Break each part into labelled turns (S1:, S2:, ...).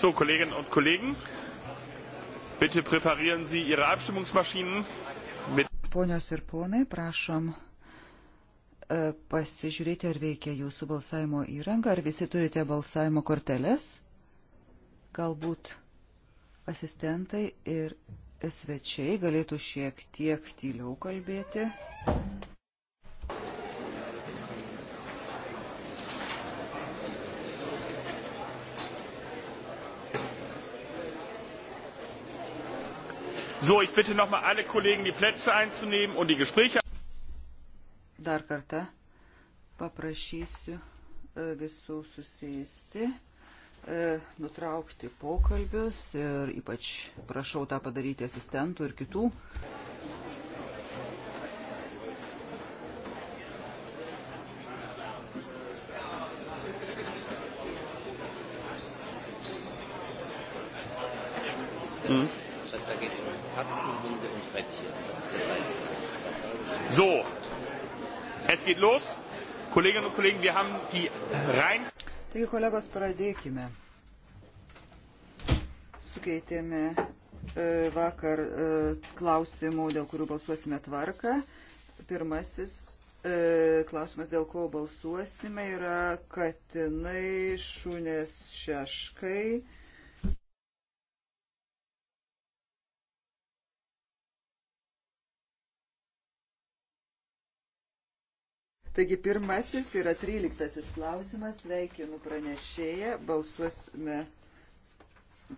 S1: So, Kolleginnen und Kollegen, bitte präparieren Sie Ihre Abstimmungsmaschinen. Mit
S2: Ponios ir ponai, prašom e, pasižiūrėti, ar veikia jūsų balsavimo įranga, ar visi turite balsavimo korteles. Galbūt asistentai ir svečiai galėtų šiek tiek tyliau kalbėti.
S1: So, ich bitte nochmal alle Kollegen, die Plätze einzunehmen und die Gespräche.
S2: Dar kartą paprašysiu e, visų susėsti, e, nutraukti pokalbius ir ypač prašau tą padaryti asistentų ir kitų.
S1: Mm. Katze, Hunde und Frettchen. Das ist der 13. So, es geht los. Kolleginnen und Kollegen, wir haben die rein.
S2: Taigi, kolegos, pradėkime. Sukeitėme e, vakar e, klausimų, dėl kurių balsuosime tvarką. Pirmasis e, klausimas, dėl ko balsuosime, yra katinai, šunės šeškai Taigi pirmasis yra tryliktasis klausimas, sveikinu pranešėją, balsuosime,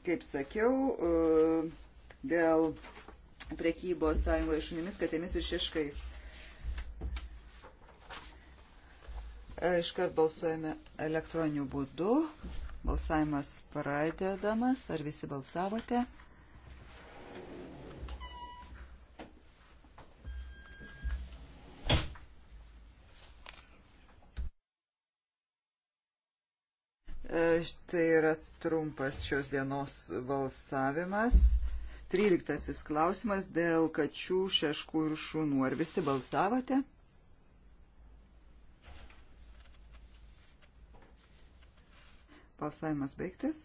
S2: kaip sakiau, e, dėl prekybos sąjungoje šunimis, katėmis ir šeškais. E, iškart balsuojame elektroniniu būdu. Balsavimas pradedamas. Ar visi balsavote? Tai yra trumpas šios dienos balsavimas. Tryliktasis klausimas dėl kačių, šeškų ir šunų. Ar visi balsavote? Balsavimas baigtas.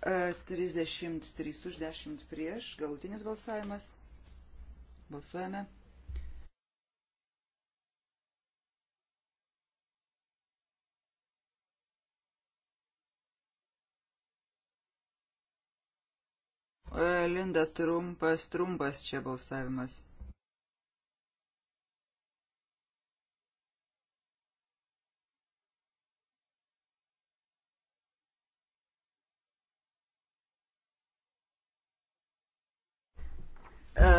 S2: E, 33 už 10 prieš. Galutinis balsavimas. Balsuojame. E, Linda, trumpas, trumpas čia balsavimas. E,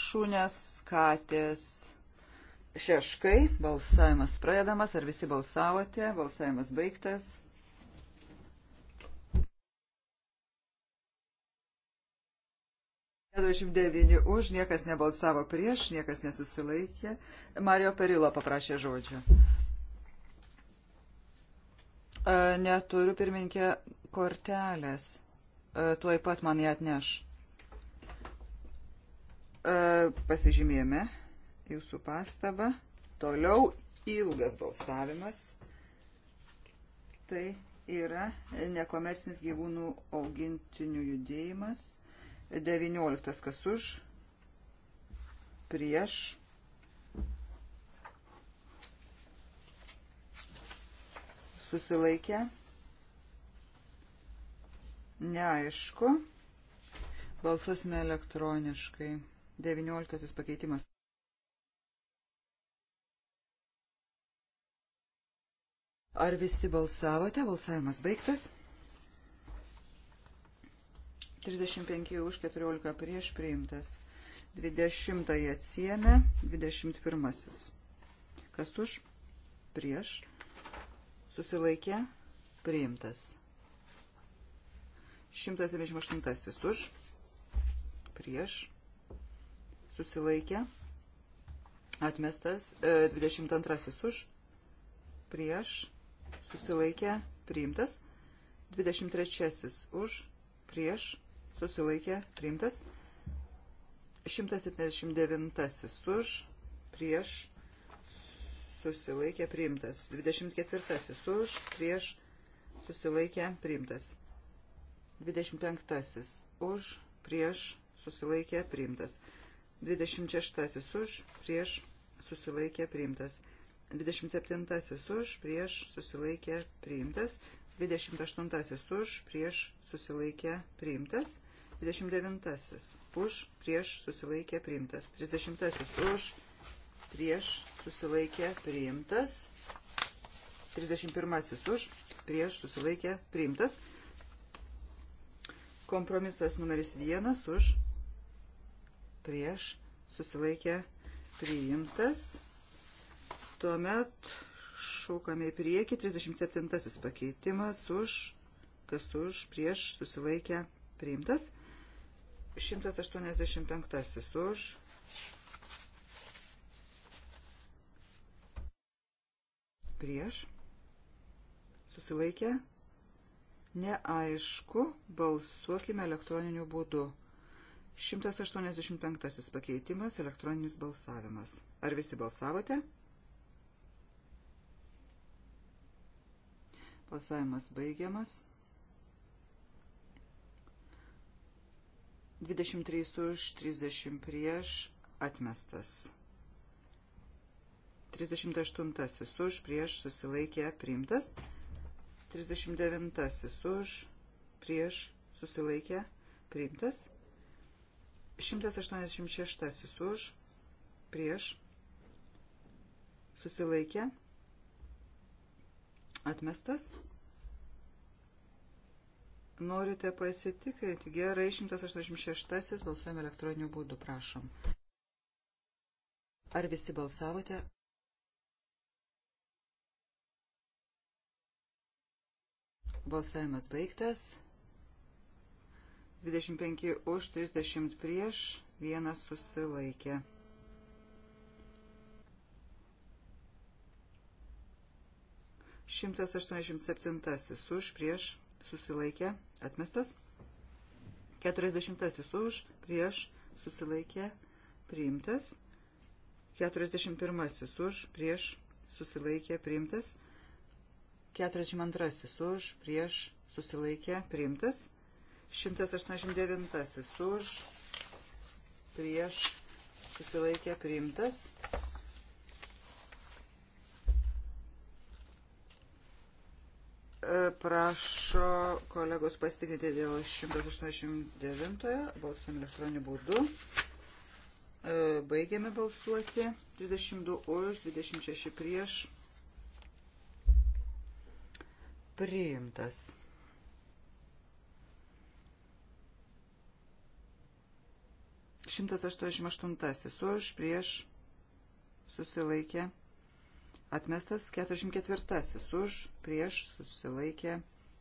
S2: Šūnės, katės, šeškai, balsavimas pradedamas, ar visi balsavote, balsavimas baigtas. 49 už, niekas nebalsavo prieš, niekas nesusilaikė. Mario Perilo paprašė žodžio. E, neturiu pirminkė kortelės. E, tuoj pat man ją atneš. E, pasižymėjome jūsų pastabą. Toliau ilgas balsavimas. Tai yra nekomercinis gyvūnų augintinių judėjimas. 19 kas už, prieš. Susilaikę. Neaišku. Balsuosime elektroniškai. 19 pakeitimas. Ar visi balsavote? Balsavimas baigtas. 35 už 14 prieš priimtas. 20 atsijėmė, 21. Kas už? Prieš. Susilaikė. Priimtas. 178 už. Prieš. Susilaikė. Atmestas. 22 e, už. Prieš. Susilaikė. Priimtas. 23 už. Prieš susilaikė priimtas. 179 už, prieš, susilaikė priimtas. 24 už, prieš, susilaikė priimtas. 25 už, prieš, susilaikė priimtas. 26 už, prieš, susilaikė priimtas. 27 už, prieš, susilaikė priimtas. 28 už, prieš susilaikė priimtas. 29 už, prieš susilaikė priimtas. 30 už, prieš susilaikė priimtas. 31 už, prieš susilaikė priimtas. Kompromisas numeris 1 už, prieš susilaikė priimtas. Tuomet šokame į priekį, 37 pakeitimas už, kas už, prieš, susilaikę, priimtas, 185 už, prieš, susilaikę, neaišku, balsuokime elektroniniu būdu. 185 pakeitimas, elektroninis balsavimas. Ar visi balsavote? 185. Balsavimas baigiamas. 23 už, 30 prieš, atmestas. 38 už, prieš, susilaikė, priimtas. 39 už, prieš, susilaikė, priimtas. 186 už, prieš, susilaikė, Atmestas. Norite pasitikrinti? Gerai, 186 balsuojame elektroniniu būdu, prašom. Ar visi balsavote? Balsavimas baigtas. 25 už, 30 prieš, vienas susilaikė. 187 už prieš susilaikė atmestas. 40 už prieš susilaikė priimtas. 41 už prieš susilaikė priimtas. 42 už prieš susilaikė priimtas. 189 už prieš susilaikė priimtas. prašo kolegos pasitikrinti dėl 189-ojo, balsuom elektroniniu būdu. E, baigiame balsuoti. 32 už, 26 prieš. Priimtas. Šimtas aštuoniasdešimt aštuntasis už, prieš, susilaikė atmestas, 44 už, prieš susilaikė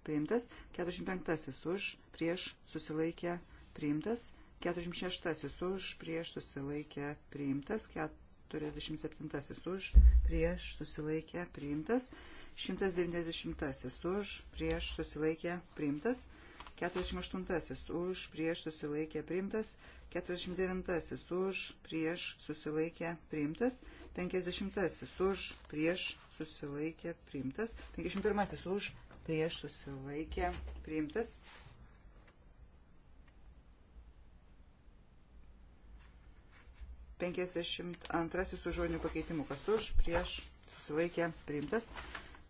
S2: priimtas, 45 už, prieš susilaikė priimtas, 46 už, prieš susilaikė priimtas, 47 už, prieš susilaikė priimtas, 190 už, prieš susilaikė priimtas, 190 48 už, prieš susilaikė priimtas, 49 už, prieš susilaikė priimtas, 50 už, prieš susilaikė priimtas, 51 už, prieš susilaikė priimtas. Penkiasdešimt antrasis už žodinių pakeitimų, kas už, prieš, susilaikė, priimtas.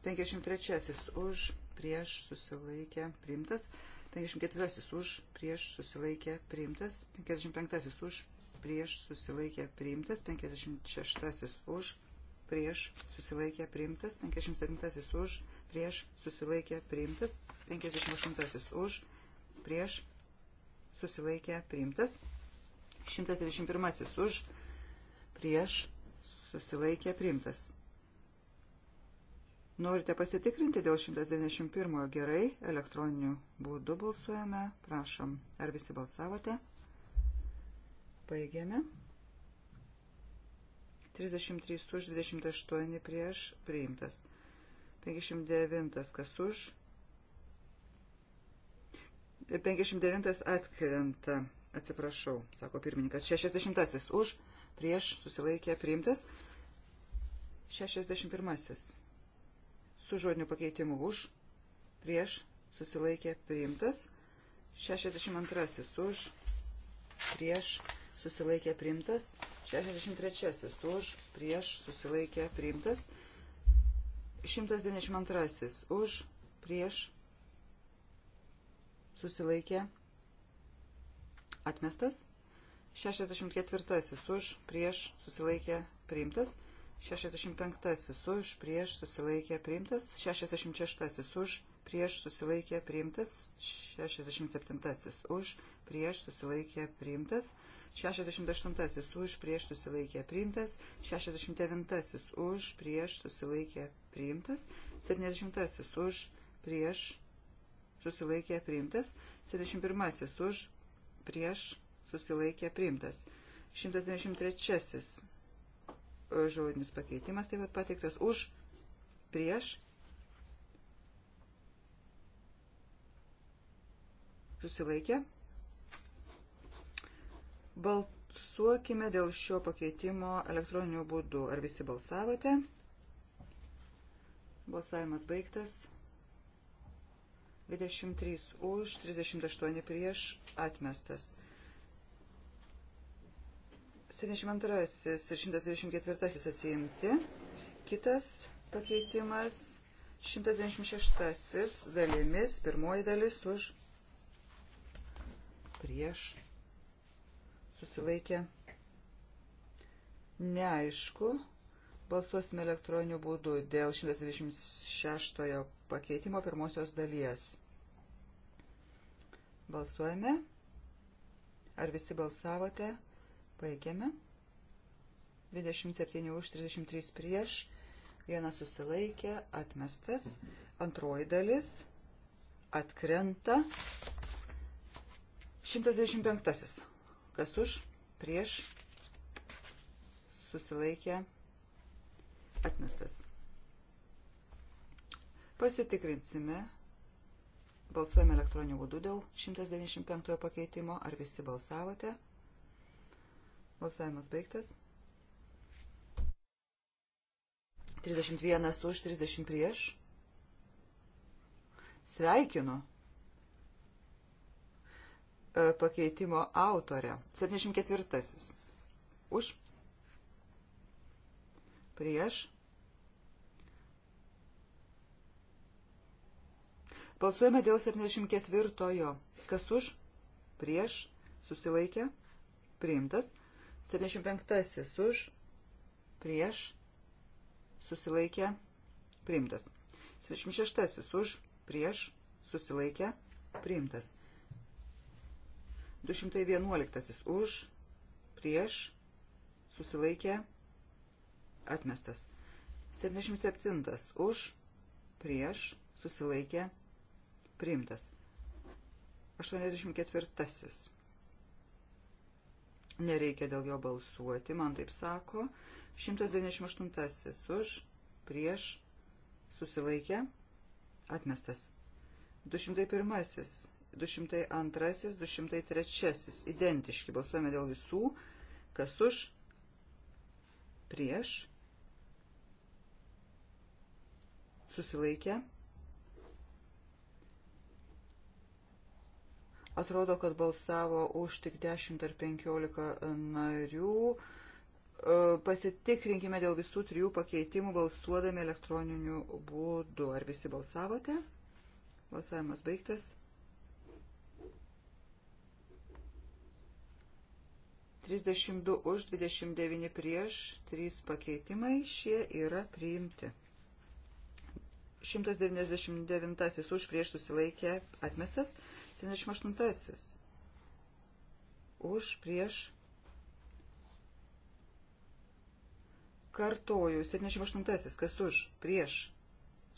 S2: Penkiasdešimt trečiasis už, prieš, susilaikė, priimtas. 53 54 už, prieš susilaikė priimtas, 55 už, prieš susilaikė priimtas, 56 už, prieš susilaikė priimtas, 57 už, prieš susilaikė priimtas, 58 už, prieš susilaikė priimtas, 121 už, prieš susilaikė priimtas. Norite pasitikrinti dėl 191 gerai, elektroniniu būdu balsuojame, prašom. Ar visi balsavote? Baigiame. 33 už, 28 prieš, priimtas. 59 kas už. 59 atkrenta, atsiprašau, sako pirmininkas. 60 už, prieš, susilaikė, priimtas. 61 su žodiniu pakeitimu už, prieš, susilaikė, priimtas. 62 už, prieš, susilaikė, priimtas. 63 už, prieš, susilaikė, priimtas. 192 už, prieš, susilaikė, atmestas. 64 už, prieš, susilaikė, priimtas. 65 už, prieš susilaikė priimtas, 66 už, prieš susilaikė priimtas, 67 už, prieš susilaikė priimtas, 68 už, prieš susilaikė priimtas, 69 už, prieš susilaikė priimtas, 70 už, prieš susilaikė priimtas, 71 už, prieš susilaikė priimtas, 193 žodinis pakeitimas taip pat pateiktas už, prieš, susilaikė. Balsuokime dėl šio pakeitimo elektroniniu būdu. Ar visi balsavote? Balsavimas baigtas. 23 už, 38 prieš, atmestas. 72 ir 124 atsiimti. Kitas pakeitimas 126 dalimis. Pirmoji dalis už prieš susilaikė. Neaišku. Balsuosime elektroniniu būdu dėl 126 pakeitimo pirmosios dalies. Balsuojame. Ar visi balsavote? Baigiame. 27 už 33 prieš, vienas susilaikė, atmestas. Antroji dalis atkrenta. 125. Kas už, prieš, susilaikė, atmestas. Pasitikrinsime. Balsuojame elektroniniu būdu dėl 195 pakeitimo. Ar visi balsavote? 125. Balsavimas baigtas. 31 už 30 prieš. Sveikinu e, pakeitimo autorę. 74. Už. Prieš. Balsuojame dėl 74. Kas už? Prieš. Susilaikė. Priimtas. 75 už, prieš, susilaikė, priimtas. 76 už, prieš, susilaikė, priimtas. 211 už, prieš, susilaikė, atmestas. 77 už, prieš, susilaikė, priimtas. 84 Nereikia dėl jo balsuoti, man taip sako. 198 už, prieš, susilaikė, atmestas. 201, 202, 203, identiški, balsuojame dėl visų, kas už, prieš, susilaikė, atmestas Atrodo, kad balsavo už tik 10 ar 15 narių. E, pasitikrinkime dėl visų trijų pakeitimų balsuodami elektroniniu būdu. Ar visi balsavote? Balsavimas baigtas. 32 už, 29 prieš, 3 pakeitimai šie yra priimti. 199 už prieš susilaikė atmestas, 78. Už prieš. Kartoju. 78. Kas už prieš.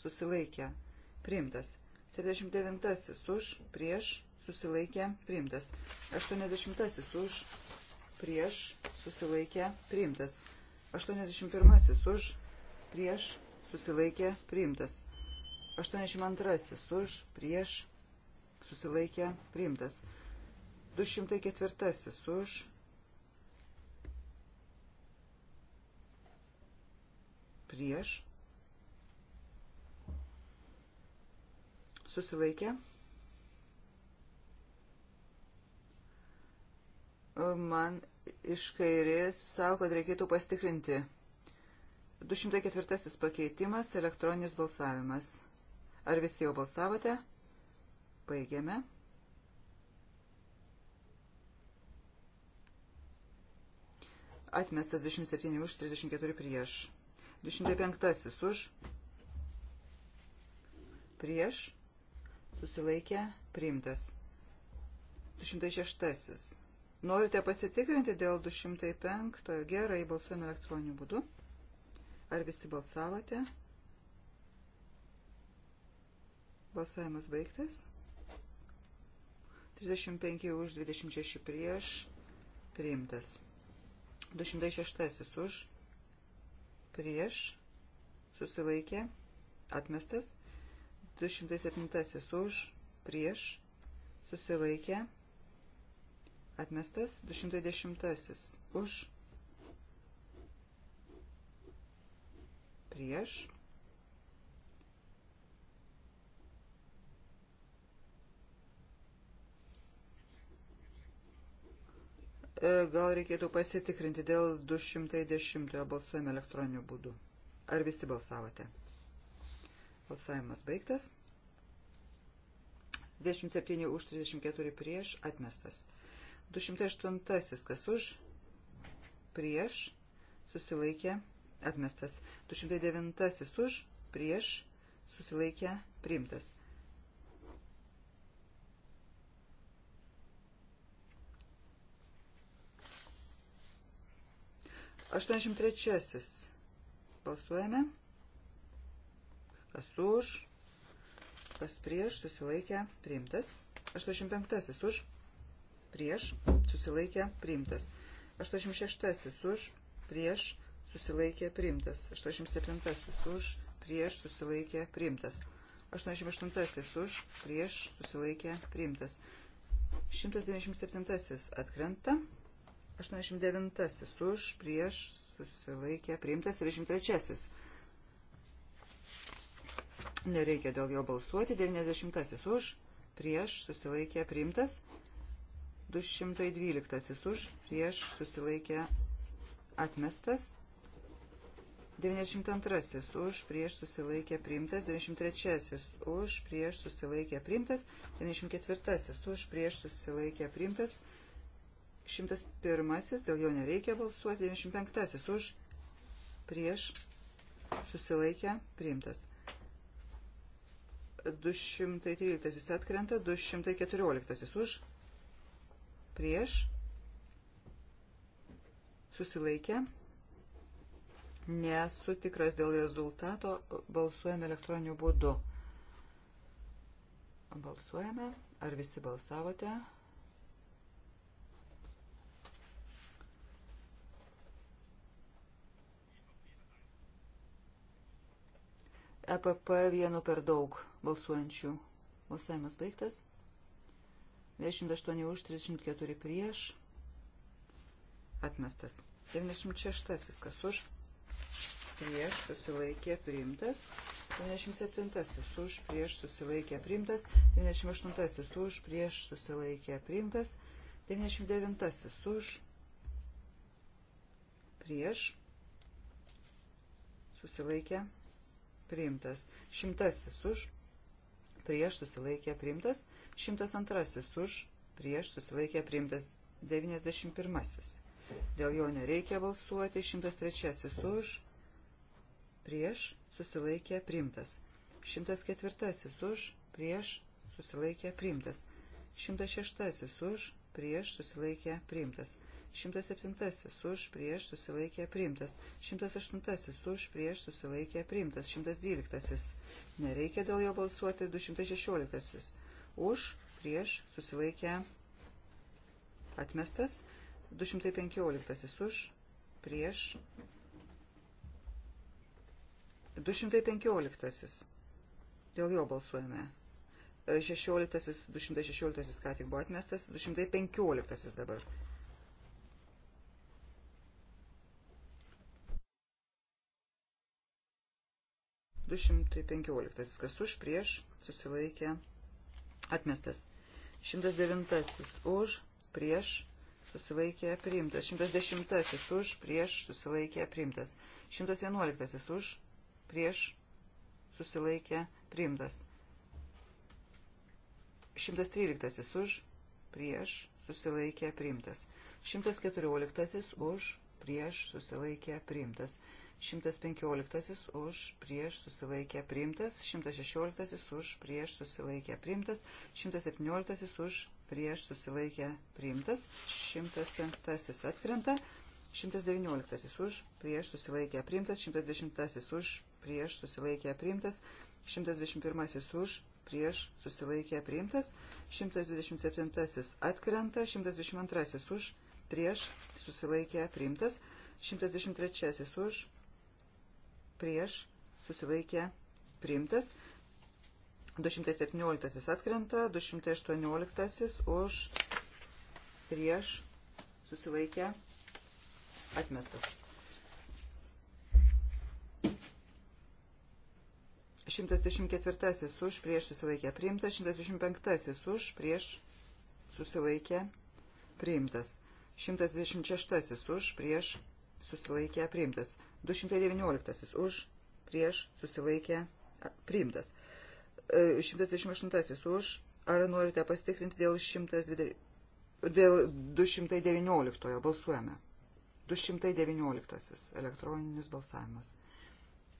S2: Susilaikė. Priimtas. 79. Už prieš. Susilaikė. Priimtas. 80. Už prieš. Susilaikė. Priimtas. 81. Už prieš. Susilaikė. Priimtas. 82 už, prieš, susilaikė priimtas. 204 už prieš susilaikė. Man iš kairės savo, kad reikėtų pastikrinti. 204 pakeitimas, elektroninis balsavimas. Ar visi jau balsavote? 204. Baigiame. Atmestas 27 už, 34 prieš. 205 už, prieš, susilaikė, priimtas. 206. Norite pasitikrinti dėl 205, gerai, balsuojame elektroniniu būdu. Ar visi balsavote? Balsavimas baigtas. 35 už, 26 prieš, priimtas. 206 už, prieš, susilaikė, atmestas. 207 už, prieš, susilaikė, atmestas. 210 už, prieš, E, gal reikėtų pasitikrinti dėl 210 balsuojame elektroniniu būdu. Ar visi balsavote? Balsavimas baigtas. 27 už 34 prieš atmestas. 208 kas už prieš susilaikė atmestas. 209 už prieš susilaikė priimtas. 83. Balsuojame. Kas už, kas prieš, susilaikė, priimtas. 85. Už, prieš, susilaikė, priimtas. 86. Už, prieš, susilaikė, priimtas. 87. Už, prieš, susilaikė, priimtas. 88 už, prieš, susilaikė, priimtas. 197 atkrenta. 89 už, prieš, susilaikė, priimtas 73. Nereikia dėl jo balsuoti, 90 už, prieš, susilaikė, priimtas 212 už, prieš, susilaikė, atmestas 92 už, prieš, susilaikė, priimtas 93 už, prieš, susilaikė, priimtas 94 už, prieš, susilaikė, priimtas 94 101, dėl jo nereikia balsuoti, 95 už, prieš, susilaikę, priimtas. 213 atkrenta, 214 už, prieš, susilaikę, nesu tikras dėl rezultato, balsuojame elektroniniu būdu. Balsuojame, ar visi balsavote? EPP vienu per daug balsuojančių. Balsavimas baigtas. 28 už, 34 prieš. Atmestas. 96 kas už. Prieš susilaikė priimtas. 97 už, prieš susilaikė priimtas. 98 už, prieš susilaikė priimtas. 99 už, prieš susilaikė priimtas priimtas. Šimtasis už, prieš susilaikė priimtas. Šimtas antrasis už, prieš susilaikė priimtas. 91. Dėl jo nereikia balsuoti. 103 už, prieš susilaikė priimtas. 104 už, prieš susilaikė priimtas. 106 už, prieš susilaikė priimtas. 107 už prieš susilaikė priimtas. 108 už prieš susilaikė priimtas. 112. Nereikia dėl jo balsuoti. 216. Už prieš susilaikė atmestas. 215 už prieš. 215. Dėl jo balsuojame. 16, 216 ką tik buvo atmestas, 215 dabar. Du šimtai penkioliktasis, kas už, prieš, susilaikė, atmestas. Šimtas devintasis, už, prieš, susilaikė, priimtas. Šimtas dešimtasis, už, prieš, susilaikė, priimtas. Šimtas vienuoliktasis, už, prieš, susilaikė, priimtas. 113 už, prieš, susilaikė, priimtas. 114 už, prieš, susilaikė, priimtas. 115 už prieš susilaikė priimtas, 116 už prieš susilaikė priimtas, 117 už prieš susilaikė priimtas, 105 atkrenta, 119 už prieš susilaikė priimtas, 120 už prieš susilaikė priimtas, 121 už prieš susilaikė priimtas, 127 atkrenta, 122 už prieš susilaikė priimtas, 123 už prieš susilaikė priimtas, 217 atkrenta, 218 už prieš susilaikė atmestas. 124 už prieš susilaikę priimtas, 125 už prieš susilaikę priimtas, 126 už prieš susilaikę priimtas, 219 už prieš susilaikę priimtas, 128 e, už, ar norite pasitikrinti dėl, 120, dėl 219 balsuojame. 219 elektroninis balsavimas.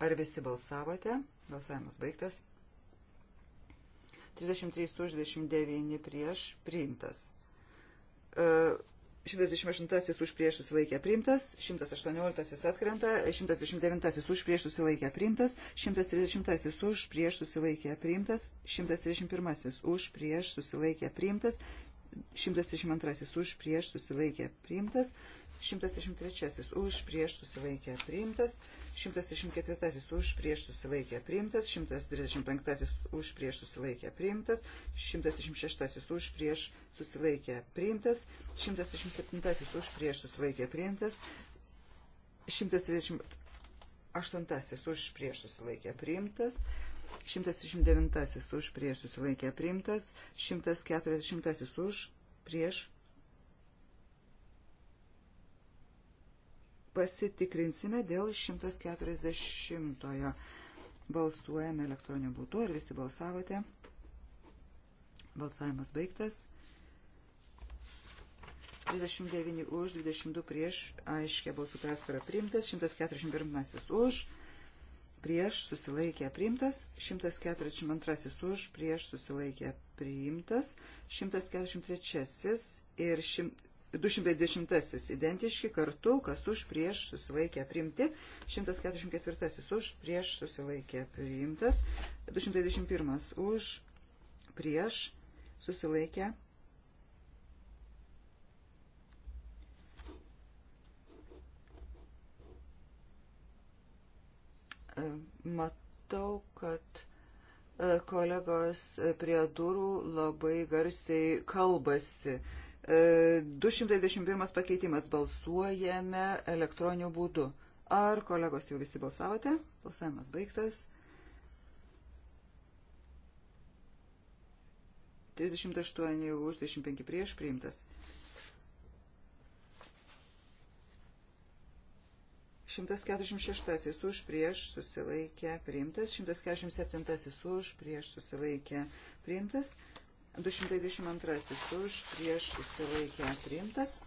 S2: Ar visi balsavote? Balsavimas baigtas. 33 už 29 prieš priimtas. 68 e, už prieš susilaikė priimtas, 118 atkrenta, 129 už prieš susilaikė priimtas, 130 už prieš susilaikė priimtas, 131 už prieš susilaikė priimtas, 132 už prieš susilaikė priimtas, 132 163 už prieš susilaikę priimtas, 164 už prieš susilaikę priimtas, 135 už prieš susilaikę priimtas, 166 už prieš susilaikę priimtas, 167 už prieš susilaikę priimtas, 138 už prieš susilaikę priimtas, 169 už prieš susilaikę priimtas, 140 už prieš pasitikrinsime dėl 140-ojo. Balsuojame elektroniniu būdu. Ar visi balsavote? Balsavimas baigtas. 39 už, 22 prieš, aiškia balsų persvara priimtas, 141 už, prieš susilaikė priimtas, 142 už, prieš susilaikė priimtas, 143 ir 100. 210 identiški kartu, kas už prieš susilaikė priimti, 144 už prieš susilaikė priimtas, 221 už prieš susilaikė e, Matau, kad e, kolegos prie durų labai garsiai kalbasi. 221 e, pakeitimas balsuojame elektroniniu būdu. Ar kolegos jau visi balsavote? Balsavimas baigtas. 38 už 25 prieš priimtas. 146 už prieš susilaikę priimtas, 147 už prieš susilaikę priimtas, 222 už prieš susilaikę priimtas.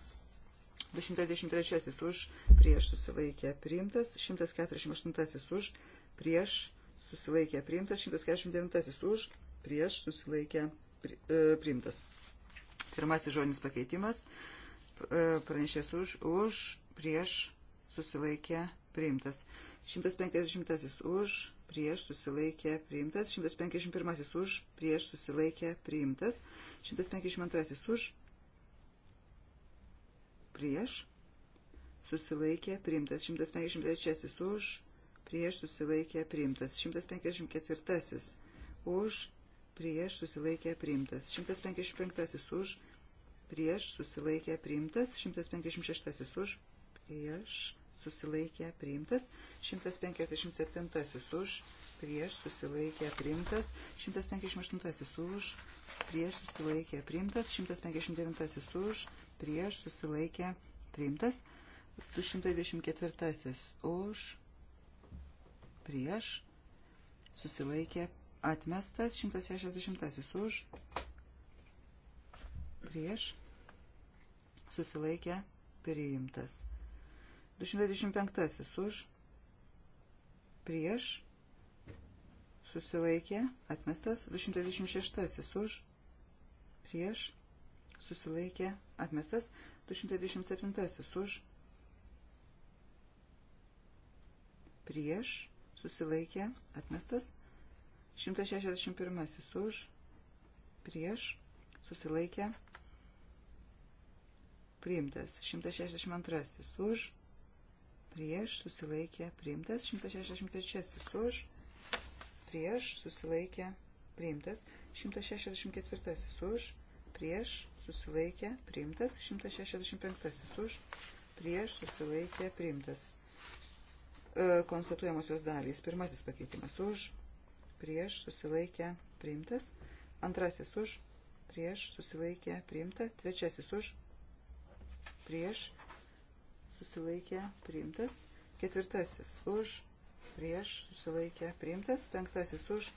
S2: 223 už prieš susilaikę priimtas. 148 už prieš susilaikę priimtas. 149 už prieš susilaikę e, priimtas. Pirmasis žodinis pakeitimas. E, pranešės už, už prieš susilaikę priimtas. 150 už prieš susilaikė priimtas, 151 už, prieš susilaikė priimtas, 152 už, prieš susilaikė priimtas, 153 už, prieš susilaikė priimtas, 154 už, prieš susilaikė priimtas, 155 už, prieš susilaikė priimtas, 156 už, prieš susilaikė priimtas, 157 už, prieš susilaikė priimtas, 158 už, prieš susilaikė priimtas, 159 už, prieš susilaikė priimtas, 224 už, prieš susilaikė atmestas, 160 už, prieš susilaikė priimtas. 225 už, prieš, susilaikė, atmestas. 226 už, prieš, susilaikė, atmestas. 227 už, prieš, susilaikė, atmestas. 161 už, prieš, susilaikė, priimtas. 162 už, prieš susilaikė priimtas, 163 už, prieš susilaikė priimtas, 164 už, prieš susilaikė priimtas, 165 už, prieš susilaikė priimtas. E, konstatuojamosios dalys. Pirmasis pakeitimas už, prieš susilaikė priimtas, antrasis už, prieš susilaikė priimta, trečiasis už, prieš susilaikė priimtas. Ketvirtasis už, prieš susilaikė priimtas. Penktasis už,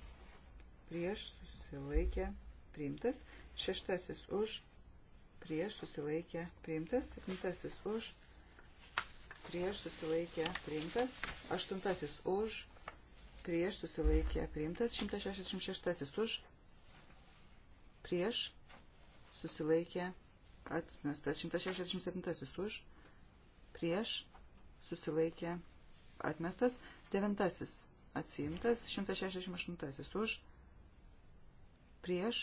S2: prieš susilaikė priimtas. Šeštasis už, prieš susilaikė priimtas. Septintasis už, prieš susilaikė priimtas. Aštuntasis už, prieš susilaikė priimtas. 166 už, prieš susilaikė atmestas. 167 už, prieš susilaikė atmestas, devintasis atsiimtas, 168 už prieš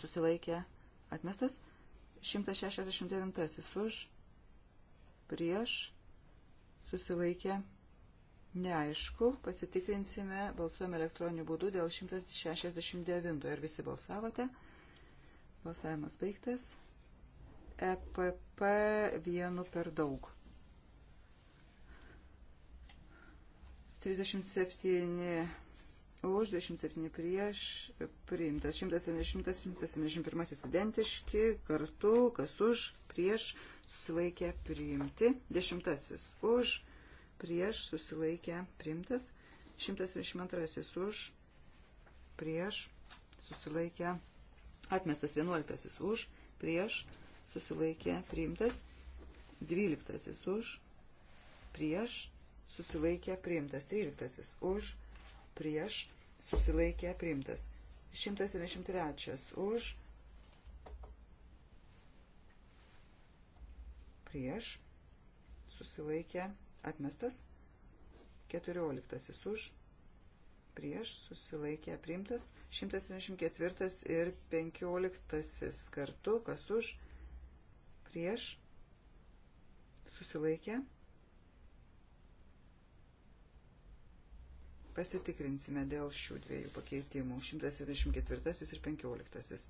S2: susilaikė atmestas, 169 už prieš susilaikė neaišku, pasitikrinsime, balsuojame elektroniniu būdu dėl 169, ar visi balsavote, balsavimas baigtas. EPP vienu per daug. 37 už, 27 prieš, priimtas 170, 171 identiški, kartu, kas už, prieš, susilaikė, priimti, 10 už, prieš, susilaikė, priimtas, 172 už, prieš, susilaikė, atmestas 11 už, prieš, susilaikė priimtas. Dvyliktasis už, prieš, susilaikė priimtas. Tryliktasis už, prieš, susilaikė priimtas. 173 už, prieš, susilaikė atmestas. 14 už, prieš susilaikė priimtas 174 ir 15 kartu, kas už prieš, susilaikę. Pasitikrinsime dėl šių dviejų pakeitimų. 174 ir 15.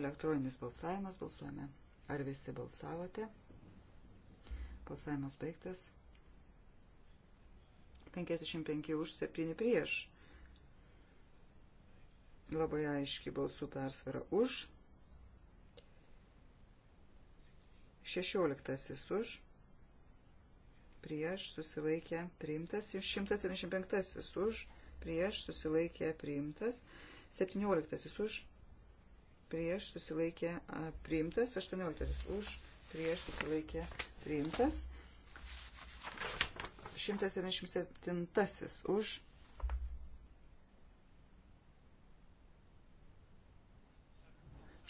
S2: Elektroninis balsavimas balsuojame. Ar visi balsavote? Balsavimas baigtas. 55 už 7 prieš. Labai aiški balsų persvara už. 16 už, prieš susilaikė priimtas, 175 už, prieš susilaikė priimtas, 17 už, prieš susilaikė priimtas, 18 už, prieš susilaikė priimtas, 177 už,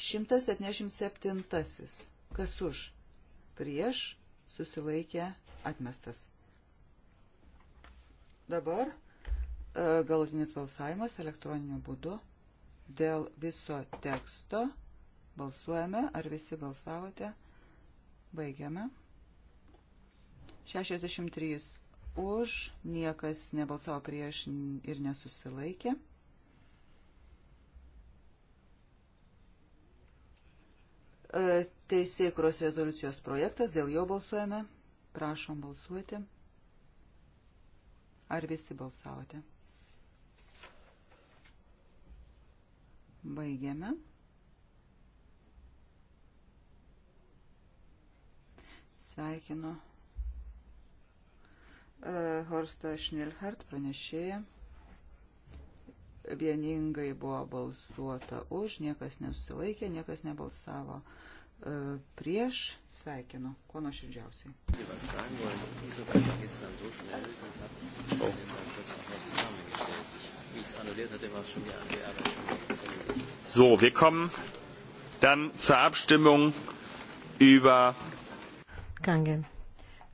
S2: Šimtas septyniasdešimt septintasis. Kas už? prieš, susilaikė, atmestas. Dabar e, galutinis balsavimas elektroniniu būdu. Dėl viso teksto balsuojame, ar visi balsavote. Baigiame. 63 už, niekas nebalsavo prieš ir nesusilaikė. E, Teisėkros rezoliucijos projektas, dėl jo balsuojame. Prašom balsuoti. Ar visi balsavote? Baigiame. Sveikinu. Uh, Horstą Šnilhart pranešėją vieningai buvo balsuota už, niekas nesusilaikė, niekas nebalsavo e, prieš, sveikinu, kuo nuoširdžiausiai.
S1: So, wir kommen dann zur Abstimmung über.
S3: Kągi,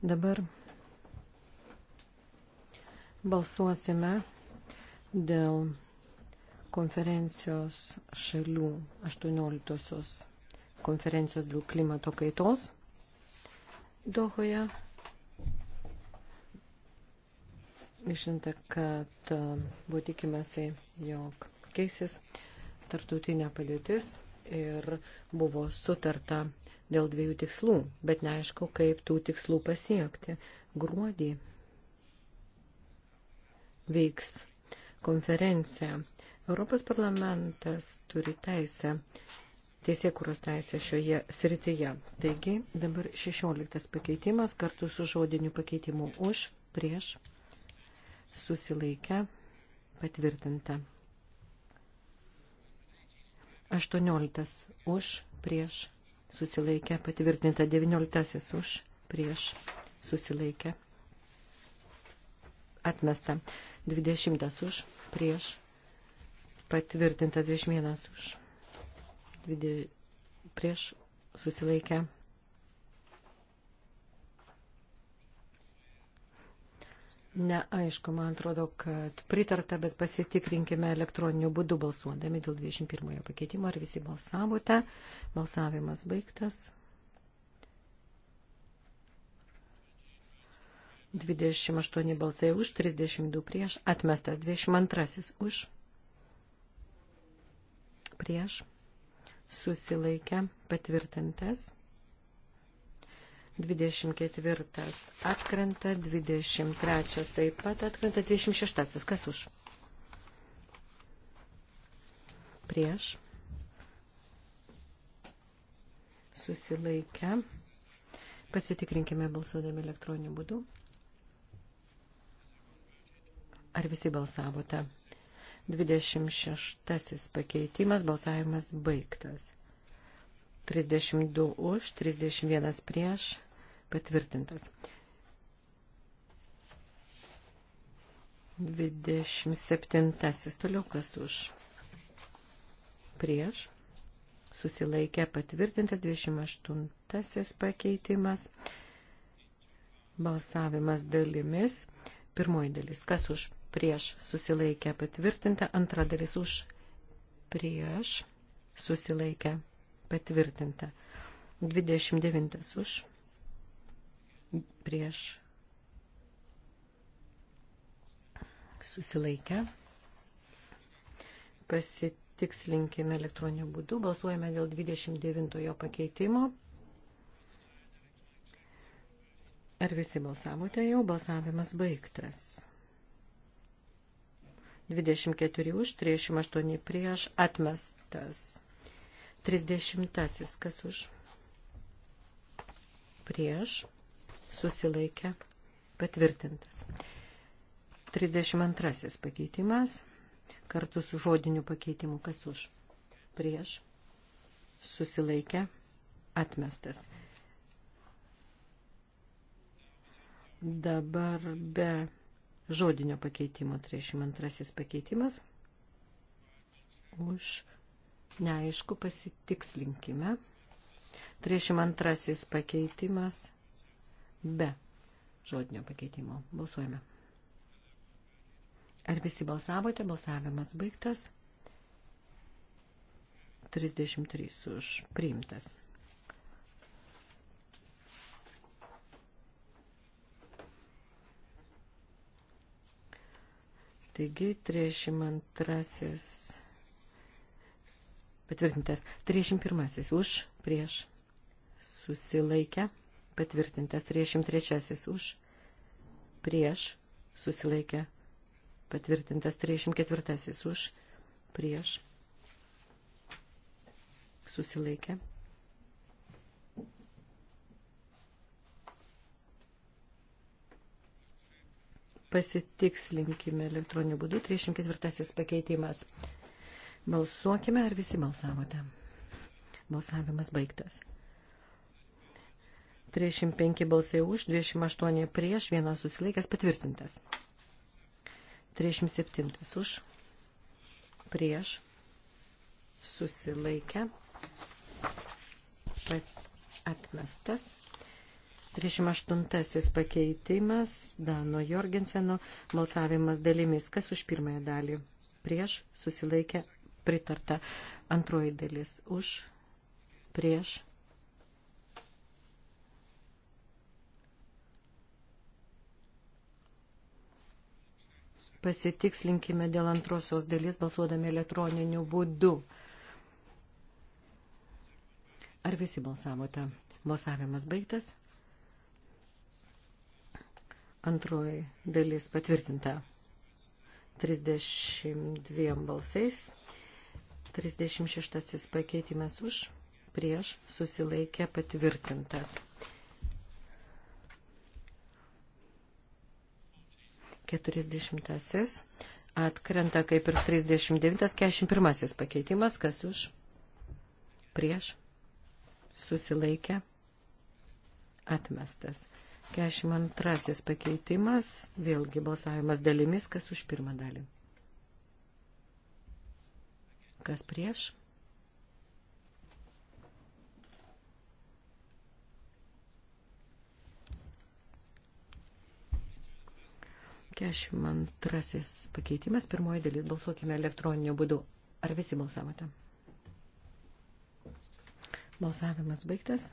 S3: dabar balsuosime dėl konferencijos šalių 18-osios konferencijos dėl klimato kaitos Dohoje. Išinta, kad e, buvo tikimasi, jog keisis tartutinė padėtis ir buvo sutarta dėl dviejų tikslų, bet neaišku, kaip tų tikslų pasiekti. Gruodį veiks konferencija Europos parlamentas turi teisę, teisėkuros teisę šioje srityje. Taigi dabar 16 pakeitimas kartu su žodiniu pakeitimu už, prieš, susilaikę, patvirtinta. 18 už, prieš, susilaikę, patvirtinta 19 už, prieš, susilaikę, atmesta 20 už, prieš, patvirtinta 21 už 20, prieš susilaikę. Neaišku, man atrodo, kad pritarta, bet pasitikrinkime elektroniniu būdu balsuodami dėl 21 pakeitimo. Ar visi balsavote? Balsavimas baigtas. 28 balsai už, 32 prieš, atmestas 22 už prieš, susilaikę, patvirtintas. 24 atkrenta, 23 taip pat atkrenta, 26 kas už? Prieš, susilaikę, pasitikrinkime balsuodami elektroniniu būdu. Ar visi balsavote? 26 pakeitimas, balsavimas baigtas. 32 už, 31 prieš, patvirtintas. 27 toliau kas už. Prieš. Susilaikė patvirtintas 28 pakeitimas. Balsavimas dalimis. Pirmoji dalis. Kas už? prieš susilaikę patvirtinta, antra dalis už prieš susilaikę patvirtinta, 29 už prieš susilaikę. Pasitikslinkime elektroniniu būdu, balsuojame dėl 29 pakeitimo. Ar visi balsavote jau? Balsavimas baigtas. 24 už, 38 prieš, atmestas. 30. Kas už? Prieš, susilaikė, patvirtintas. 32. Pakeitimas, kartu su žodiniu pakeitimu. Kas už? Prieš, susilaikė, atmestas. Dabar be žodinio pakeitimo 32 pakeitimas. Už neaišku pasitikslinkime. 32 pakeitimas be žodinio pakeitimo. Balsuojame. Ar visi balsavote? Balsavimas baigtas. 33 už priimtas. Taigi 32 patvirtintas. 31 už, prieš, susilaikę, patvirtintas. 33 už, prieš, susilaikę, patvirtintas. 34 už, prieš, susilaikę, pasitikslinkime elektroniniu būdu. 34 pakeitimas. Balsuokime, ar visi balsavote. Balsavimas baigtas. 35 balsai už, 28 prieš, vienas susilaikęs patvirtintas. 37 už, prieš, susilaikę, atmestas. 38 pakeitimas, Dano Jorgenseno, balsavimas dalimis. Kas už pirmąją dalį? Prieš susilaikė pritarta. Antroji dalis už, prieš. Pasitikslinkime dėl antrosios dalies balsuodami elektroniniu būdu. Ar visi balsavote? Balsavimas baigtas. Antroji dalis patvirtinta 32 balsais. 36 pakeitimas už, prieš, susilaikė patvirtintas. 40 atkrenta kaip ir 39, 41 pakeitimas, kas už, prieš, susilaikė, atmestas. 42 pakeitimas, vėlgi balsavimas dalimis, kas už pirmą dalį. Kas prieš? Kešim antrasis pakeitimas, pirmoji dalis, balsuokime elektroniniu būdu. Ar visi balsavote? Balsavimas baigtas.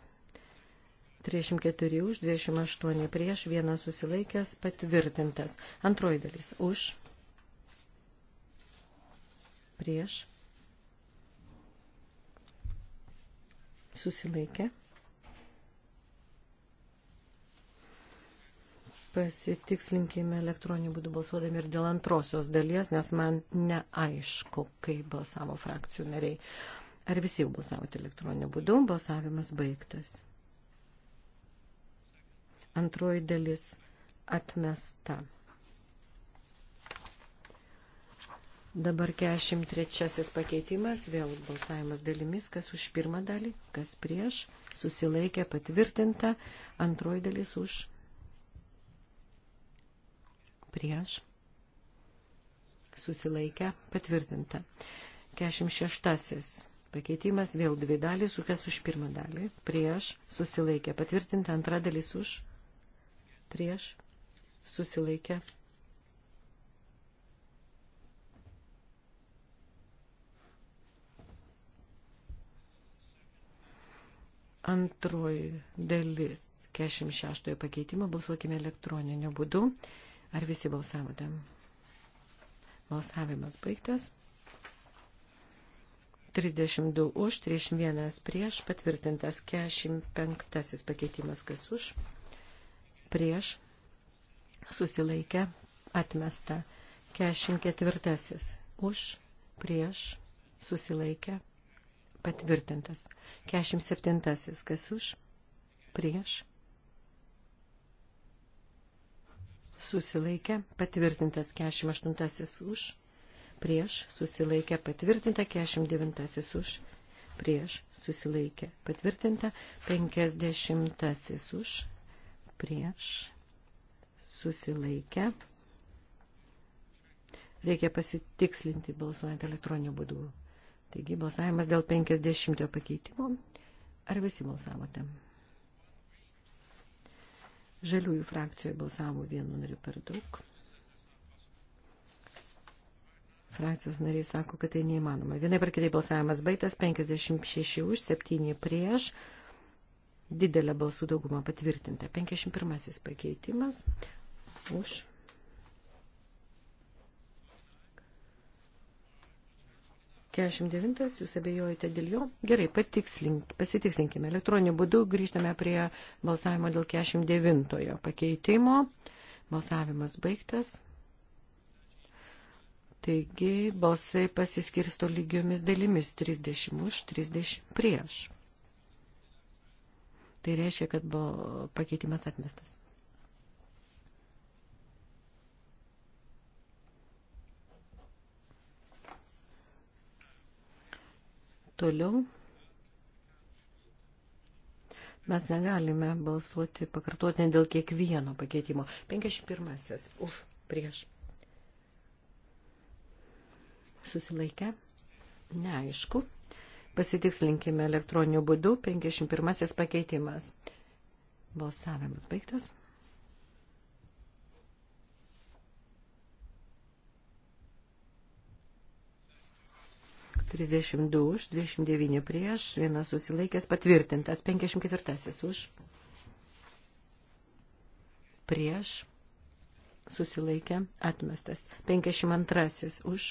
S3: 34 už, 28 prieš, vienas susilaikęs, patvirtintas. Antroji dalis už, prieš, susilaikę. Pasitikslinkime elektroniniu būdu balsuodami ir dėl antrosios dalies, nes man neaišku, kaip balsavo frakcijų nariai. Ar visi jau balsavote elektroniniu būdu? Balsavimas baigtas. Antroji dalis atmesta. Dabar 43 pakeitimas, vėl balsavimas dalimis, kas už pirmą dalį, kas prieš, susilaikė patvirtinta, antroji dalis už prieš, susilaikė patvirtinta. 46 pakeitimas, vėl dvi dalys, kas už pirmą dalį, prieš, susilaikė patvirtinta, antra dalis už prieš prieš, susilaikę. Antroji dalis 46 pakeitimo balsuokime elektroniniu būdu. Ar visi balsavote? Balsavimas baigtas. 32 už, 31 prieš, patvirtintas 45 pakeitimas, kas už, prieš, susilaikę, atmesta. 44. Už, prieš, susilaikę, patvirtintas. 47. Kas už, prieš, susilaikė, patvirtintas 48 už, prieš susilaikė, patvirtinta 49 už, prieš susilaikė, patvirtinta 50 už, prieš, susilaikę. Reikia pasitikslinti balsuojant elektroniniu būdu. Taigi balsavimas dėl 50 pakeitimo. Ar visi balsavote? Žaliųjų frakcijoje balsavo vienu nariu per daug. Frakcijos nariai sako, kad tai neįmanoma. Vienai per kitai balsavimas baigtas 56 už 7 prieš didelę balsų daugumą patvirtinta. 51 pakeitimas už. Kešim devintas, jūs abejojate dėl jo. Gerai, patikslink, pasitikslinkime. Elektroniniu būdu grįžtame prie balsavimo dėl kešim devintojo pakeitimo. Balsavimas baigtas. Taigi balsai pasiskirsto lygiomis dalimis 30 už, 30 prieš. Tai reiškia, kad buvo pakeitimas atmestas. Toliau mes negalime balsuoti pakartotinai dėl kiekvieno pakeitimo. 51. Už, prieš. Susilaikę. Neaišku. Pasitikslinkime elektroniniu būdu 51 pakeitimas. Balsavimas baigtas. Trisdešimt du už, dvidešimt devyni prieš, vienas susilaikęs, patvirtintas, penkiasdešimt ketvirtasis už, prieš, susilaikė, atmestas, penkiasdešimt antrasis už,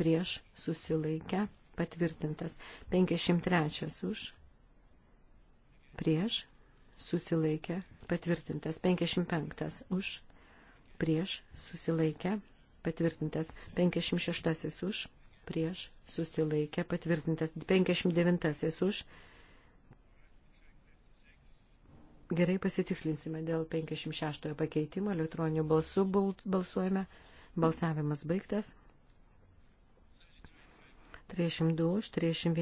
S3: prieš, susilaikė, patvirtintas. 53 už, prieš, susilaikė, patvirtintas. 55 už, prieš, susilaikė, patvirtintas. 56 už, prieš, susilaikė, patvirtintas. 59 už. Gerai pasitikslinsime dėl 56 pakeitimo, elektroninių balsų balsuojame, balsavimas baigtas. 32 už 31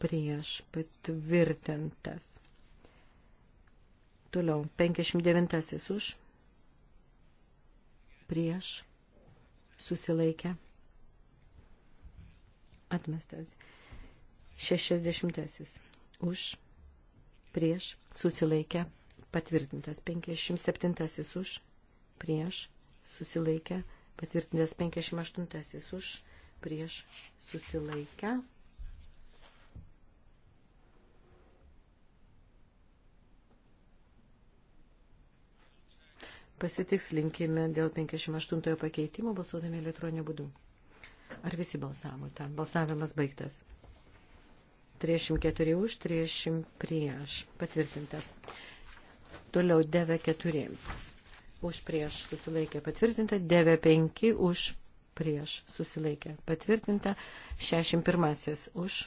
S3: prieš patvirtintas. Toliau 59 už prieš susilaikę atmestas. 60 už prieš susilaikę patvirtintas. 57 už prieš susilaikę patvirtintas. 58 už prieš susilaikę. Pasitikslinkime dėl 58 pakeitimo balsuodami elektroniniu būdu. Ar visi balsavote? Balsavimas baigtas. 34 už, 30 prieš. Patvirtintas. Toliau 94 už prieš susilaikė patvirtinta, 95 už prieš susilaikė patvirtinta, 61 už,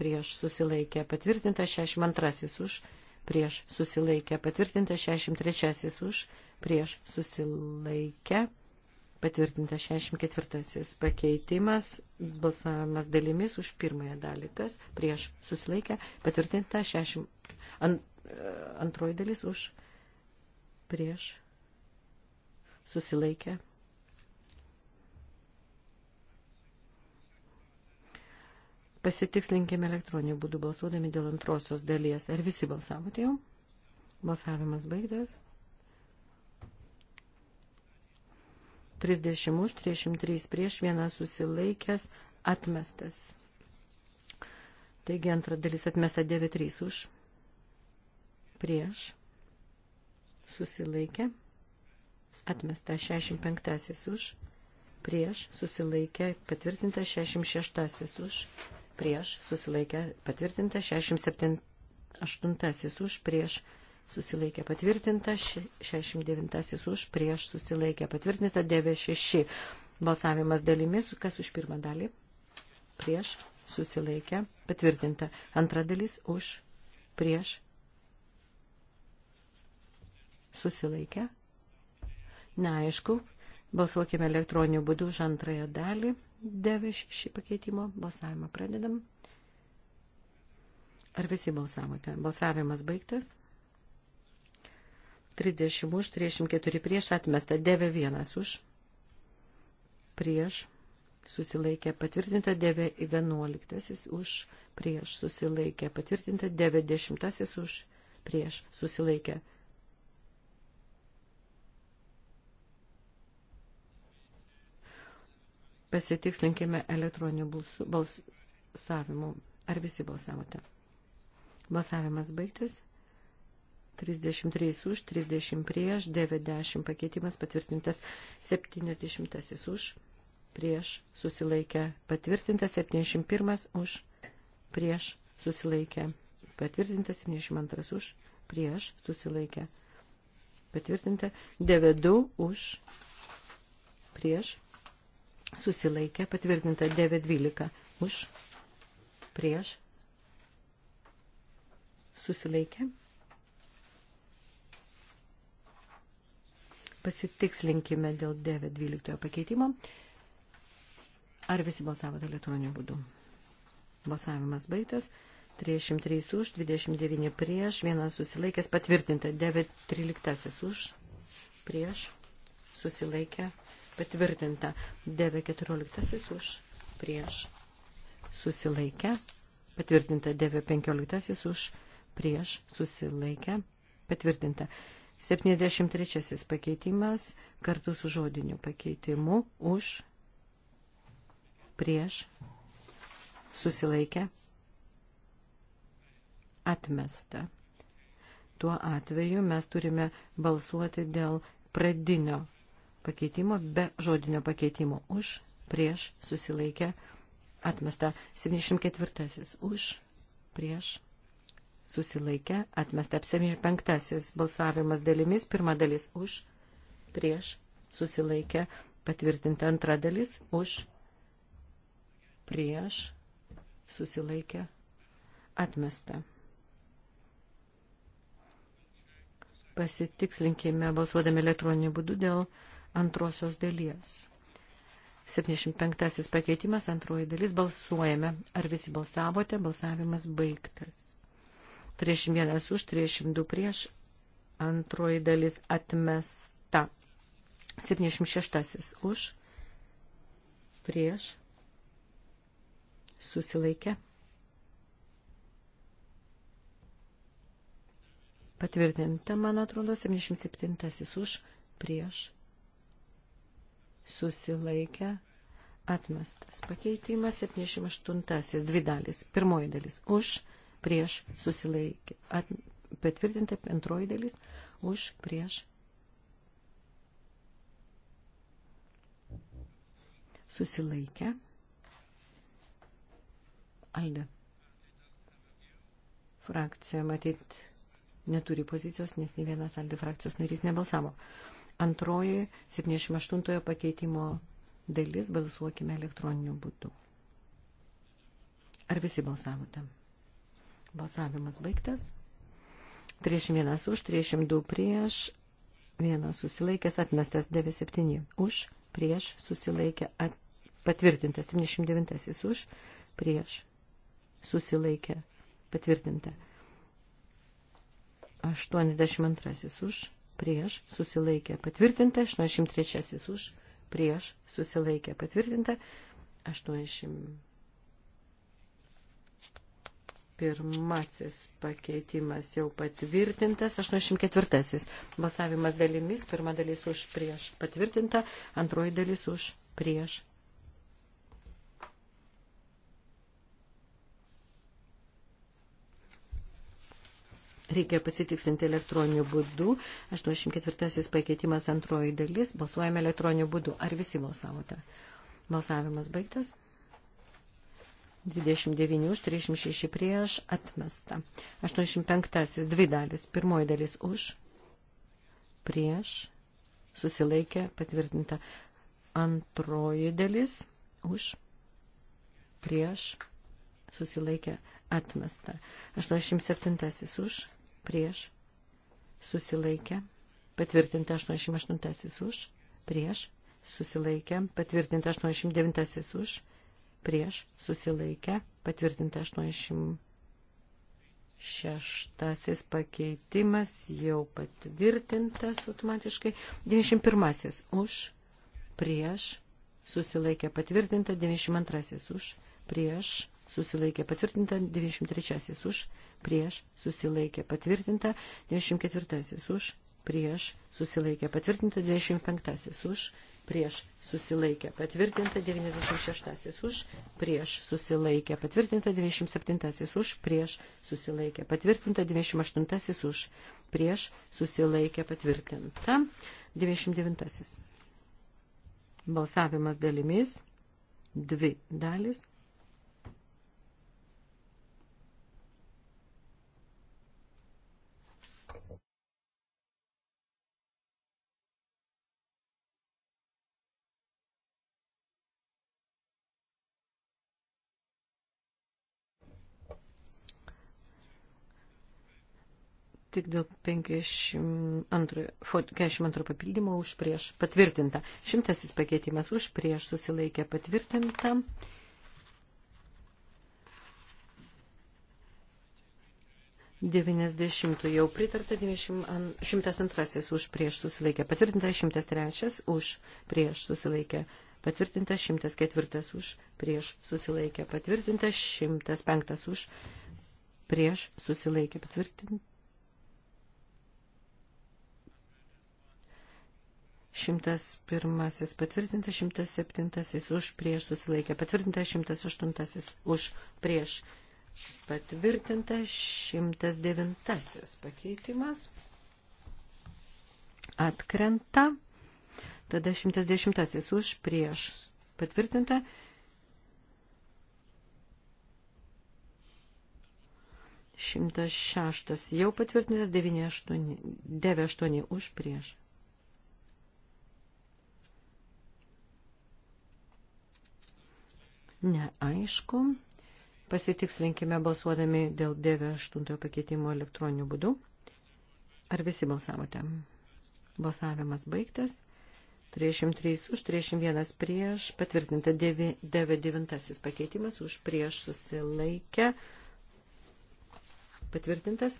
S3: prieš susilaikė patvirtinta, 62 už, prieš susilaikė patvirtinta, 63 už, prieš susilaikė patvirtinta, 64 pakeitimas, balsavimas dalimis už pirmąją dalį, kas prieš susilaikė patvirtinta, 60, ant, antroji dalis už, prieš susilaikė patvirtinta Pasitikslinkime elektroniniu būdu balsuodami dėl antrosios dalies. Ar visi balsavote jau? Balsavimas baigtas. 30 už, 303 prieš, vienas susilaikęs, atmestas. Taigi antra dalis atmesta 9-3 už, prieš, susilaikė, atmesta 65 už, prieš, susilaikė, patvirtinta 66 už, prieš susilaikė patvirtinta, 68 už prieš susilaikė patvirtinta, 69 už prieš susilaikė patvirtinta, 96 balsavimas dalimis, kas už pirmą dalį prieš susilaikė patvirtinta, antra dalis už prieš susilaikė. Neaišku, balsuokime elektroniniu būdu už antrąją dalį. 96 pakeitimo. Balsavimą pradedam. Ar visi balsavote? Balsavimas baigtas. 30 už, 34 prieš, atmesta 91 už, prieš, susilaikė patvirtinta 11 už, prieš, susilaikė patvirtinta 90 už, prieš, susilaikė Pasitikslinkime elektroniniu balsavimu. Ar visi balsavote? Balsavimas baigtas. 33 už, 30 prieš, 90 pakeitimas patvirtintas, 70 už, prieš, susilaikę, patvirtintas, 71 už, prieš, susilaikę, patvirtintas, 72 už, prieš, susilaikę, patvirtinta, 92 už, prieš, susilaikė, patvirtinta 9.12 už, prieš, susilaikė. Pasitikslinkime dėl 9.12 pakeitimo. Ar visi balsavote elektroniniu būdu? Balsavimas baigtas. 303 už, 29 prieš, vienas susilaikęs, patvirtinta 913 už, prieš, susilaikė, patvirtinta. DV14 už prieš susilaikę patvirtinta. DV15 už prieš susilaikę patvirtinta. 73 pakeitimas kartu su žodiniu pakeitimu už prieš susilaikę atmesta. Tuo atveju mes turime balsuoti dėl pradinio pakeitimo, be žodinio pakeitimo. Už, prieš, susilaikę, atmesta. 74. Už, prieš, susilaikę, atmesta. 75. Balsavimas dalimis. Pirma dalis už, prieš, susilaikę, patvirtinta. Antra dalis už, prieš, susilaikę, atmesta. Pasitikslinkime balsuodami elektroniniu būdu dėl antrosios dalies. 75 pakeitimas, antroji dalis, balsuojame. Ar visi balsavote? Balsavimas baigtas. 31 už, 32 prieš, antroji dalis atmesta. 76 už, prieš, susilaikė. Patvirtinta, man atrodo, 77 už, prieš, susilaikę, atmestas. Pakeitimas 78, dvi dalis. Pirmoji dalis už, prieš, susilaikė, at, patvirtinta antroji dalis už, prieš. Susilaikę. Alda. Frakcija, matyt, neturi pozicijos, nes nei vienas Aldi frakcijos narys nebalsavo. Antroji 78 pakeitimo dalis balsuokime elektroniniu būdu. Ar visi balsavote? Balsavimas baigtas. 31 už, 32 prieš, vienas susilaikęs, atmestas 97 už, prieš susilaikė, at, patvirtintas 79 už, prieš susilaikė, patvirtinta 82 už, prieš susilaikė patvirtinta, 83 už prieš susilaikė patvirtinta, 81 pakeitimas jau patvirtintas, 84 balsavimas dalimis, pirma dalis už prieš patvirtinta, antroji dalis už prieš reikia pasitiksinti elektroniniu būdu. 84 pakeitimas antroji dalis. Balsuojame elektroniniu būdu. Ar visi balsavote? Balsavimas baigtas. 29 už, 36 prieš, atmesta. 85. Dvi dalis. Pirmoji dalis už, prieš, susilaikė, patvirtinta. Antroji dalis už, prieš, susilaikė, atmesta. 87. už, prieš, susilaikę, patvirtinta 88 už, prieš, susilaikę, patvirtinta 89 už, prieš, susilaikę, patvirtinta 86 šeštasis pakeitimas jau patvirtintas automatiškai. 91. Už, prieš, susilaikė patvirtinta. 92. Už, prieš, susilaikė patvirtinta. 93. Už, prieš susilaikė patvirtinta, 24 už prieš susilaikė patvirtinta, 25 už prieš susilaikė patvirtinta, 96 už prieš susilaikė patvirtinta, 27 už prieš susilaikė patvirtinta, 28 už prieš susilaikė patvirtinta, 29. Balsavimas dalimis, dvi dalis, tik dėl 52, 52 papildymo už prieš patvirtinta. Šimtasis pakeitimas už prieš susilaikė patvirtinta. Devinesdešimtų jau pritarta, 102 už prieš susilaikė patvirtinta, 103 už prieš susilaikė patvirtinta, 104 už prieš susilaikė patvirtinta, 105 už prieš susilaikė patvirtinta. 101 patvirtintas, 107 už prieš susilaikė, patvirtintas 108 už prieš patvirtintas, 109 pakeitimas atkrenta, tada 110 už prieš patvirtinta. Šimtas šeštas jau patvirtintas, devyni aštuoni, devi aštuoni už prieš Neaišku. Pasitikslinkime balsuodami dėl 98 pakeitimo elektroniniu būdu. Ar visi balsavote? Balsavimas baigtas. 303 už, 301 prieš, patvirtinta 99 pakeitimas už prieš susilaikę, patvirtintas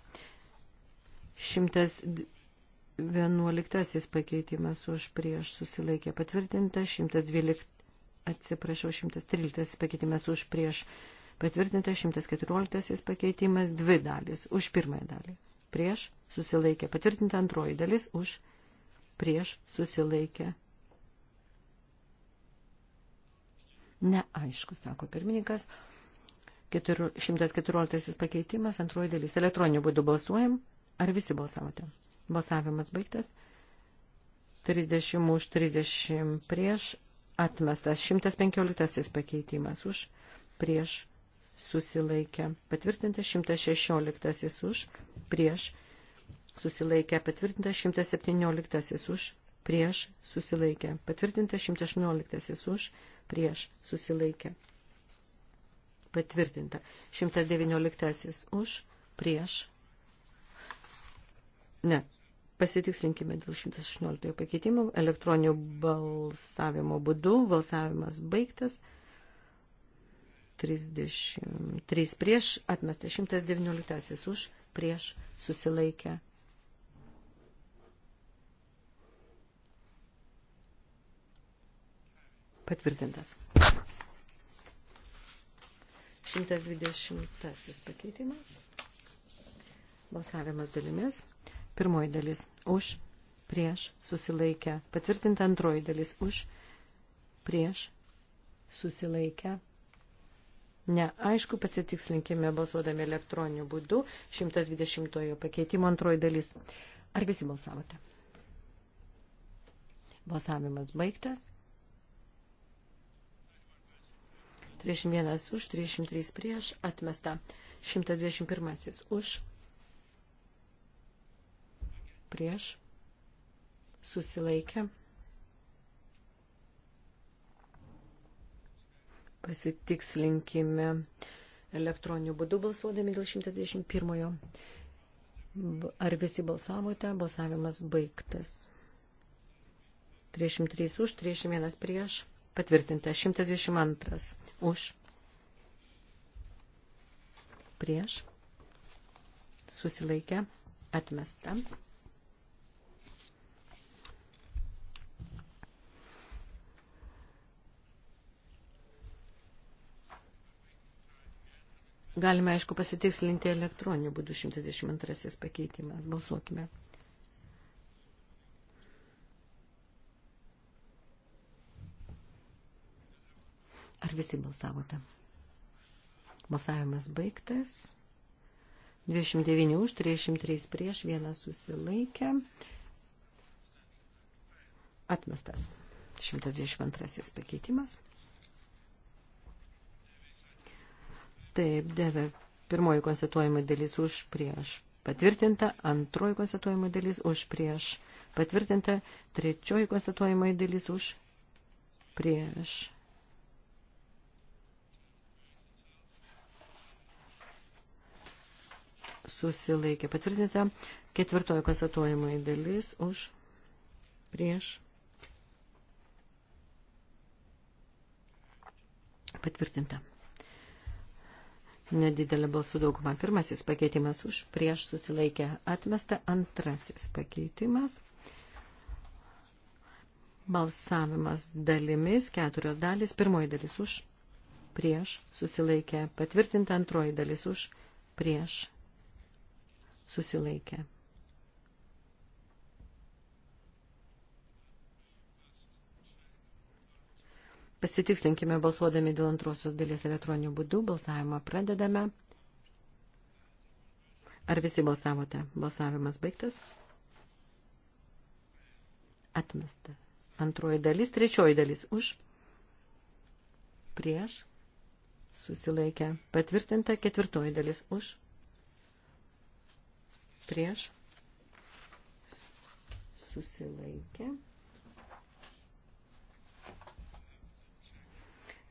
S3: 111 pakeitimas už prieš susilaikę, patvirtinta 112 atsiprašau, 113 pakeitimas už prieš patvirtintas, 114 pakeitimas, dvi dalis, už pirmąją dalį, prieš susilaikė, patvirtinta antroji dalis, už prieš susilaikė. Neaišku, sako pirmininkas. 114 pakeitimas, antroji dalis. Elektroniniu būdu balsuojam. Ar visi balsavote? Balsavimas baigtas. 30 už 30 prieš atmestas. 115 pakeitimas už prieš susilaikę. Patvirtintas 116 už prieš susilaikę. Patvirtintas 117 už prieš susilaikę. Patvirtintas 118 už prieš susilaikę. Patvirtinta. 119 už prieš. Ne, Pasitikslinkime dėl 118 pakeitimų. Elektroninių balsavimo būdu. Balsavimas baigtas. 33 prieš, atmestas 119 už, prieš, susilaikę. Patvirtintas. 120 pakeitimas. Balsavimas dalimis. Pirmoji dalis už, prieš, susilaikę, patvirtinta antroji dalis už, prieš, susilaikę. Neaišku, pasitikslinkime balsuodami elektroniniu būdu 120 pakeitimo antroji dalis. Ar visi balsavote? Balsavimas baigtas. 31 už, 303 prieš, atmesta. 121 už, prieš, susilaikė. Pasitikslinkime elektroniniu būdu balsuodami dėl 121. Ar visi balsavote? Balsavimas baigtas. 303 už, 301 prieš, patvirtinta 122 už, prieš, susilaikę, atmesta. Galime, aišku, pasitikslinti elektroniniu būdu 122 pakeitimas. Balsuokime. Ar visi balsavote? Balsavimas baigtas. 29 už, 303 prieš, vienas susilaikė. Atmestas. 122 pakeitimas. Taip, dėvė. Pirmoji konstatuojama dalis už prieš patvirtinta, antroji konstatuojama dalis už prieš patvirtinta, trečioji konstatuojama dalis už prieš. Susilaikė patvirtinta, ketvirtoji konstatuojama dalis už prieš patvirtinta. Nedidelė balsų dauguma. Pirmasis pakeitimas už, prieš susilaikę atmesta. Antrasis pakeitimas. Balsavimas dalimis, keturios dalis. Pirmoji dalis už, prieš susilaikę patvirtinta. Antroji dalis už, prieš susilaikę Pasitikslinkime balsuodami dėl antrosios dalies elektroninių būdų. Balsavimą pradedame. Ar visi balsavote? Balsavimas baigtas. Atmesta. Antroji dalis, trečioji dalis už. Prieš. Susilaikę. Patvirtinta ketvirtoji dalis už. Prieš. Susilaikę.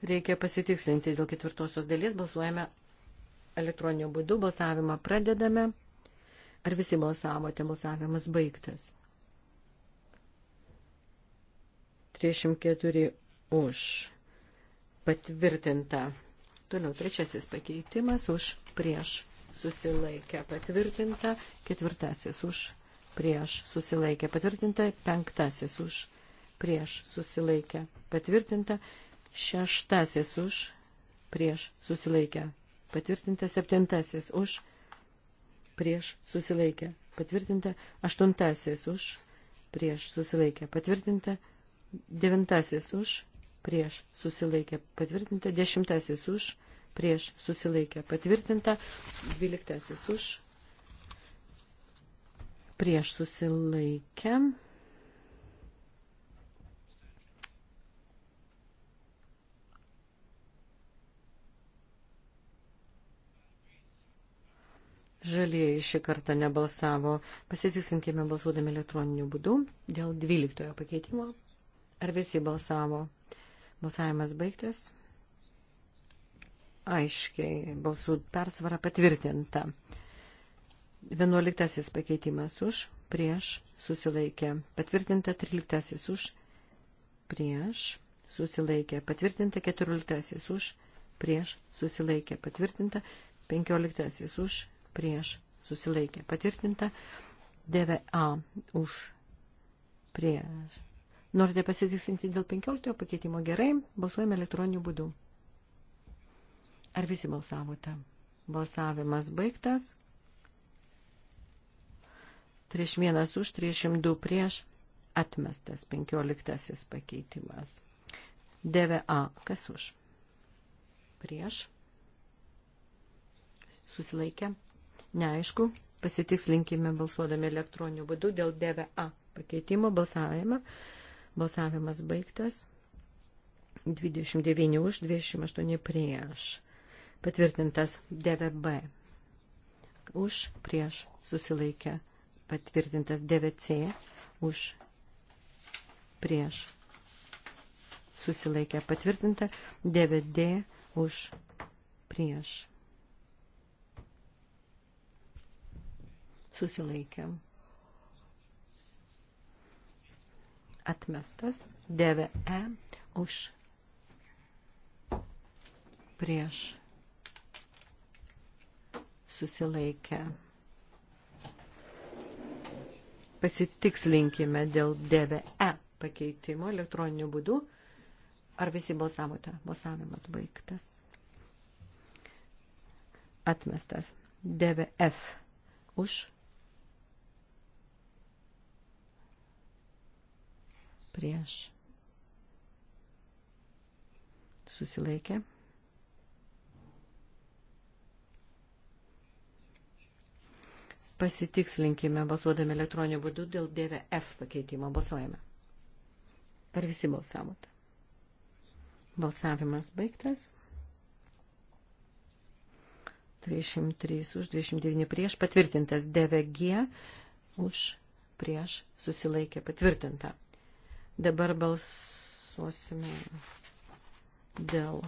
S3: Reikia pasitikslinti dėl ketvirtosios dalies. Balsuojame elektroniniu būdu. Balsavimą pradedame. Ar visi balsavote? Balsavimas baigtas. 34 už. Patvirtinta. Toliau trečiasis pakeitimas už prieš susilaikę patvirtinta, ketvirtasis už prieš susilaikę patvirtinta, penktasis už prieš susilaikę patvirtinta, Šeštasis už, prieš susilaikę. Patvirtinta septintasis už, prieš susilaikę. Patvirtinta aštuntasis už, prieš susilaikę. Patvirtinta devintasis už, prieš susilaikę. Patvirtinta dešimtasis už, prieš susilaikę. Patvirtinta dvyliktasis už, prieš susilaikę. žalieji šį kartą nebalsavo. Pasitikslinkime balsuodami elektroniniu būdu dėl 12 pakeitimo. Ar visi balsavo? Balsavimas baigtas. Aiškiai, balsų persvara patvirtinta. 11 pakeitimas už, prieš, susilaikė. Patvirtinta 13 už, prieš, susilaikė. Patvirtinta 14 už, prieš, susilaikė. Patvirtinta 15 už, prieš susilaikė patvirtinta, DVA už prieš. Norite pasitiksinti dėl 15 pakeitimo gerai, balsuojame elektroniniu būdu. Ar visi balsavote? Balsavimas baigtas. 31 už, 302 prieš, atmestas 15 pakeitimas. DVA, kas už? Prieš. Susilaikė, Neaišku, pasitikslinkime balsuodami elektroniniu būdu dėl DVA pakeitimo balsavimą. Balsavimas baigtas. 29 už, 28 prieš. Patvirtintas DVB. Už, prieš, susilaikė. Patvirtintas DVC. Už, prieš, susilaikė. Patvirtinta DVD. Už, prieš susilaikė. Atmestas DVE e už prieš susilaikę. Pasitikslinkime dėl DVE e pakeitimo elektroniniu būdu. Ar visi balsavote? Balsavimas baigtas. Atmestas. DVF už prieš susilaikė. Pasitikslinkime balsuodami elektroniniu būdu dėl DVF pakeitimo. Balsuojame. Ar visi balsavote? Balsavimas baigtas. 303 už 29 prieš patvirtintas DVG už prieš susilaikė patvirtinta. Dabar balsuosime dėl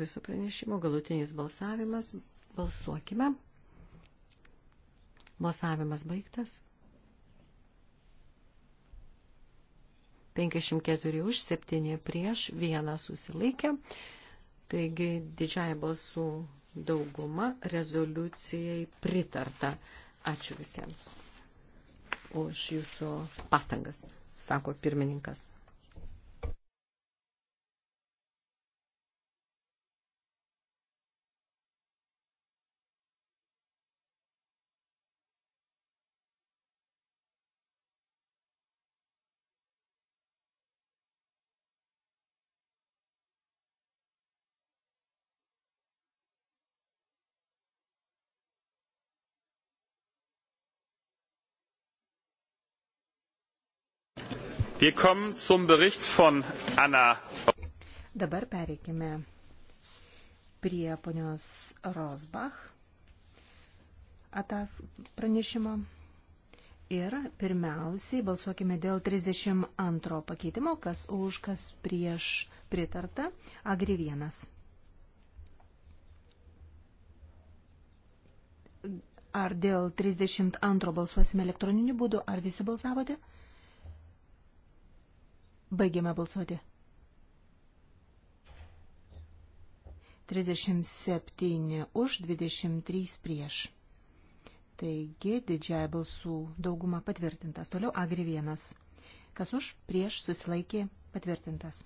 S3: viso pranešimo. Galutinis balsavimas. Balsuokime. Balsavimas baigtas. 54 už, 7 prieš, 1 susilaikė. Taigi didžiai balsų dauguma rezoliucijai pritarta. Ačiū visiems už jūsų pastangas, sako pirmininkas.
S1: Wir kommen zum Bericht von Anna.
S4: Dabar pereikime prie ponios Rosbach atas pranešimo. Ir pirmiausiai balsuokime dėl 32 pakeitimo, kas už, kas prieš pritarta, agri vienas. Ar dėl 32 balsuosime elektroniniu būdu, ar visi balsavote? Baigiame balsuoti. 37 už 23 prieš. Taigi didžiaja balsų dauguma patvirtintas. Toliau Agri 1. Kas už prieš susilaikė patvirtintas.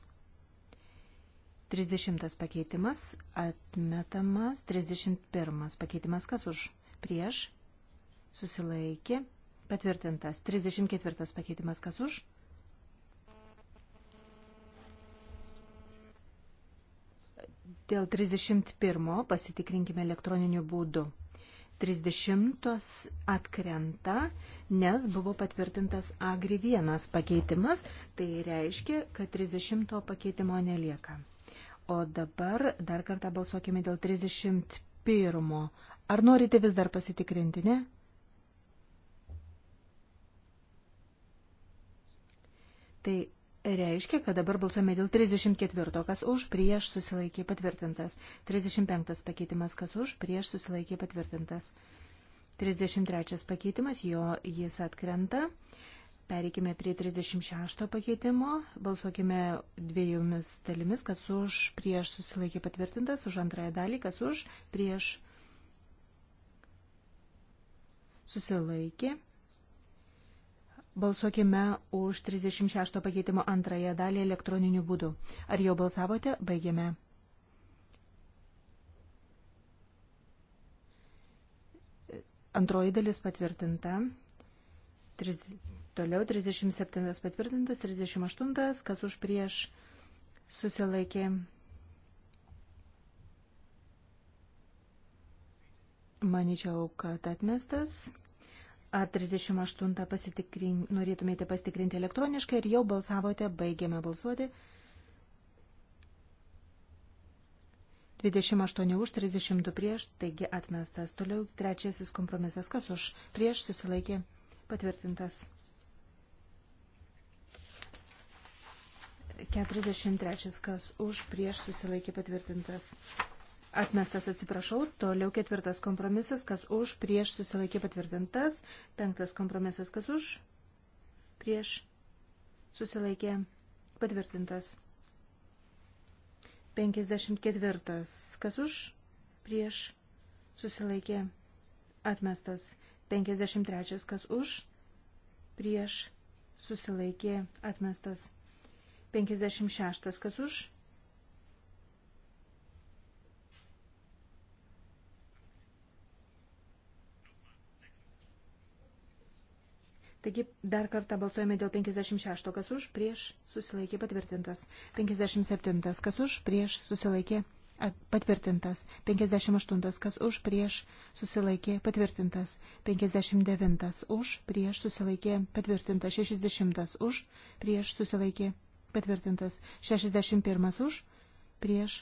S4: 30 pakeitimas atmetamas, 31 pakeitimas kas už prieš susilaikė patvirtintas, 34 pakeitimas kas už Dėl 31 pasitikrinkime elektroniniu būdu. 30 atkrenta, nes buvo patvirtintas Agri 1 pakeitimas, tai reiškia, kad 30 pakeitimo nelieka. O dabar dar kartą balsuokime dėl 31. Ar norite vis dar pasitikrinti, ne? Tai reiškia, kad dabar balsuojame dėl 34, kas už, prieš susilaikė patvirtintas. 35 pakeitimas, kas už, prieš susilaikė patvirtintas. 33 pakeitimas, jo jis atkrenta. Pereikime prie 36 pakeitimo, balsuokime dviejomis dalimis, kas už, prieš susilaikė patvirtintas, už antrąją dalį, kas už, prieš susilaikė patvirtintas Balsuokime už 36 pakeitimo antrąją dalį elektroniniu būdu. Ar jau balsavote? Baigėme. Antroji dalis patvirtinta. Tris, toliau 37 patvirtintas, 38, kas už prieš susilaikė. Maničiau, kad atmestas. Ar 38 pasitikrin... norėtumėte pasitikrinti elektroniškai ir jau balsavote, baigėme balsuoti. 28 už, 32 prieš, taigi atmestas. Toliau trečiasis kompromisas, kas už, prieš susilaikė patvirtintas. 43, kas už, prieš susilaikė patvirtintas. Atmestas atsiprašau, toliau ketvirtas kompromisas, kas už, prieš susilaikė patvirtintas, penktas kompromisas, kas už, prieš susilaikė patvirtintas. 54. Kas už, prieš susilaikė atmestas. 53. Kas už, prieš susilaikė atmestas. 56. Kas už, Taigi dar kartą balsuojame dėl 56, kas už, prieš, susilaikė, patvirtintas. 57, kas už, prieš, susilaikė, patvirtintas. 58, kas už, prieš, susilaikė, patvirtintas. 59, už, prieš, susilaikė, patvirtintas. 60, už, prieš, susilaikė, patvirtintas. 61, už, prieš,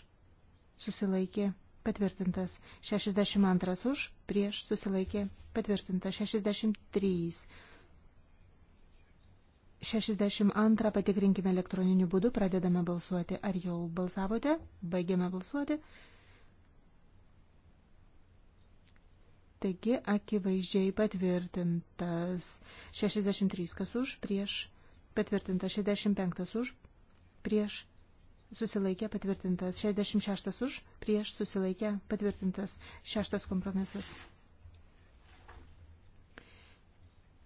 S4: susilaikė, patvirtintas. 62, už, prieš, susilaikė, patvirtintas. 63 62 patikrinkime elektroniniu būdu, pradedame balsuoti. Ar jau balsavote? Baigiame balsuoti. Taigi, akivaizdžiai patvirtintas 63 kas už, prieš patvirtintas 65 už, prieš susilaikė patvirtintas 66 už, prieš susilaikė patvirtintas 6 kompromisas.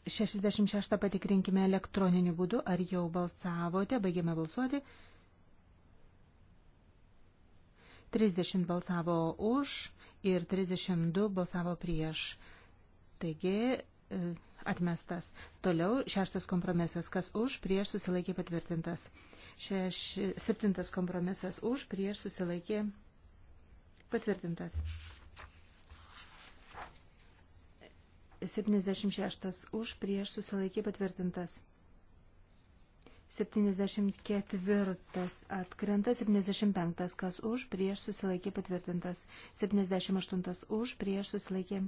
S4: 66 patikrinkime elektroniniu būdu, ar jau balsavote, baigėme balsuoti. 30 balsavo už ir 32 balsavo prieš. Taigi e, atmestas. Toliau šeštas kompromisas, kas už, prieš susilaikė patvirtintas. Šeš, septintas kompromisas už, prieš susilaikė patvirtintas. 76 už prieš susilaikė patvirtintas. 74 atkrenta, 75 kas už prieš susilaikė patvirtintas, 78 už prieš susilaikė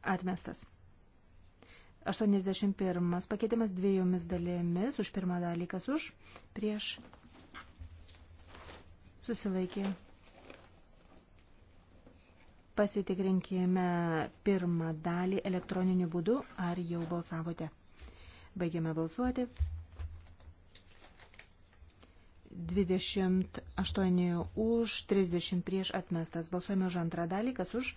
S4: atmestas. 81 pakeitimas dviejomis dalėmis, už pirmą dalį kas už prieš susilaikė Pasitikrinkime pirmą dalį elektroniniu būdu, ar jau balsavote. Baigiame balsuoti. 28 už, 30 prieš atmestas. Balsuojame už antrą dalį, kas už,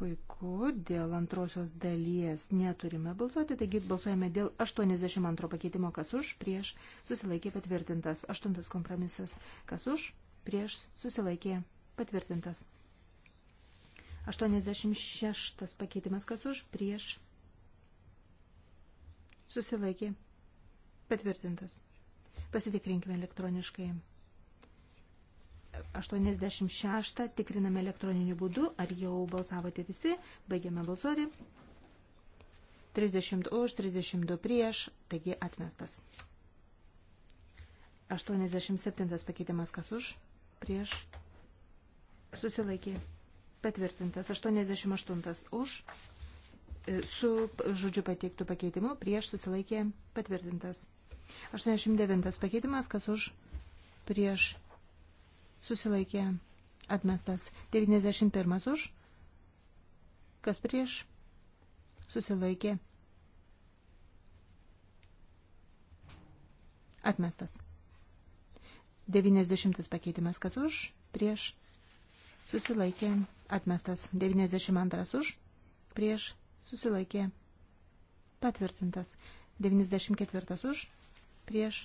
S4: Puiku, dėl antrosios dalies neturime balsuoti, taigi balsuojame dėl 82 pakeitimo, kas už, prieš, susilaikė patvirtintas. Aštuntas kompromisas, kas už, prieš, susilaikė patvirtintas. 86 pakeitimas, kas už, prieš, susilaikė patvirtintas. Pasitikrinkime elektroniškai. 86 tikriname elektroniniu būdu, ar jau balsavote visi, baigiame balsuoti. 30 už, 32 prieš, taigi atmestas. 87 pakeitimas kas už, prieš, susilaikė, patvirtintas. 88 už, e, su žodžiu pateiktų pakeitimu, prieš, susilaikė, patvirtintas. 89 pakeitimas kas už, prieš, susilaikė susilaikė atmestas. 91 už, kas prieš, susilaikė atmestas. 90 pakeitimas, kas už, prieš, susilaikė atmestas. 92 už, prieš, susilaikė patvirtintas. 94 už, prieš,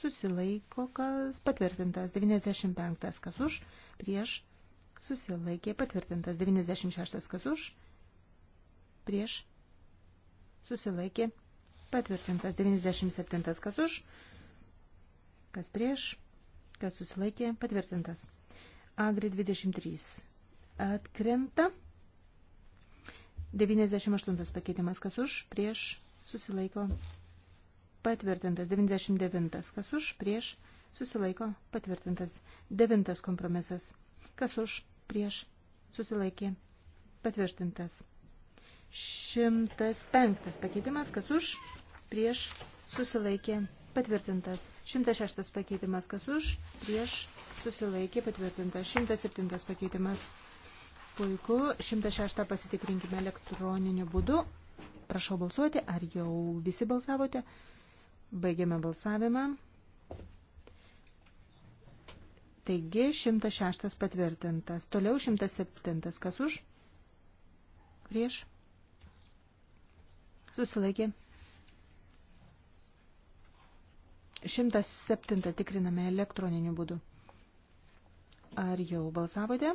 S4: susilaiko, kas patvirtintas 95, kas už, prieš, susilaikė, patvirtintas 96, kas už, prieš, susilaikė, patvirtintas 97, kas už, kas prieš, kas susilaikė, patvirtintas. Agri 23 atkrenta. 98 pakeitimas, kas už, prieš, susilaiko, patvirtintas 99. Kas už, prieš, susilaiko, patvirtintas 9 kompromisas. Kas už, prieš, susilaikė, patvirtintas. 105 pakeitimas, kas už, prieš, susilaikė, patvirtintas. 106 pakeitimas, kas už, prieš, susilaikė, patvirtintas. 107 pakeitimas. Puiku, 106 pasitikrinkime elektroniniu būdu. Prašau balsuoti, ar jau visi balsavote? Baigiame balsavimą. Taigi 106 patvirtintas. Toliau 107. Kas už? Prieš? Susilaikė. 107 tikriname elektroniniu būdu. Ar jau balsavote?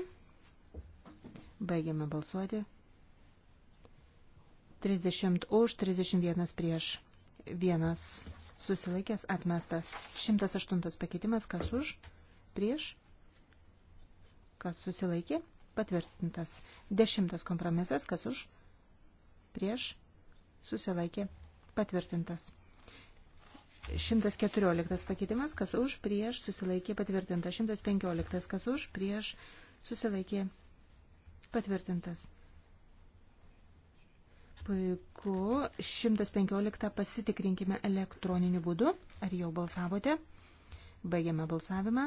S4: Baigiame balsuoti. 30 už, 31 prieš, 1 susilaikęs atmestas. 108 pakeitimas, kas už, prieš, kas susilaikė, patvirtintas. 10 kompromisas, kas už, prieš, susilaikė, patvirtintas. 114 pakeitimas, kas už, prieš, susilaikė, patvirtintas. 115, kas už, prieš, susilaikė, patvirtintas. Puiku. 115 pasitikrinkime elektroniniu būdu. Ar jau balsavote? Baigiame balsavimą.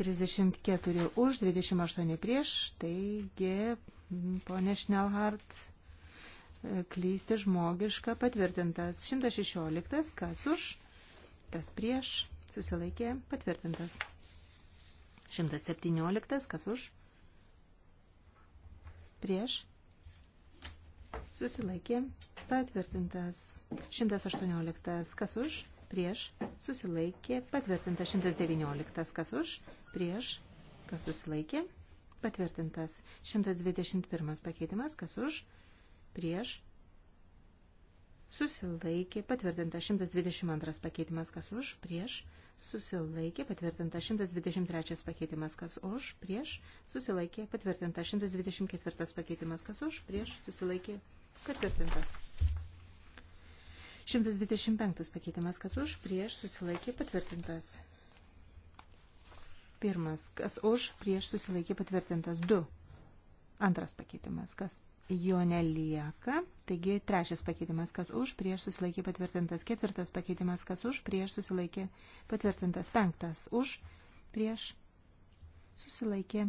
S4: Trisdešimt keturi už, dvidešimt aštuoni prieš, taigi ponė Šnelhart klysti žmogiška patvirtintas. Šimtas šešioliktas, kas už, kas prieš susilaikė patvirtintas. 117, kas už, prieš, susilaikė patvirtintas. 118, kas už, prieš, susilaikė patvirtintas. 119, kas už, prieš, kas susilaikė patvirtintas. 121 pakeitimas, kas už, prieš, Susilaikė. Patvirtinta 122 pakeitimas, kas už, prieš susilaikė, patvirtinta 123 pakeitimas, kas už, prieš, susilaikė, patvirtinta 124 pakeitimas, kas už, prieš, susilaikė, patvirtintas. 125 pakeitimas, kas už, prieš, susilaikė, patvirtintas. Pirmas, kas už, prieš, susilaikė, patvirtintas. Du. Antras pakeitimas, kas jo nelieka. Taigi trečias pakeitimas, kas už, prieš susilaikė patvirtintas. Ketvirtas pakeitimas, kas už, prieš susilaikė patvirtintas. Penktas už, prieš susilaikė.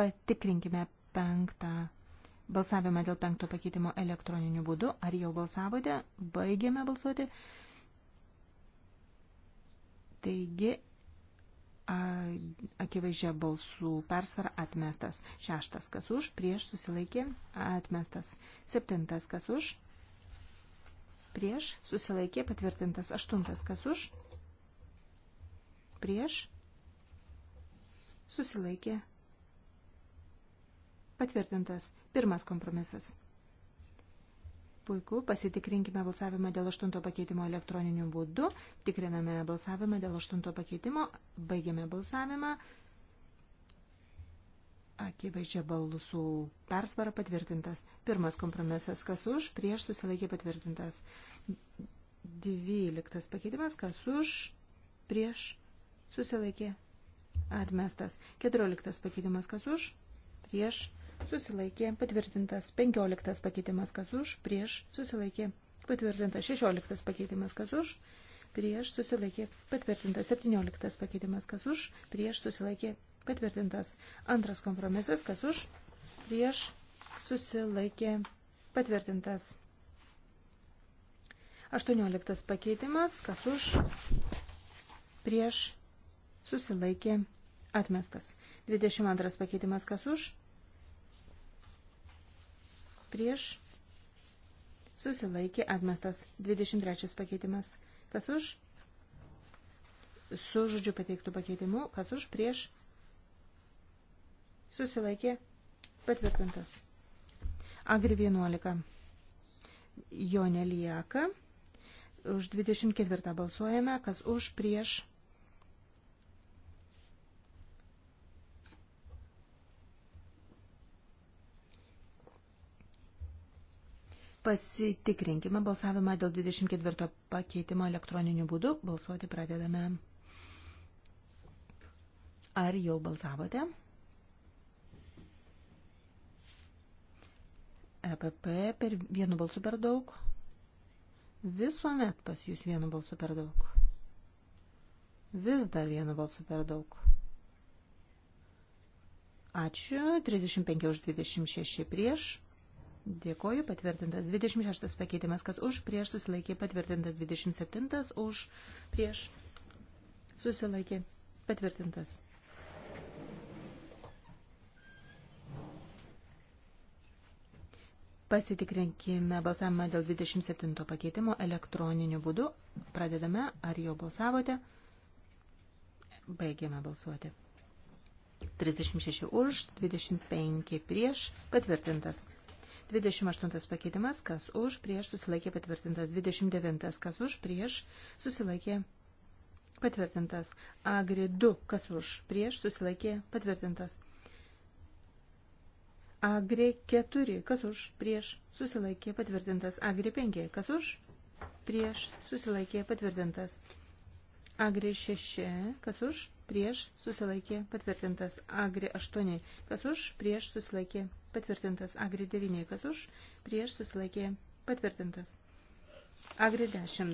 S4: Patikrinkime penktą balsavimą dėl penkto pakeitimo elektroniniu būdu. Ar jau balsavote? Baigėme balsuoti. Taigi akivaizdžia balsų persvara atmestas. Šeštas, kas už, prieš susilaikė, atmestas. Septintas, kas už, prieš susilaikė, patvirtintas. Aštuntas, kas už, prieš susilaikė, patvirtintas. Pirmas kompromisas. Puiku, pasitikrinkime balsavimą dėl aštunto pakeitimo elektroniniu būdu. Tikriname balsavimą dėl aštunto pakeitimo. Baigiame balsavimą. Akivaizdžia balsų persvara patvirtintas. Pirmas kompromisas, kas už, prieš susilaikė patvirtintas. Dvyliktas pakeitimas, kas už, prieš susilaikė atmestas. Keturioliktas pakeitimas, kas už, prieš susilaikė, patvirtintas 15 pakeitimas kas už, prieš susilaikė, patvirtintas 16 pakeitimas kas už, prieš susilaikė, patvirtintas 17 pakeitimas kas už, prieš susilaikė, patvirtintas antras kompromisas kas už, prieš susilaikė, patvirtintas 18 pakeitimas kas už, prieš susilaikė, atmestas 22 pakeitimas kas už, prieš, susilaikė atmestas. 23 pakeitimas, kas už, su žodžiu pateiktų pakeitimu, kas už, prieš, susilaikė patvirtintas. Agri 11. Jo nelieka. Už 24 balsuojame, kas už, prieš, Pasitikrinkime balsavimą dėl 24 pakeitimo elektroniniu būdu. Balsuoti pradedame. Ar jau balsavote? EPP per vienu balsu per daug. Visuomet pas jūs vienu balsu per daug. Vis dar vienu balsu per daug. Ačiū. 35 už 26 prieš. Dėkoju, patvirtintas 26 pakeitimas, kas už, prieš susilaikė, patvirtintas 27, už, prieš susilaikė, patvirtintas. Pasitikrinkime balsavimą dėl 27 pakeitimo elektroniniu būdu. Pradedame, ar jau balsavote. Baigėme balsuoti. 36 už, 25 prieš, patvirtintas. 28 pakeitimas, kas už, prieš susilaikė patvirtintas. 29, kas už, prieš susilaikė patvirtintas. Agri 2, kas už, prieš susilaikė patvirtintas. Agri 4, kas už, prieš susilaikė patvirtintas. Agri 5, kas už, prieš susilaikė patvirtintas. Agri 6, kas už, prieš susilaikė patvirtintas. Agri 8, kas už, prieš susilaikė patvirtintas. Agri 9, kas už, prieš susilaikė patvirtintas. Agri 10.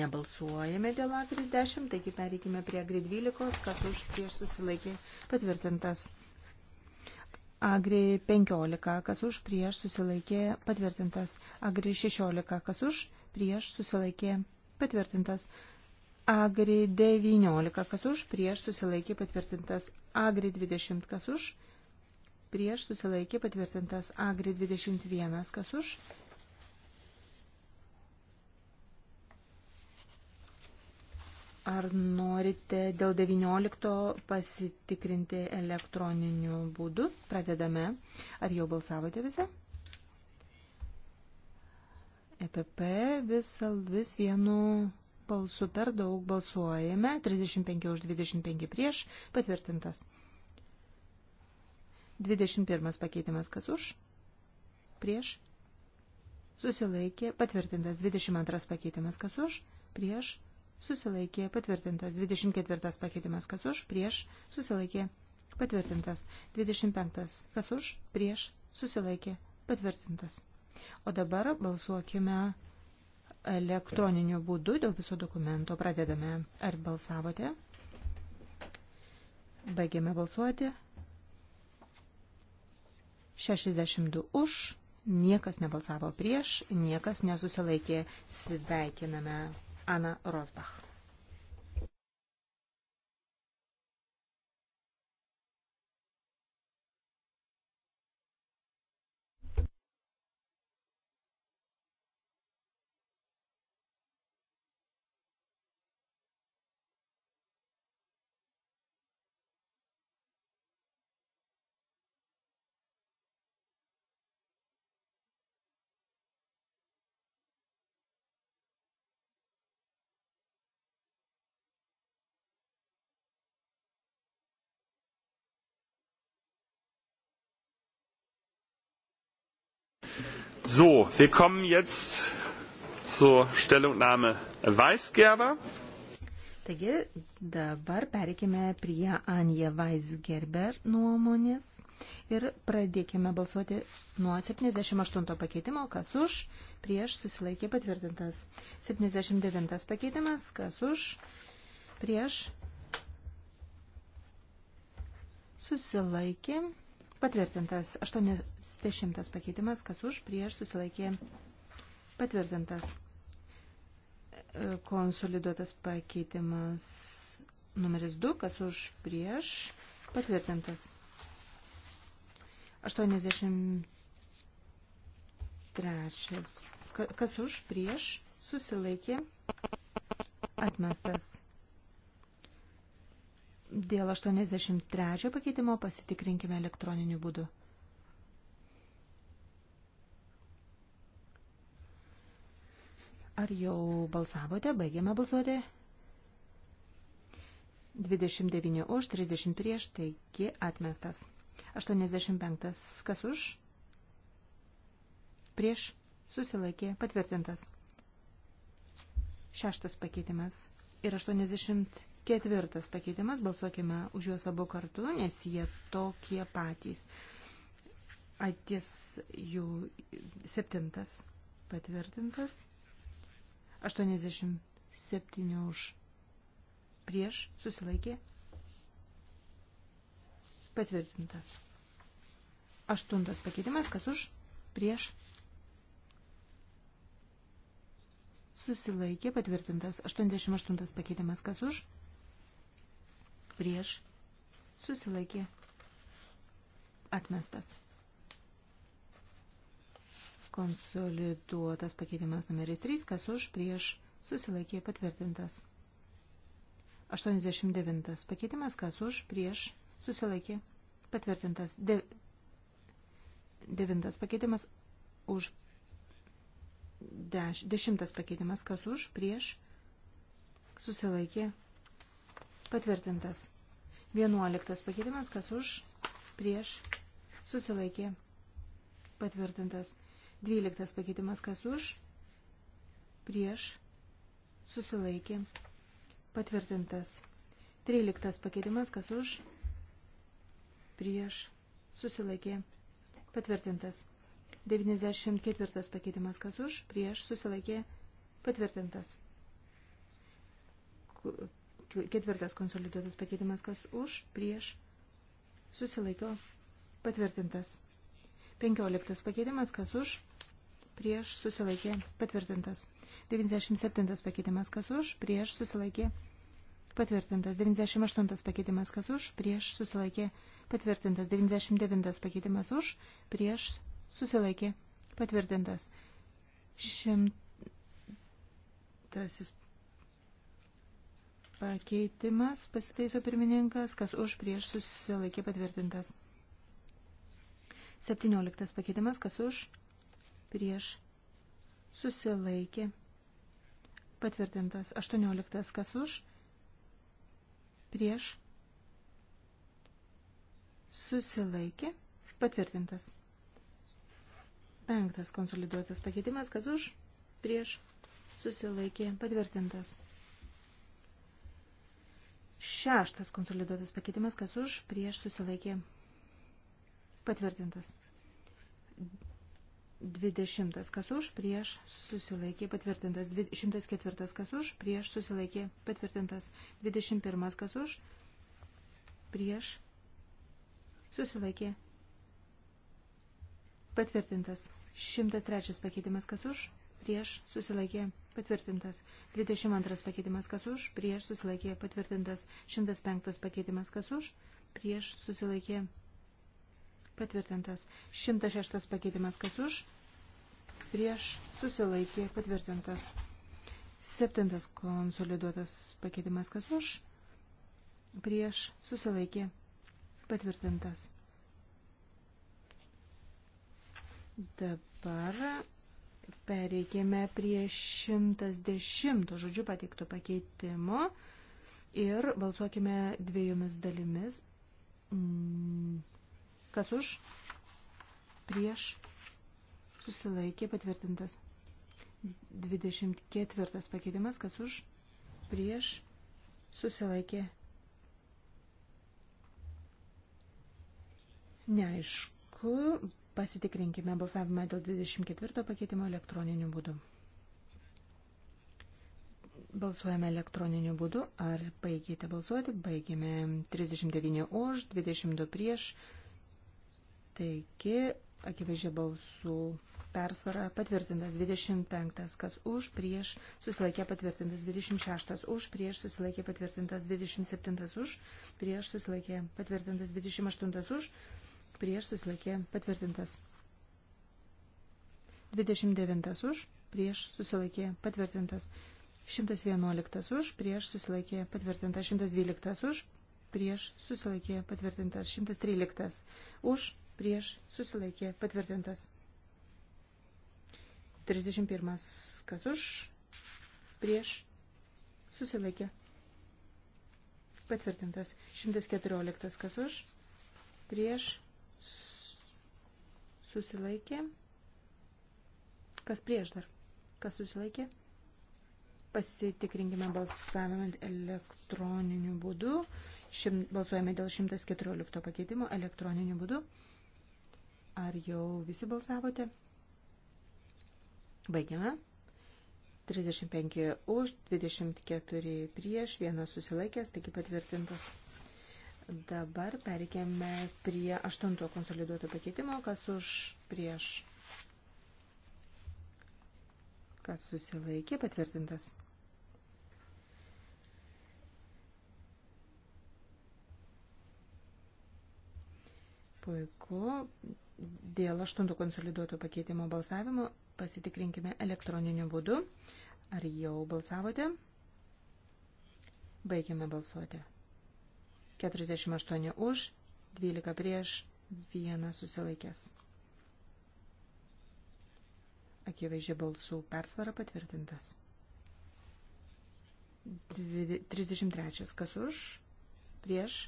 S4: Nebalsuojame dėl Agri 10, taigi pereikime prie Agri 12, kas už, prieš susilaikė patvirtintas. Agri 15, kas už, prieš susilaikė patvirtintas. Agri 16, kas už, prieš susilaikė patvirtintas. Agri 19, kas už, prieš susilaikė patvirtintas. Agri 20, kas už, prieš susilaikė patvirtintas Agri 21, kas už. Ar norite dėl 19 pasitikrinti elektroniniu būdu? Pradedame. Ar jau balsavote visą? EPP vis, vis vienu balsu per daug balsuojame. 35 už 25 prieš patvirtintas. 21 pakeitimas kas už, prieš, susilaikė, patvirtintas 22 pakeitimas kas už, prieš, susilaikė, patvirtintas 24 pakeitimas kas už, prieš, susilaikė, patvirtintas 25 kas už, prieš, susilaikė, patvirtintas. O dabar balsuokime elektroniniu būdu dėl viso dokumento. Pradedame. Ar balsavote? Baigiame balsuoti. 62 už, niekas nebalsavo prieš, niekas nesusilaikė. Sveikiname Ana Rosbach.
S1: So, wir kommen jetzt zur Stellungnahme Weisgerber.
S4: Taigi dabar pereikime prie Anje Weisgerber nuomonės ir pradėkime balsuoti nuo 78 pakeitimo, kas už, prieš susilaikė patvirtintas. 79 pakeitimas, kas už, prieš susilaikė patvirtintas Patvirtintas 80 pakeitimas, kas už, prieš susilaikė patvirtintas e, konsoliduotas pakeitimas numeris 2, kas už, prieš patvirtintas 83, kas už, prieš susilaikė atmestas Dėl 83 pakeitimo pasitikrinkime elektroniniu būdu. Ar jau balsavote? Baigėme balsuoti. 29 už, 30 prieš, taigi atmestas. 85. Kas už? Prieš susilaikė patvirtintas. Šeštas pakeitimas ir 80. Ketvirtas pakeitimas, balsuokime už juos abu kartu, nes jie tokie patys. Atis jų septintas patvirtintas. 87 už prieš susilaikė patvirtintas. Aštuntas pakeitimas, kas už prieš susilaikė patvirtintas. 88 pakeitimas, kas už prieš susilaikė atmestas. Konsoliduotas pakeitimas numeris 3, kas už prieš susilaikė patvirtintas. 89. Pakeitimas kas už prieš susilaikė patvirtintas. De... Devintas pakeitimas už. Deš... Dešimtas pakeitimas kas už prieš susilaikė Patvirtintas. Vienuoliktas pakeitimas, kas už, prieš, susilaikė. Patvirtintas. Dvyliktas pakeitimas, kas už, prieš, susilaikė. Patvirtintas. Tryliktas pakeitimas, kas už, prieš, susilaikė. Patvirtintas. 94 pakeitimas, kas už, prieš, susilaikė. Patvirtintas Ketvirtas konsoliduotas pakeitimas, kas už, prieš, susilaiko, patvirtintas. Penkioliktas pakeitimas, kas už, prieš, susilaikė, patvirtintas. 97 pakeitimas, kas už, prieš, susilaikė, patvirtintas. 98 pakeitimas, kas už, prieš, susilaikė, patvirtintas. 99 pakeitimas už, prieš, susilaikė, patvirtintas. Šimtasis Pakeitimas pasitaiso pirmininkas, kas už prieš susilaikė patvirtintas. 17 pakeitimas, kas už prieš susilaikė patvirtintas. 18 kas už prieš susilaikė patvirtintas. Penktas konsoliduotas pakeitimas, kas už prieš susilaikė patvirtintas. Šeštas konsoliduotas pakeitimas, kas už, prieš susilaikė patvirtintas. Dvidešimtas, kas už, prieš susilaikė patvirtintas. Šimtas ketvirtas, kas už, prieš susilaikė patvirtintas. Dvidešimt pirmas, kas už, prieš susilaikė patvirtintas. Šimtas trečias pakeitimas, kas už, prieš susilaikė patvirtintas. 22 pakeitimas kas už, prieš susilaikė patvirtintas. 105 pakeitimas kas už, prieš susilaikė patvirtintas. 106 pakeitimas kas už, prieš susilaikė patvirtintas. 7 konsoliduotas pakeitimas kas už, prieš susilaikė patvirtintas. Dabar Pereikėme prie 110 žodžių pateiktų pakeitimo ir balsuokime dviejomis dalimis. Mm, kas už? Prieš susilaikė patvirtintas. 24 pakeitimas, kas už? Prieš susilaikė. Neaišku, Pasitikrinkime balsavimą dėl 24 pakeitimo elektroniniu būdu. Balsuojame elektroniniu būdu. Ar baigėte balsuoti? Baigėme 39 už, 22 prieš. Taigi, akivaizdžiai balsų persvara patvirtintas 25, kas už, prieš, susilaikė patvirtintas 26, už, prieš, susilaikė patvirtintas 27, už, prieš, susilaikė patvirtintas 28, už prieš susilaikė patvirtintas. 29 už, prieš susilaikė patvirtintas. 111 už, prieš susilaikė patvirtintas. 112 už, prieš susilaikė patvirtintas. 113 už, prieš susilaikė patvirtintas. 31 kas už, prieš susilaikė patvirtintas. 114 kas už, prieš susilaikė. Kas prieš dar? Kas susilaikė? Pasitikrinkime balsavimą elektroniniu būdu. Šim, balsuojame dėl 114 pakeitimo elektroniniu būdu. Ar jau visi balsavote? Baigiame. 35 už, 24 prieš, vienas susilaikęs, taigi patvirtintas. Dabar perikėme prie aštunto konsoliduoto pakeitimo, kas už prieš, kas susilaikė, patvirtintas. Puiku. Dėl aštunto konsoliduoto pakeitimo balsavimo pasitikrinkime elektroniniu būdu. Ar jau balsavote? Baigiame balsuoti. 48 už, 12 prieš, 1 susilaikęs. Akivaizdžiai balsų persvara patvirtintas. 33. Kas už? Prieš?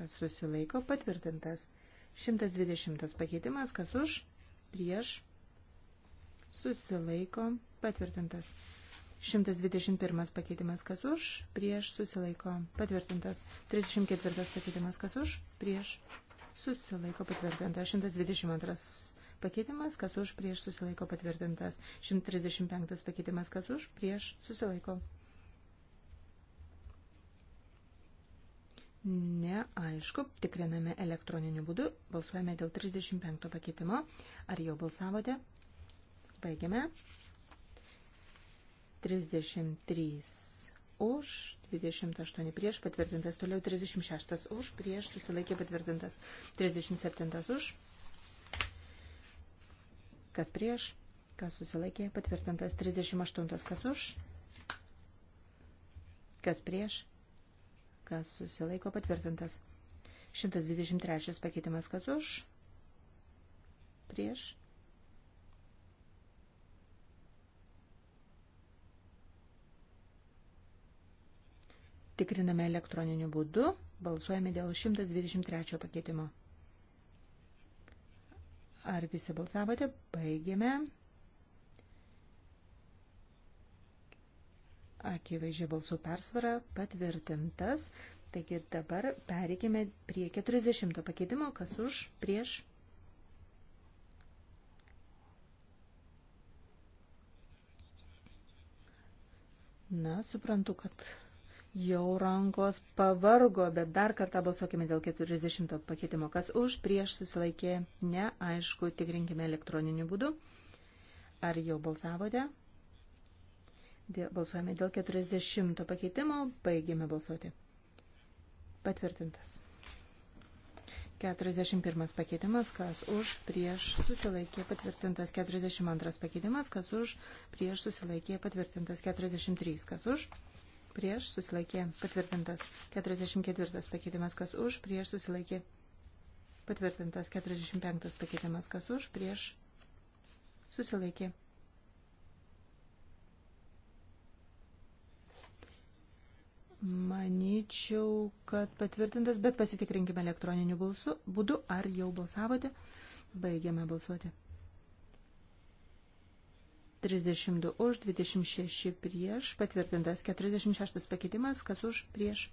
S4: Kas susilaiko? Patvirtintas. 120. Pakeitimas. Kas už? Prieš? Susilaiko. Patvirtintas. 121 pakeitimas kas už, prieš susilaiko patvirtintas. 34 pakeitimas kas už, prieš susilaiko patvirtintas. 122 pakeitimas kas už, prieš susilaiko patvirtintas. 135 pakeitimas kas už, prieš susilaiko. Neaišku, tikriname elektroniniu būdu, balsuojame dėl 35 pakeitimo. Ar jau balsavote? Baigiame. 33 už, 28 prieš patvirtintas, toliau 36 už, prieš susilaikė patvirtintas, 37 už, kas prieš, kas susilaikė patvirtintas, 38 kas už, kas prieš, kas susilaiko patvirtintas, 123 pakeitimas kas už, prieš, Tikriname elektroniniu būdu. Balsuojame dėl 123 pakeitimo. Ar visi balsavote? Baigėme. Akivaizdžiai balsų persvara patvirtintas. Taigi dabar pereikime prie 40 pakeitimo. Kas už? Prieš? Na, suprantu, kad Jau rankos pavargo, bet dar kartą balsuokime dėl 40 pakeitimo. Kas už, prieš susilaikė, neaišku, tikrinkime elektroniniu būdu. Ar jau balsavote? Dėl, balsuojame dėl 40 pakeitimo, baigėme balsuoti. Patvirtintas. 41 pakeitimas, kas už, prieš susilaikė patvirtintas. 42 pakeitimas, kas už, prieš susilaikė patvirtintas. 43, kas už prieš susilaikė patvirtintas. 44 pakeitimas kas už, prieš susilaikė patvirtintas. 45 pakeitimas kas už, prieš susilaikė. Manyčiau, kad patvirtintas, bet pasitikrinkime elektroniniu balsu, būdu, ar jau balsavote. Baigiame balsuoti. 32 už, 26 prieš, patvirtintas 46 pakeitimas, kas už, prieš,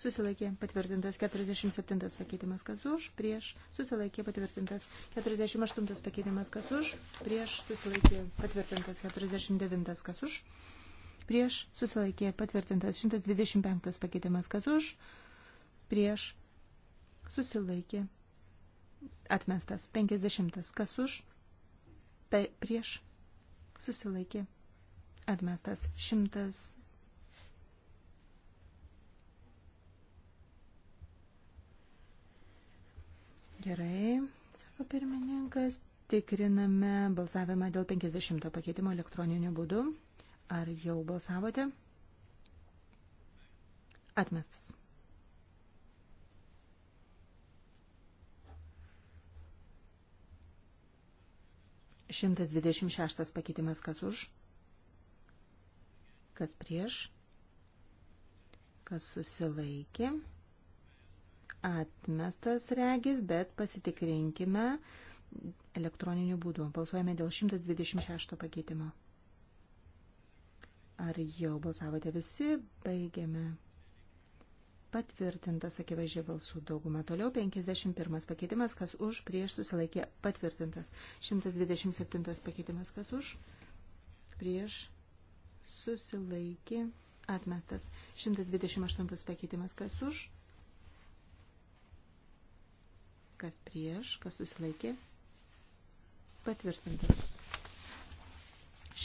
S4: susilaikė, patvirtintas 47 pakeitimas, kas už, prieš, susilaikė, patvirtintas 48 pakeitimas, kas už, prieš, susilaikė, patvirtintas 49 kas už, prieš, susilaikė, patvirtintas 125 pakeitimas, kas už, prieš, susilaikė, atmestas 50 kas už, prieš, susilaikė atmestas šimtas. Gerai, sako pirmininkas, tikriname balsavimą dėl 50 pakeitimo elektroniniu būdu. Ar jau balsavote? Atmestas. 126 pakeitimas kas už, kas prieš, kas susilaikė. Atmestas regis, bet pasitikrinkime elektroniniu būdu. Balsuojame dėl 126 pakeitimo. Ar jau balsavote visi? Baigiame patvirtintas akivaizdžiai balsų dauguma. Toliau 51 pakeitimas, kas už, prieš susilaikė patvirtintas. 127 pakeitimas, kas už, prieš susilaikė atmestas. 128 pakeitimas, kas už, kas prieš, kas susilaikė patvirtintas.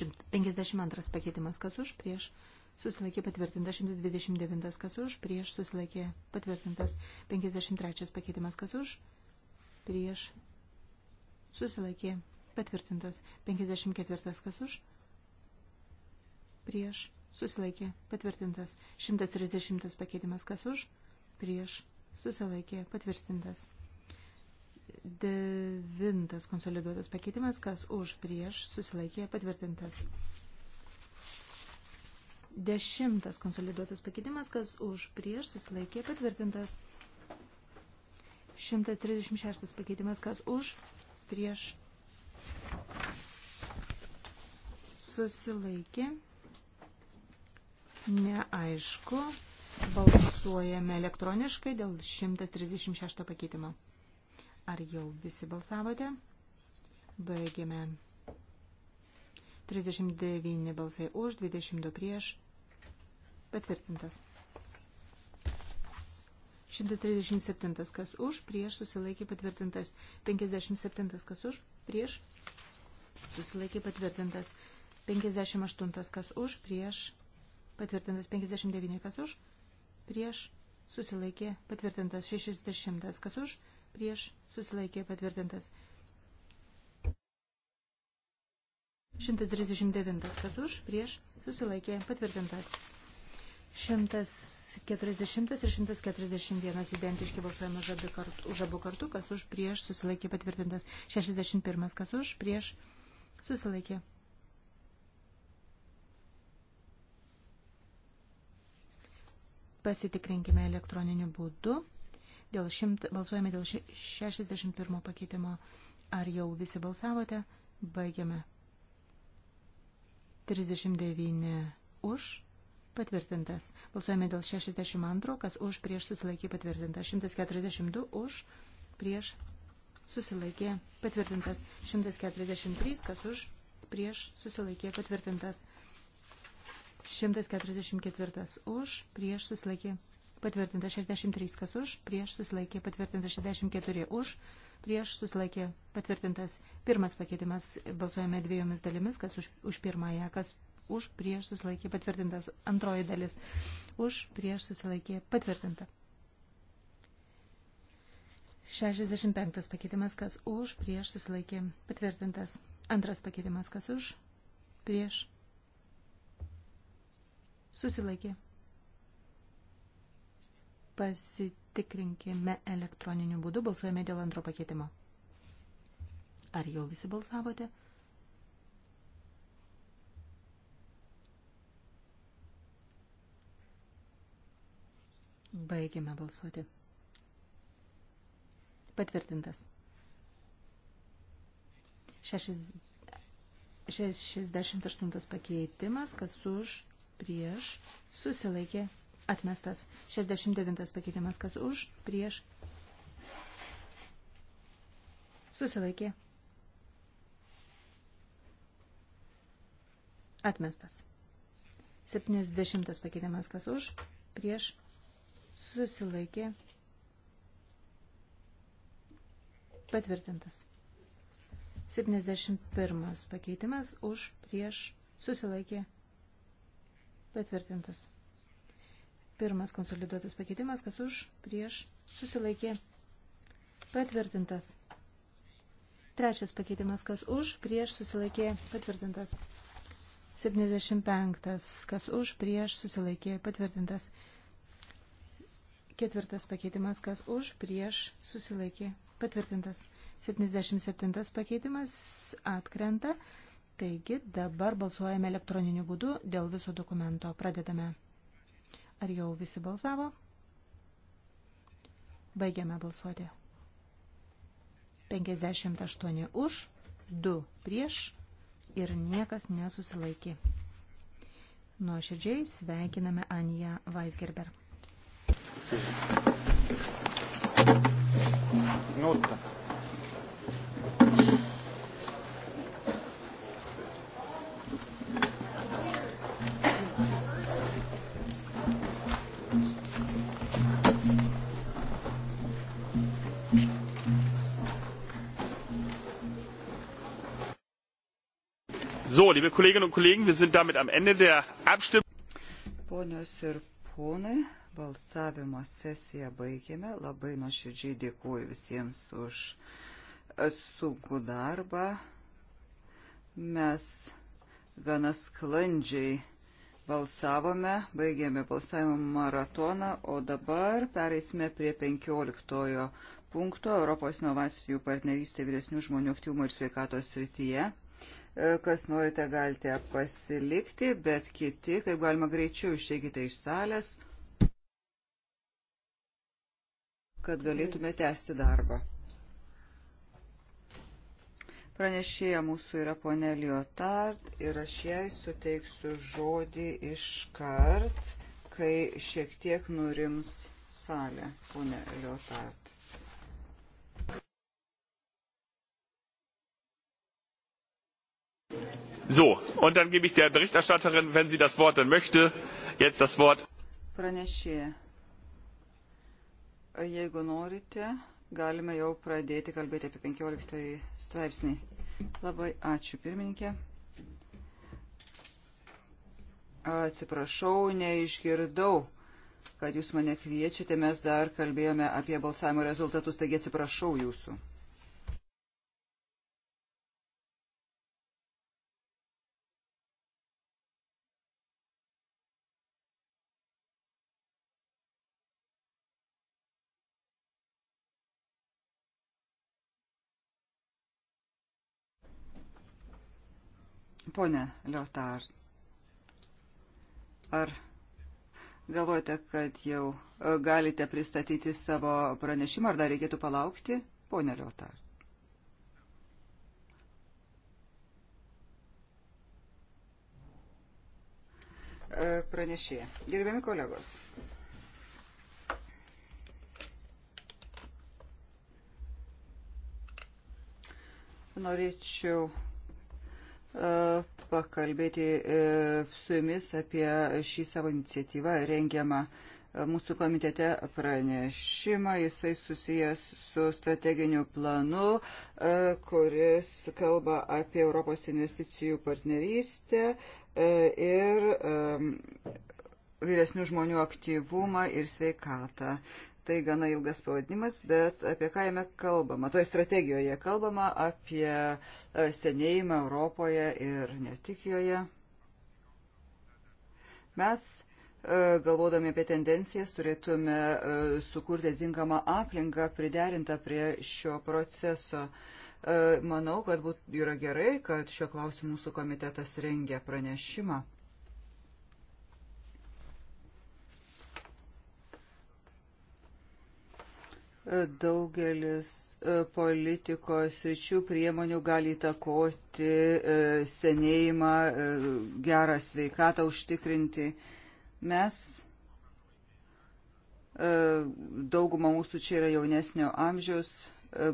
S4: 152 pakeitimas, kas už, prieš susilaikė susilaikė patvirtintas 129 kas už, prieš susilaikė patvirtintas 53 pakeitimas kas už, prieš susilaikė patvirtintas 54 kas už, prieš susilaikė patvirtintas 130 pakeitimas kas už, prieš susilaikė patvirtintas. Devintas konsoliduotas pakeitimas, kas už prieš susilaikė patvirtintas. Dešimtas konsoliduotas pakeitimas, kas už prieš susilaikė patvirtintas. 136 pakeitimas, kas už prieš susilaikė. Neaišku. Balsuojame elektroniškai dėl 136 pakeitimo. Ar jau visi balsavote? Baigėme. 39 balsai už, 22 prieš. Patvirtintas. 137 kas už, prieš susilaikė patvirtintas. 57 kas už, prieš susilaikė patvirtintas. 58 kas už, prieš patvirtintas. 59 kas už, prieš susilaikė patvirtintas. 60 kas už, prieš susilaikė patvirtintas. 139 kas už, prieš susilaikė patvirtintas. 140 ir 141 identiški balsuojami už, kartu, už abu kartu, kas už prieš susilaikė patvirtintas. 61 kas už prieš susilaikė. Pasitikrinkime elektroniniu būdu. Dėl šimt, balsuojame dėl 61 pakeitimo. Ar jau visi balsavote? Baigiame. 39 už, patvirtintas. Balsuojame dėl 62, kas už prieš susilaikė patvirtintas. 142 už prieš susilaikė patvirtintas. 143, kas už prieš susilaikė patvirtintas. 144 už prieš susilaikė patvirtintas. 63, kas už prieš susilaikė patvirtintas. 64 už prieš susilaikė patvirtintas. Pirmas pakeitimas balsuojame dviejomis dalimis, kas už, už pirmąją, kas už prieš susilaikė patvirtintas. Antroji dalis už prieš susilaikė patvirtinta. 65 pakeitimas, kas už prieš susilaikė patvirtintas. Antras pakeitimas, kas už prieš susilaikė. Pasitikrinkime elektroniniu būdu, balsuojame dėl antro pakeitimo. Ar jau visi balsavote? Baigiame balsuoti. Patvirtintas. 68 pakeitimas, kas už, prieš, susilaikė, atmestas. 69 pakeitimas, kas už, prieš, susilaikė, atmestas. 70 pakeitimas, kas už, prieš, susilaikė susilaikė, patvirtintas. 71 pakeitimas už prieš susilaikė, patvirtintas. Pirmas konsoliduotas pakeitimas, kas už prieš susilaikė, patvirtintas. Trečias pakeitimas, kas už prieš susilaikė, patvirtintas. 75, kas už prieš susilaikė, patvirtintas. Ketvirtas pakeitimas, kas už, prieš, susilaikė, patvirtintas. 77 pakeitimas atkrenta. Taigi dabar balsuojame elektroniniu būdu dėl viso dokumento. Pradedame. Ar jau visi balsavo? Baigiame balsuoti. 58 už, 2 prieš ir niekas nesusilaikė. Nuoširdžiai sveikiname Aniją Weisgerber. Nutta.
S1: So, liebe Kolleginnen und Kollegen, wir sind damit am Ende der Abstimmung.
S2: Ponios ir ponai, Balsavimo sesiją baigėme. Labai nuoširdžiai dėkuoju visiems už e, sunkų darbą. Mes gana sklandžiai balsavome, baigėme balsavimo maratoną, o dabar pereisime prie 15 punkto Europos inovacijų partnerystė vyresnių žmonių aktyvumo ir sveikatos srityje. E, kas norite, galite pasilikti, bet kiti, kaip galima greičiau, išeikite iš salės. kad galėtume tęsti darbą. Pranešėja mūsų yra ponė Liotard ir aš jai suteiksiu žodį iškart, kai šiek tiek nurims salė, ponė Liotard.
S1: So, und dann gebe ich der Berichterstatterin, wenn sie das Wort dann möchte, jetzt das Wort.
S2: Pranešėja. Jeigu norite, galime jau pradėti kalbėti apie 15 straipsnį. Labai ačiū, pirmininkė. Atsiprašau, neišgirdau, kad jūs mane kviečiate. Mes dar kalbėjome apie balsavimo rezultatus, taigi atsiprašau jūsų. Pone Liotar, ar galvojate, kad jau e, galite pristatyti savo pranešimą, ar dar reikėtų palaukti? Pone Liotar. E, pranešėja. Gerbiami kolegos. Norėčiau pakalbėti e, su jumis apie šį savo iniciatyvą rengiamą e, mūsų komitete pranešimą. Jisai susijęs su strateginiu planu, e, kuris kalba apie Europos investicijų partnerystę ir vyresnių žmonių aktyvumą ir sveikatą tai gana ilgas pavadinimas, bet apie ką jame kalbama. Toje strategijoje kalbama apie e, senėjimą Europoje ir ne tik joje. Mes, e, galvodami apie tendencijas, turėtume e, sukurti atinkamą aplinką priderintą prie šio proceso. Manau, kad būt, yra gerai, kad šio klausimu mūsų komitetas rengia pranešimą. Daugelis e, politikos ryčių priemonių gali įtakoti e, senėjimą, e, gerą sveikatą užtikrinti. Mes, dauguma mūsų čia yra jaunesnio amžiaus,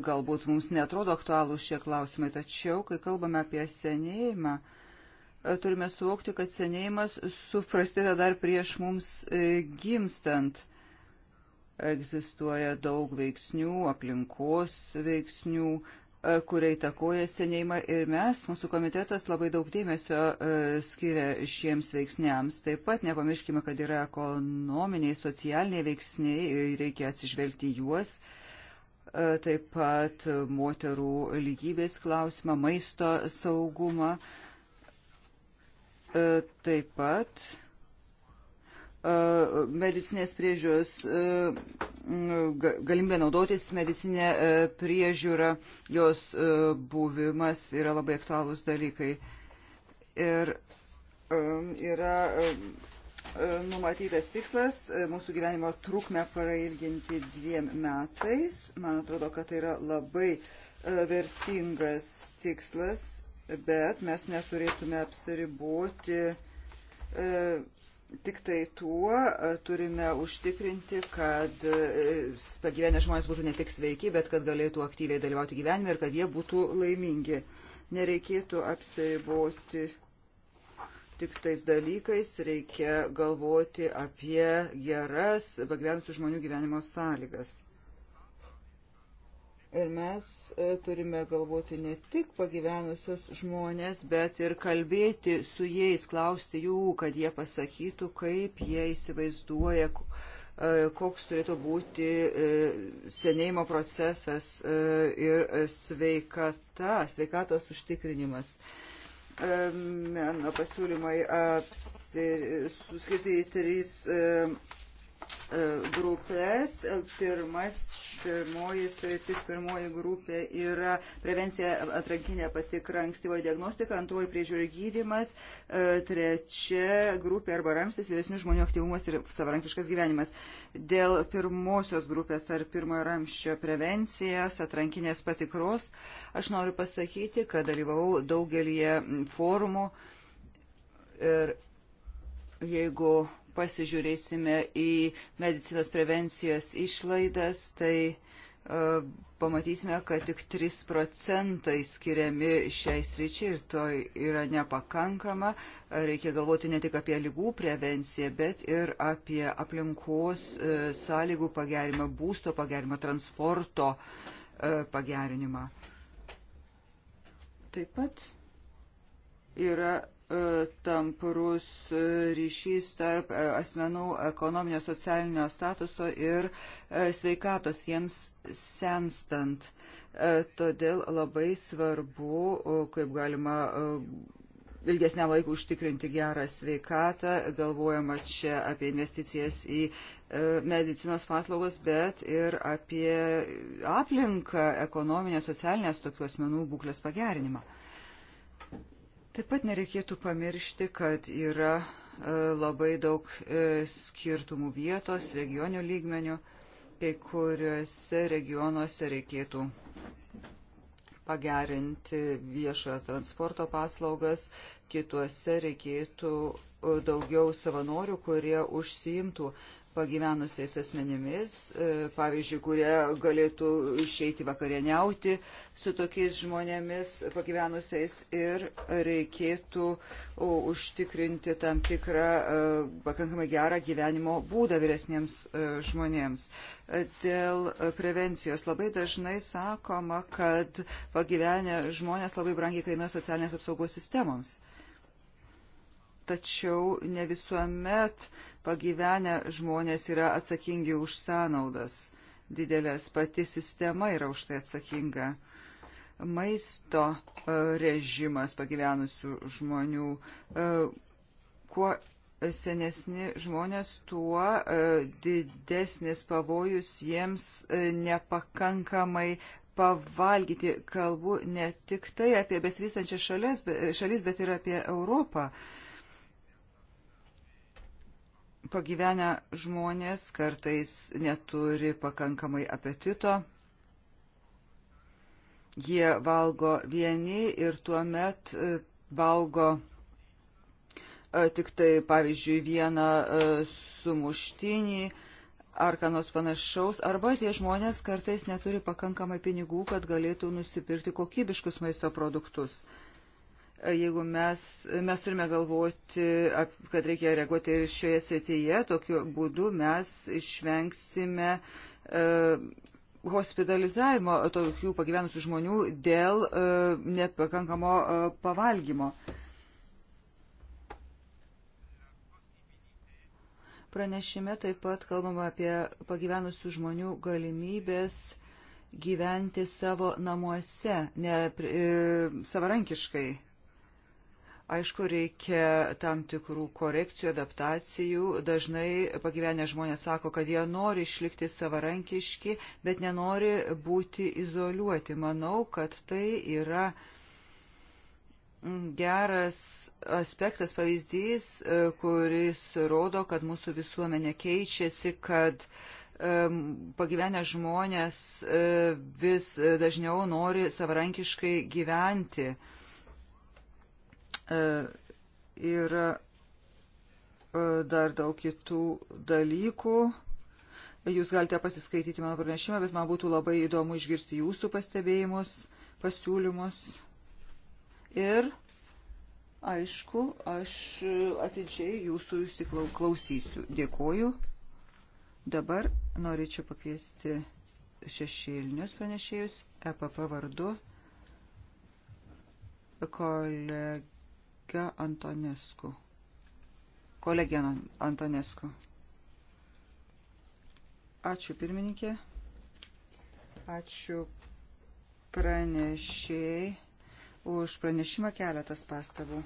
S2: galbūt mums netrodo aktualūs šie klausimai, tačiau, kai kalbame apie senėjimą, turime suvokti, kad senėjimas suprastėta dar prieš mums gimstant – Egzistuoja daug veiksnių, aplinkos veiksnių, e, kurie įtakoja senėjimą ir mes, mūsų komitetas labai daug dėmesio e, skiria šiems veiksniams. Taip pat nepamirškime, kad yra ekonominiai, socialiniai veiksniai, reikia atsižvelgti juos. E, taip pat moterų lygybės klausimą, maisto saugumą. Taip pat E, medicinės priežiūros e, galimybė naudotis medicinė e, priežiūra, jos buvimas yra labai aktualūs dalykai. Ir yra numatytas tikslas mūsų gyvenimo trukmę prailginti dviem metais. Man atrodo, kad tai yra labai vertingas tikslas, bet mes neturėtume apsiriboti Tik tai tuo e, turime užtikrinti, kad e, pagyvenę žmonės būtų ne tik sveiki, bet kad galėtų aktyviai dalyvauti gyvenime ir kad jie būtų laimingi. Nereikėtų apsiriboti tik tais dalykais, reikia galvoti apie geras pagyvenusių žmonių gyvenimo sąlygas. Ir mes e, turime galvoti ne tik pagyvenusius žmonės, bet ir kalbėti su jais, klausti jų, kad jie pasakytų, kaip jie įsivaizduoja, e, koks turėtų būti e, senėjimo procesas ir sveikata, sveikatos užtikrinimas. Meno pasiūlymai suskirsti į trys E, grupės. Pirmas, pirmoji sritis, pirmoji grupė yra prevencija atrankinė patikra ankstyvo diagnostika, antroji priežiūrė gydimas, e, trečia grupė arba ramsis vyresnių žmonių aktyvumas ir savarankiškas gyvenimas. Dėl pirmosios grupės ar pirmojo ramščio prevencijos atrankinės patikros aš noriu pasakyti, kad dalyvavau daugelį forumų ir jeigu pasižiūrėsime į medicinos prevencijos išlaidas, tai e, pamatysime, kad tik 3 procentai skiriami šiai sričiai ir to yra nepakankama. Reikia galvoti ne tik apie lygų prevenciją, bet ir apie aplinkos e, sąlygų pagerimą, būsto pagerimą, transporto e, pagerinimą. Taip pat yra E, tamprus ryšys tarp e, asmenų ekonominio socialinio statuso ir e, sveikatos jiems senstant. Todėl labai svarbu, kaip galima ilgesnę laiką užtikrinti gerą sveikatą, galvojama čia apie investicijas į medicinos paslaugos, bet ir apie aplinką, ekonominę, socialinės tokių asmenų būklės pagerinimą. Taip pat nereikėtų pamiršti, kad yra e, labai daug e, skirtumų vietos, regionių lygmenių, kai kuriuose regionuose reikėtų pagerinti viešojo transporto paslaugas, kituose reikėtų e, daugiau savanorių, kurie užsiimtų pagyvenusiais asmenimis, e, pavyzdžiui, kurie galėtų išeiti vakarieniauti su tokiais žmonėmis pagyvenusiais ir reikėtų užtikrinti tam tikrą e, pakankamai gerą gyvenimo būdą vyresniems e, žmonėms. Dėl prevencijos labai dažnai sakoma, kad pagyvenę žmonės labai brangiai kainuoja socialinės apsaugos sistemoms tačiau ne visuomet pagyvenę žmonės yra atsakingi už sąnaudas didelės. Pati sistema yra už tai atsakinga. Maisto e, režimas pagyvenusių žmonių. E, kuo senesni žmonės, tuo e, didesnis pavojus jiems nepakankamai pavalgyti. Kalbu ne tik tai apie besivystančias šalis, bet ir apie Europą. Uh, pagyvenę žmonės kartais neturi pakankamai apetito. Jie valgo vieni ir tuo met e, valgo e, tik tai, pavyzdžiui, vieną e, sumuštinį ar kanos panašaus, arba tie žmonės kartais neturi pakankamai pinigų, kad galėtų nusipirkti kokybiškus maisto produktus jeigu mes, mes turime galvoti, kad reikia reaguoti ir šioje srityje, tokiu būdu mes išvengsime e, hospitalizavimo tokių pagyvenusių žmonių dėl e, nepakankamo e, pavalgymo. Pranešime taip pat kalbama apie pagyvenusių žmonių galimybės gyventi savo namuose, ne e, savarankiškai. Aišku, reikia tam tikrų korekcijų, adaptacijų. Dažnai pagyvenę žmonės sako, kad jie nori išlikti savarankiški, bet nenori būti izoliuoti. Manau, kad tai yra mm, geras aspektas, pavyzdys, e, kuris rodo, kad mūsų visuomenė keičiasi, kad e, pagyvenę žmonės e, vis dažniau nori savarankiškai gyventi. E, yra e, dar daug kitų dalykų. Jūs galite pasiskaityti mano pranešimą, bet man būtų labai įdomu išgirsti jūsų pastebėjimus, pasiūlymus. Ir, aišku, aš atidžiai jūsų įsiklausysiu. Dėkoju. Dabar norėčiau pakviesti šešėlinius pranešėjus EPP vardu. Kolegė kolega Antonescu. Kolegė Antonescu. Ačiū pirmininkė. Ačiū pranešėjai už pranešimą keletas pastabų.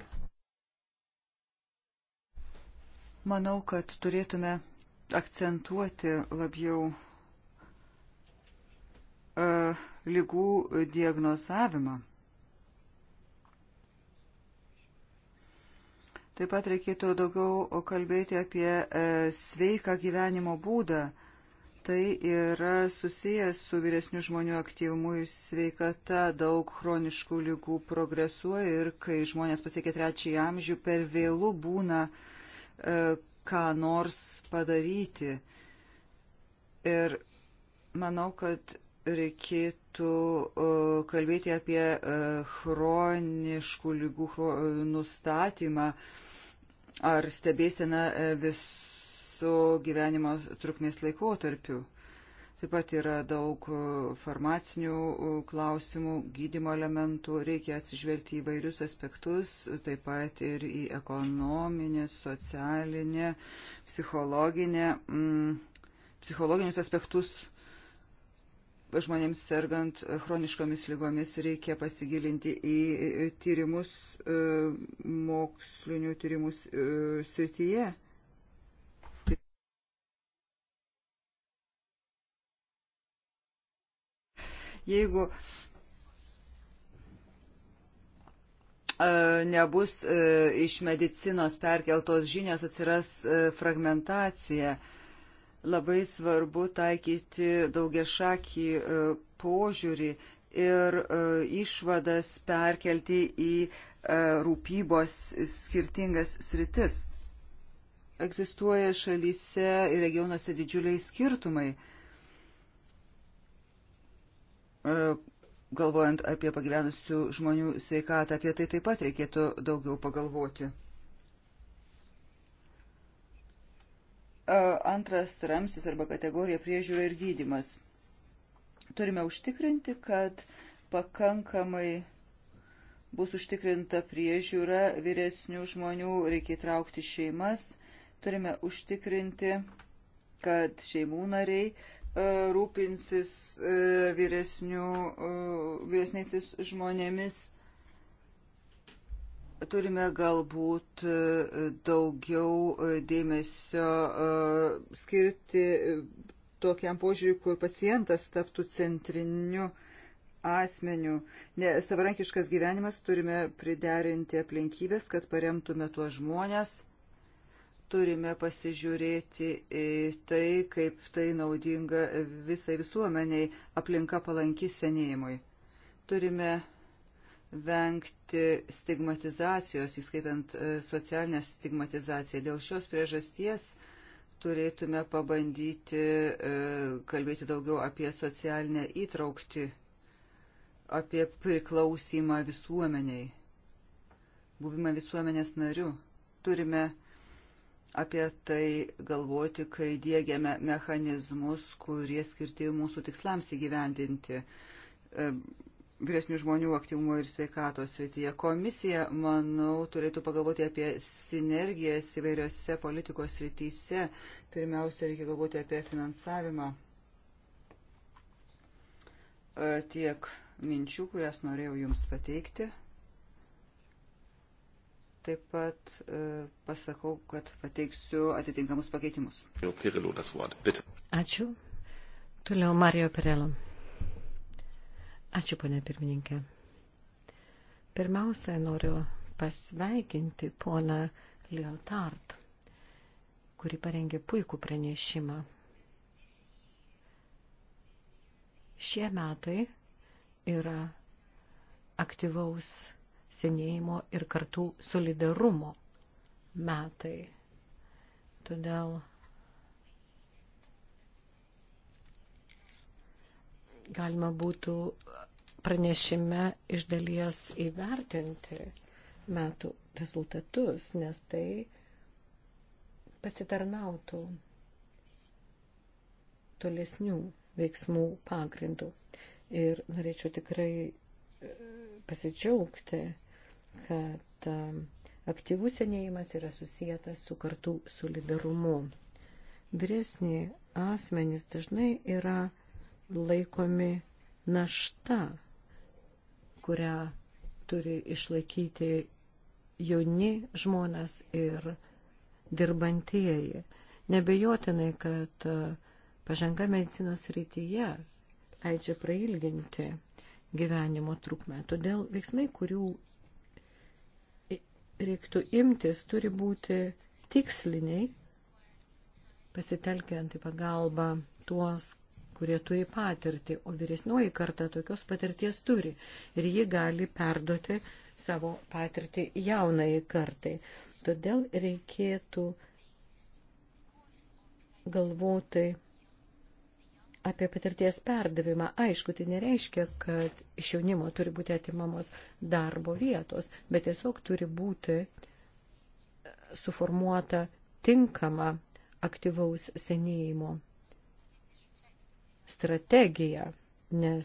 S2: Manau, kad turėtume akcentuoti labiau uh, e, lygų diagnozavimą. Taip pat reikėtų daugiau kalbėti apie e, sveiką gyvenimo būdą. Tai yra susijęs su vyresnių žmonių aktyvumu ir sveikata, daug chroniškų lygų progresuoja ir kai žmonės pasiekia trečiąjį amžių, per vėlų būna e, ką nors padaryti. Ir manau, kad reikėtų uh, kalbėti apie uh, chroniškų lygų nustatymą. Uh, ar stebėsena e, viso gyvenimo trukmės laikotarpiu. Taip pat yra daug e, farmacinių e, klausimų, gydimo elementų, reikia atsižvelgti į vairius aspektus, taip pat ir į ekonominį, socialinį, psichologinį, mm, psichologinius aspektus žmonėms sergant chroniškomis lygomis reikia pasigilinti į tyrimus, e, mokslinių tyrimų e, srityje. Jeigu e, nebus iš medicinos perkeltos žinios, atsiras fragmentacija labai svarbu taikyti daugiašakį e, požiūrį ir e, išvadas perkelti į e, rūpybos skirtingas sritis. Egzistuoja šalyse ir regionuose didžiuliai skirtumai. Galvojant apie pagyvenusių žmonių sveikatą, apie tai taip pat reikėtų daugiau pagalvoti. Antras ramsis arba kategorija priežiūra ir gydimas. Turime užtikrinti, kad pakankamai bus užtikrinta priežiūra vyresnių žmonių, reikia įtraukti šeimas, turime užtikrinti, kad šeimų nariai rūpinsis vyresnių, vyresnėsis žmonėmis turime galbūt e, daugiau e, dėmesio e, skirti tokiam požiūriui, kur pacientas taptų centriniu asmeniu. Ne, savarankiškas gyvenimas turime priderinti aplinkybės, kad paremtume tuos žmonės. Turime pasižiūrėti į tai, kaip tai naudinga visai visuomeniai aplinka palanki senėjimui. Turime vengti stigmatizacijos, įskaitant e, socialinę stigmatizaciją. Dėl šios priežasties turėtume pabandyti e, kalbėti daugiau apie socialinę įtraukti, apie priklausimą visuomeniai, buvimą visuomenės nariu. Turime apie tai galvoti, kai dėgiame mechanizmus, kurie skirti mūsų tikslams įgyvendinti e, vyresnių žmonių aktyvumo ir sveikatos srityje. Komisija, manau, turėtų pagalvoti apie sinergijas įvairiose politikos srityse. Pirmiausia, reikia galvoti apie finansavimą. E, tiek minčių, kurias norėjau Jums pateikti. Taip pat e, pasakau, kad pateiksiu atitinkamus pakeitimus.
S3: Ačiū. Toliau Mario Pirelo. Ačiū, ponė pirmininkė. Pirmiausia, noriu pasveikinti poną Leotard, kuri parengė puikų pranešimą. Šie metai yra aktyvaus senėjimo ir kartų solidarumo metai. Todėl galima būtų pranešime iš dalies įvertinti metų rezultatus, nes tai pasitarnautų tolesnių veiksmų pagrindų. Ir norėčiau tikrai e, pasidžiaugti, kad e, aktyvus senėjimas yra susijęs su kartų solidarumu. Vyresni asmenys dažnai yra laikomi našta kurią turi išlaikyti jauni žmonės ir dirbantieji. Nebejotinai, kad e, pažanga medicinos rytyje leidžia prailginti gyvenimo trukmę. Todėl veiksmai, kurių reiktų imtis, turi būti tiksliniai, pasitelkiant į pagalbą tuos, kurie turi patirtį, o vyresnioji karta tokios patirties turi ir ji gali perduoti savo patirtį jaunai kartai. Todėl reikėtų galvoti apie patirties perdavimą. Aišku, tai nereiškia, kad iš jaunimo turi būti atimamos darbo vietos, bet tiesiog turi būti suformuota tinkama aktyvaus senėjimo strategiją, nes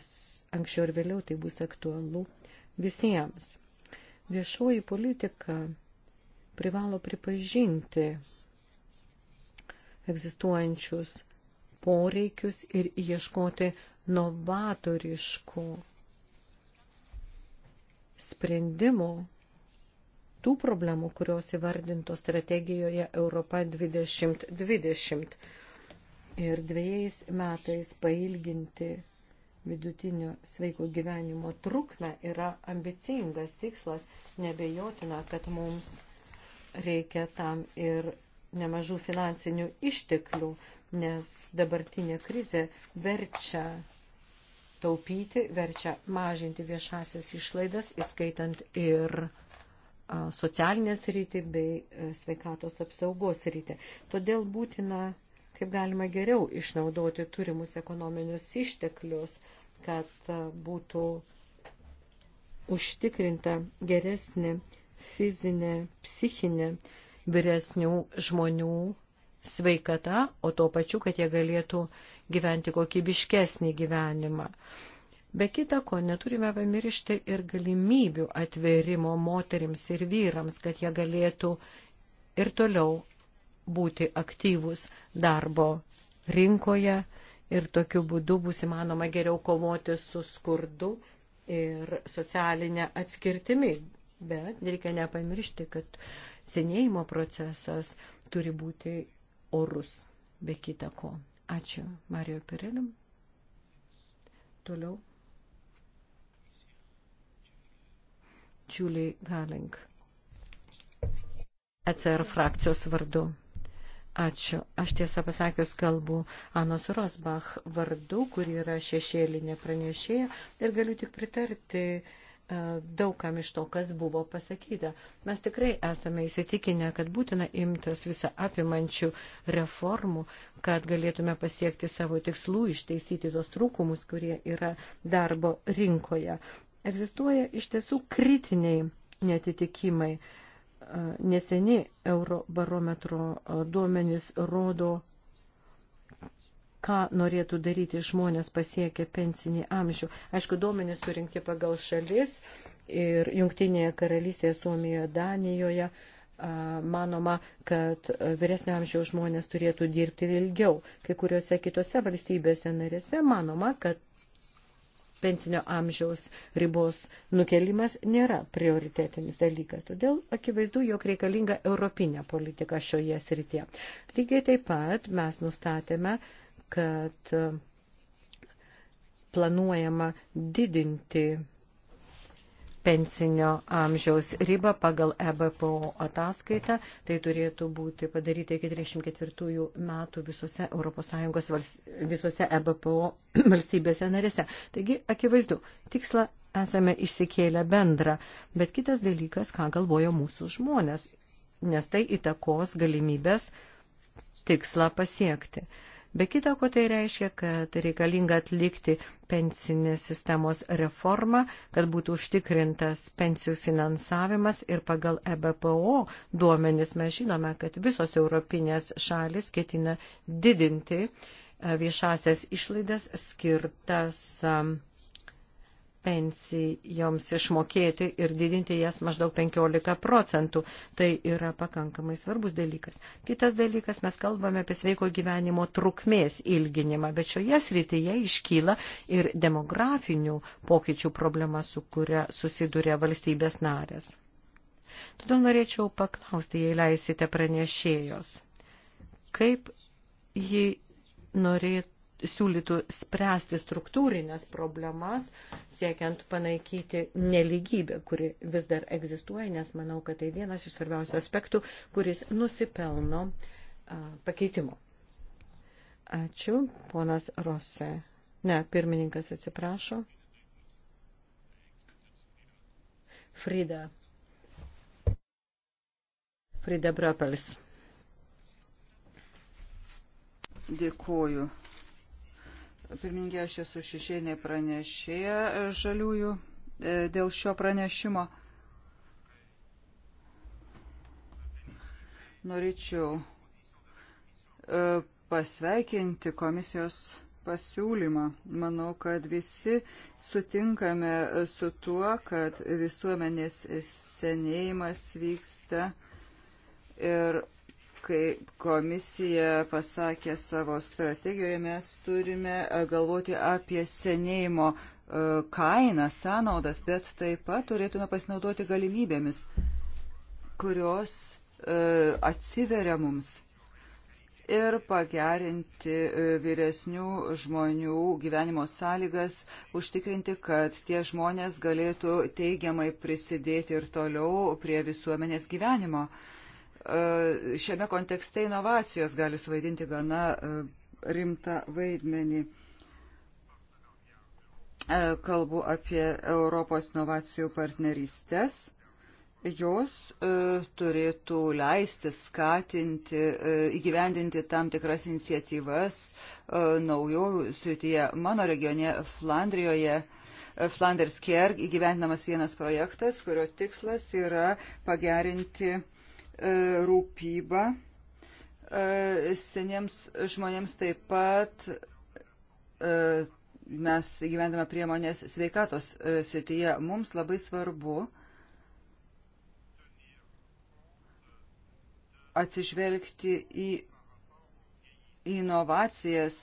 S3: anksčiau ir vėliau tai bus aktualu visiems. Viešoji politika privalo pripažinti egzistuojančius poreikius ir ieškoti novatoriškų sprendimų tų problemų, kurios įvardintos strategijoje Europa 2020 ir dviejais metais pailginti vidutinio sveiko gyvenimo trukmę yra ambicingas tikslas, nebejotina, kad mums reikia tam ir nemažų finansinių išteklių, nes dabartinė krizė verčia taupyti, verčia mažinti viešasias išlaidas, įskaitant ir socialinės rytį bei e, sveikatos apsaugos rytį. Todėl būtina kaip galima geriau išnaudoti turimus ekonominius išteklius, kad e, būtų užtikrinta geresnė fizinė, psichinė vyresnių žmonių sveikata, o tuo pačiu, kad jie galėtų gyventi kokybiškesnį gyvenimą. Be kita ko, neturime pamiršti ir galimybių atverimo moterims ir vyrams, kad jie galėtų ir toliau būti aktyvus darbo rinkoje ir tokiu būdu bus įmanoma geriau kovoti su skurdu ir socialinė atskirtimi. Bet reikia nepamiršti, kad senėjimo procesas turi būti orus, be kita ko. Ačiū, Marijo Pirėlim. Toliau. Julie Galink. ECR er frakcijos vardu. Ačiū. Aš tiesą pasakius kalbu Anos Rosbach vardu, kur yra šešėlinė pranešėja ir galiu tik pritarti e, daugam iš to, kas buvo pasakyta. Mes tikrai esame įsitikinę, kad būtina imtas visą apimančių reformų, kad galėtume pasiekti savo tikslų, išteisyti tos trūkumus, kurie yra darbo rinkoje. Egzistuoja iš tiesų kritiniai netitikimai neseni eurobarometro duomenys rodo, ką norėtų daryti žmonės pasiekę pensinį amžių. Aišku, duomenys surinkti pagal šalis ir Junktinėje karalystėje, Suomijoje, Danijoje manoma, kad vyresnio amžiaus žmonės turėtų dirbti ilgiau. Kai kuriuose kitose valstybėse narėse manoma, kad pensinio amžiaus ribos nukelimas nėra prioritetinis dalykas. Todėl akivaizdu, jog reikalinga europinė politika šioje srityje. Lygiai taip pat mes nustatėme, kad planuojama didinti pensinio amžiaus ribą pagal EBPO ataskaitą. Tai turėtų būti padaryta iki 34 metų visose ES visose EBPO valstybėse narėse. Taigi, akivaizdu, tikslą esame išsikėlę bendrą, bet kitas dalykas, ką galvojo mūsų žmonės, nes tai įtakos galimybės tikslą pasiekti. Be kita, ko tai reiškia, kad reikalinga atlikti pensinės sistemos reformą, kad būtų užtikrintas pensijų finansavimas ir pagal EBPO duomenis mes žinome, kad visos europinės šalis ketina didinti e, viešasias išlaidas skirtas pensijoms išmokėti ir didinti jas maždaug 15 procentų. Tai yra pakankamai svarbus dalykas. Kitas dalykas, mes kalbame apie sveiko gyvenimo trukmės ilginimą, bet šioje srityje iškyla ir demografinių pokyčių problema, su kuria susiduria valstybės narės. Todėl norėčiau paklausti, jei leisite pranešėjos, kaip ji norėtų siūlytų spręsti struktūrinės problemas, siekiant panaikyti neligybę, kuri vis dar egzistuoja, nes manau, kad tai vienas iš svarbiausių aspektų, kuris nusipelno a, pakeitimo. Ačiū, ponas Rose. Ne, pirmininkas atsiprašo. Frida.
S2: Frida Bröpels. Dėkuoju Pirmininkė, aš esu šešėnė pranešėja žaliųjų e, dėl šio pranešimo. Norėčiau e, pasveikinti komisijos pasiūlymą. Manau, kad visi sutinkame su tuo, kad visuomenės senėjimas vyksta ir kai komisija pasakė savo strategijoje, mes turime e, galvoti apie senėjimo e, kainą, sąnaudas, bet taip pat turėtume pasinaudoti galimybėmis, kurios e, atsiveria mums ir pagerinti vyresnių žmonių gyvenimo sąlygas, užtikrinti, kad tie žmonės galėtų teigiamai prisidėti ir toliau prie visuomenės gyvenimo. Uh, E, šiame kontekste inovacijos gali suvaidinti gana e, rimtą vaidmenį. E, kalbu apie Europos inovacijų partnerystės. Jos turėtų leisti skatinti, įgyvendinti tam tikras iniciatyvas naujojų srityje. Mano regione Flandrijoje Flanders Kerg įgyvendinamas vienas projektas, kurio tikslas yra pagerinti E, rūpyba. E, seniems žmonėms taip pat e, mes gyvendame priemonės sveikatos srityje. Mums labai svarbu atsižvelgti į inovacijas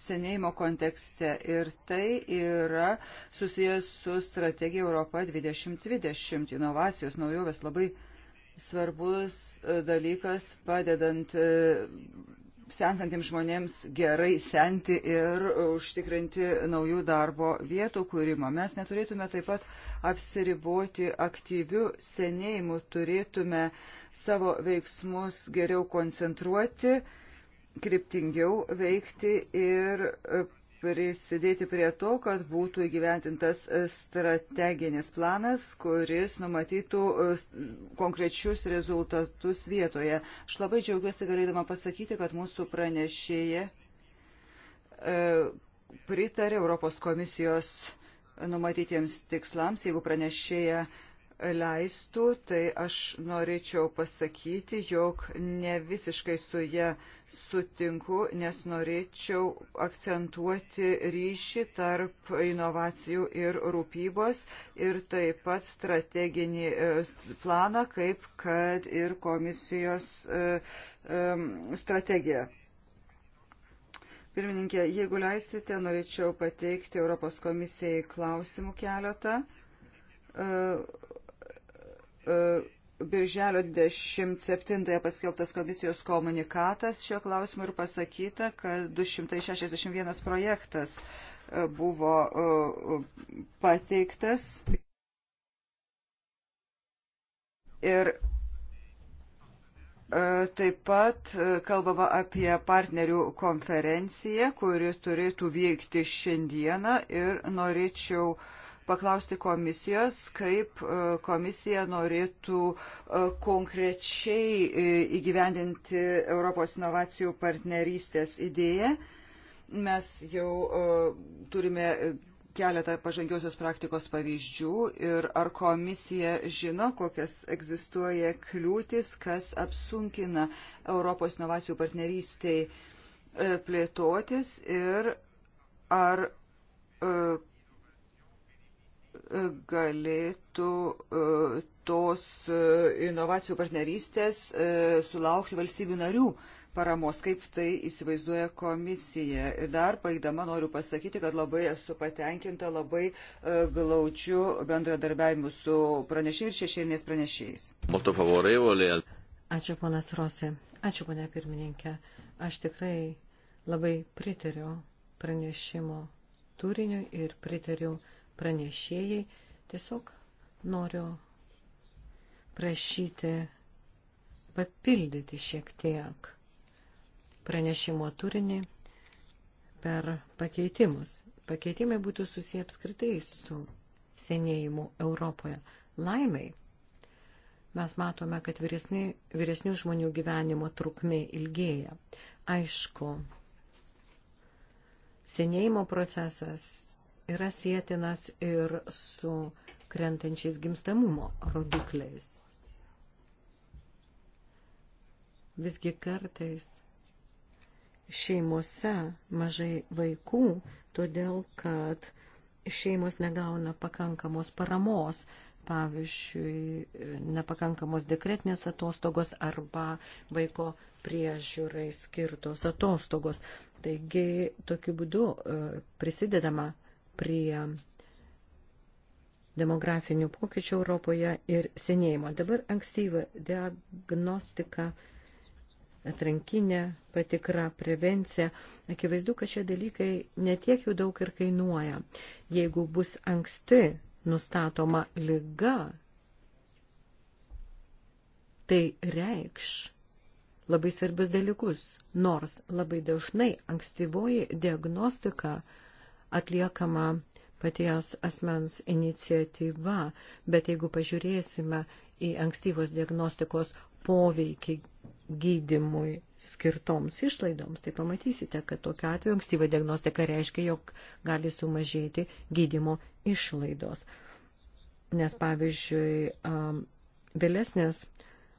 S2: senėjimo kontekste ir tai yra susijęs su strategija Europa 2020. Inovacijos naujovės labai svarbu svarbus e, dalykas padedant e, sensantiems žmonėms gerai senti ir užtikrinti naujų darbo vietų kūrimą. Mes neturėtume taip pat apsiriboti aktyvių senėjimų, turėtume savo veiksmus geriau koncentruoti, kryptingiau veikti ir e, prisidėti prie to, kad būtų įgyventintas e, strateginis planas, kuris numatytų e, konkrečius rezultatus vietoje. Aš labai džiaugiuosi galėdama pasakyti, kad mūsų pranešėje pritarė Europos komisijos numatytiems tikslams, jeigu pranešėja leistų, tai aš norėčiau pasakyti, jog ne visiškai su ją sutinku, nes norėčiau akcentuoti ryšį tarp inovacijų ir rūpybos ir taip pat strateginį e, planą, kaip kad ir komisijos e, e, strategija. Pirmininkė, jeigu leisite, norėčiau pateikti Europos komisijai klausimų keletą E, Birželio 27 paskelbtas komisijos komunikatas šio klausimu ir pasakyta, kad 261 projektas e, buvo e, pateiktas. Ir taip pat kalbama apie partnerių konferenciją, kuri turėtų vykti šiandieną ir norėčiau uh, paklausti komisijos, kaip e, komisija norėtų e, konkrečiai e, įgyvendinti Europos inovacijų partnerystės idėją. Mes jau turime keletą pažangiosios praktikos pavyzdžių ir ar komisija žino, kokias egzistuoja kliūtis, kas apsunkina Europos inovacijų partnerystėj plėtotis ir ar galėtų e, tos e, inovacijų partnerystės e, sulaukti valstybių narių paramos, kaip tai įsivaizduoja komisija. Ir dar baigdama noriu pasakyti, kad labai esu patenkinta labai glaučiu bendradarbiavimu su pranešėjais ir šešėlinės pranešėjais.
S3: Ačiū, ponas Rosi. Ačiū, ponia pirmininkė. Aš tikrai labai pritariu pranešimo turiniu ir pritariu uh, pranešėjai. Tiesiog noriu prašyti papildyti šiek tiek pranešimo turinį per pakeitimus. Pakeitimai būtų susiję apskritai su senėjimu Europoje. Laimiai mes matome, kad vyresni, vyresnių žmonių gyvenimo trukmė ilgėja. Aišku, senėjimo procesas yra sėtinas ir su krentančiais gimstamumo rodikliais. Visgi kartais šeimose mažai vaikų, todėl kad šeimos negauna pakankamos paramos, pavyzdžiui, nepakankamos dekretinės atostogos arba vaiko priežiūrai skirtos atostogos. Taigi, tokiu būdu e, prisidedama prie demografinių pokyčių Europoje ir senėjimo. Dabar ankstyva diagnostika, atrankinė patikra, prevencija. Akivaizdu, kad šie dalykai netiek jau daug ir kainuoja. Jeigu bus anksti nustatoma lyga, tai reikš labai svarbius dalykus, nors labai dažnai ankstyvoji diagnostika – atliekama paties asmens iniciatyva, bet jeigu pažiūrėsime į ankstyvos diagnostikos poveikį gydimui skirtoms išlaidoms, tai pamatysite, kad tokiu atveju ankstyva diagnostika reiškia, jog gali sumažėti gydimo išlaidos. Nes pavyzdžiui, vėlesnės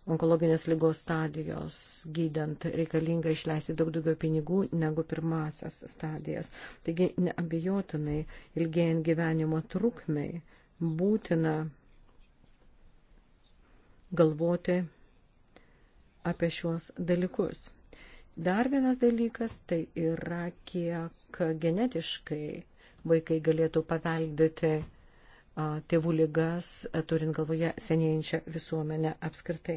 S3: onkologinės lygos stadijos gydant reikalinga išleisti daug daugiau pinigų negu pirmasias stadijas. Taigi neabejotinai ilgėjant gyvenimo trukmei būtina galvoti apie šiuos dalykus. Dar vienas dalykas tai yra, kiek genetiškai vaikai galėtų paveldėti tėvų lygas, turint galvoje senėjančią visuomenę apskritai.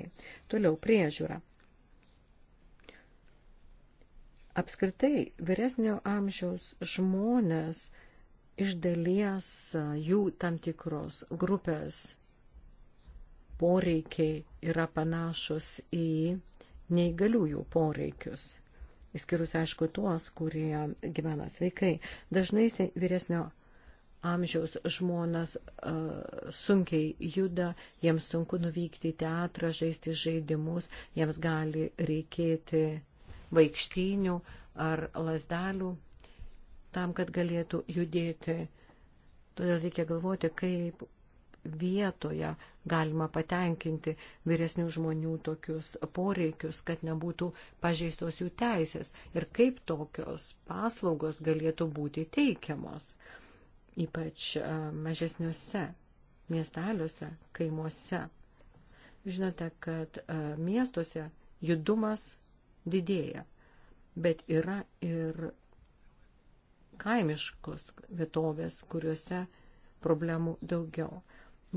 S3: Toliau priežiūra. Apskritai, vyresnio amžiaus žmonės iš dalies jų tam tikros grupės poreikiai yra panašus į neįgaliųjų poreikius. Įskyrus, aišku, tuos, kurie gyvena sveikai. Dažnai vyresnio amžiaus amžiaus žmonas uh, sunkiai juda, jiems sunku nuvykti į teatrą, žaisti žaidimus, jiems gali reikėti vaikštynių ar lasdelių tam, kad galėtų judėti. Todėl reikia galvoti, kaip vietoje galima patenkinti vyresnių žmonių tokius poreikius, kad nebūtų pažeistos jų teisės ir kaip tokios paslaugos galėtų būti teikiamos ypač mažesniuose miesteliuose, kaimuose. Žinote, kad miestuose judumas didėja, bet yra ir kaimiškos vietovės, kuriuose problemų daugiau.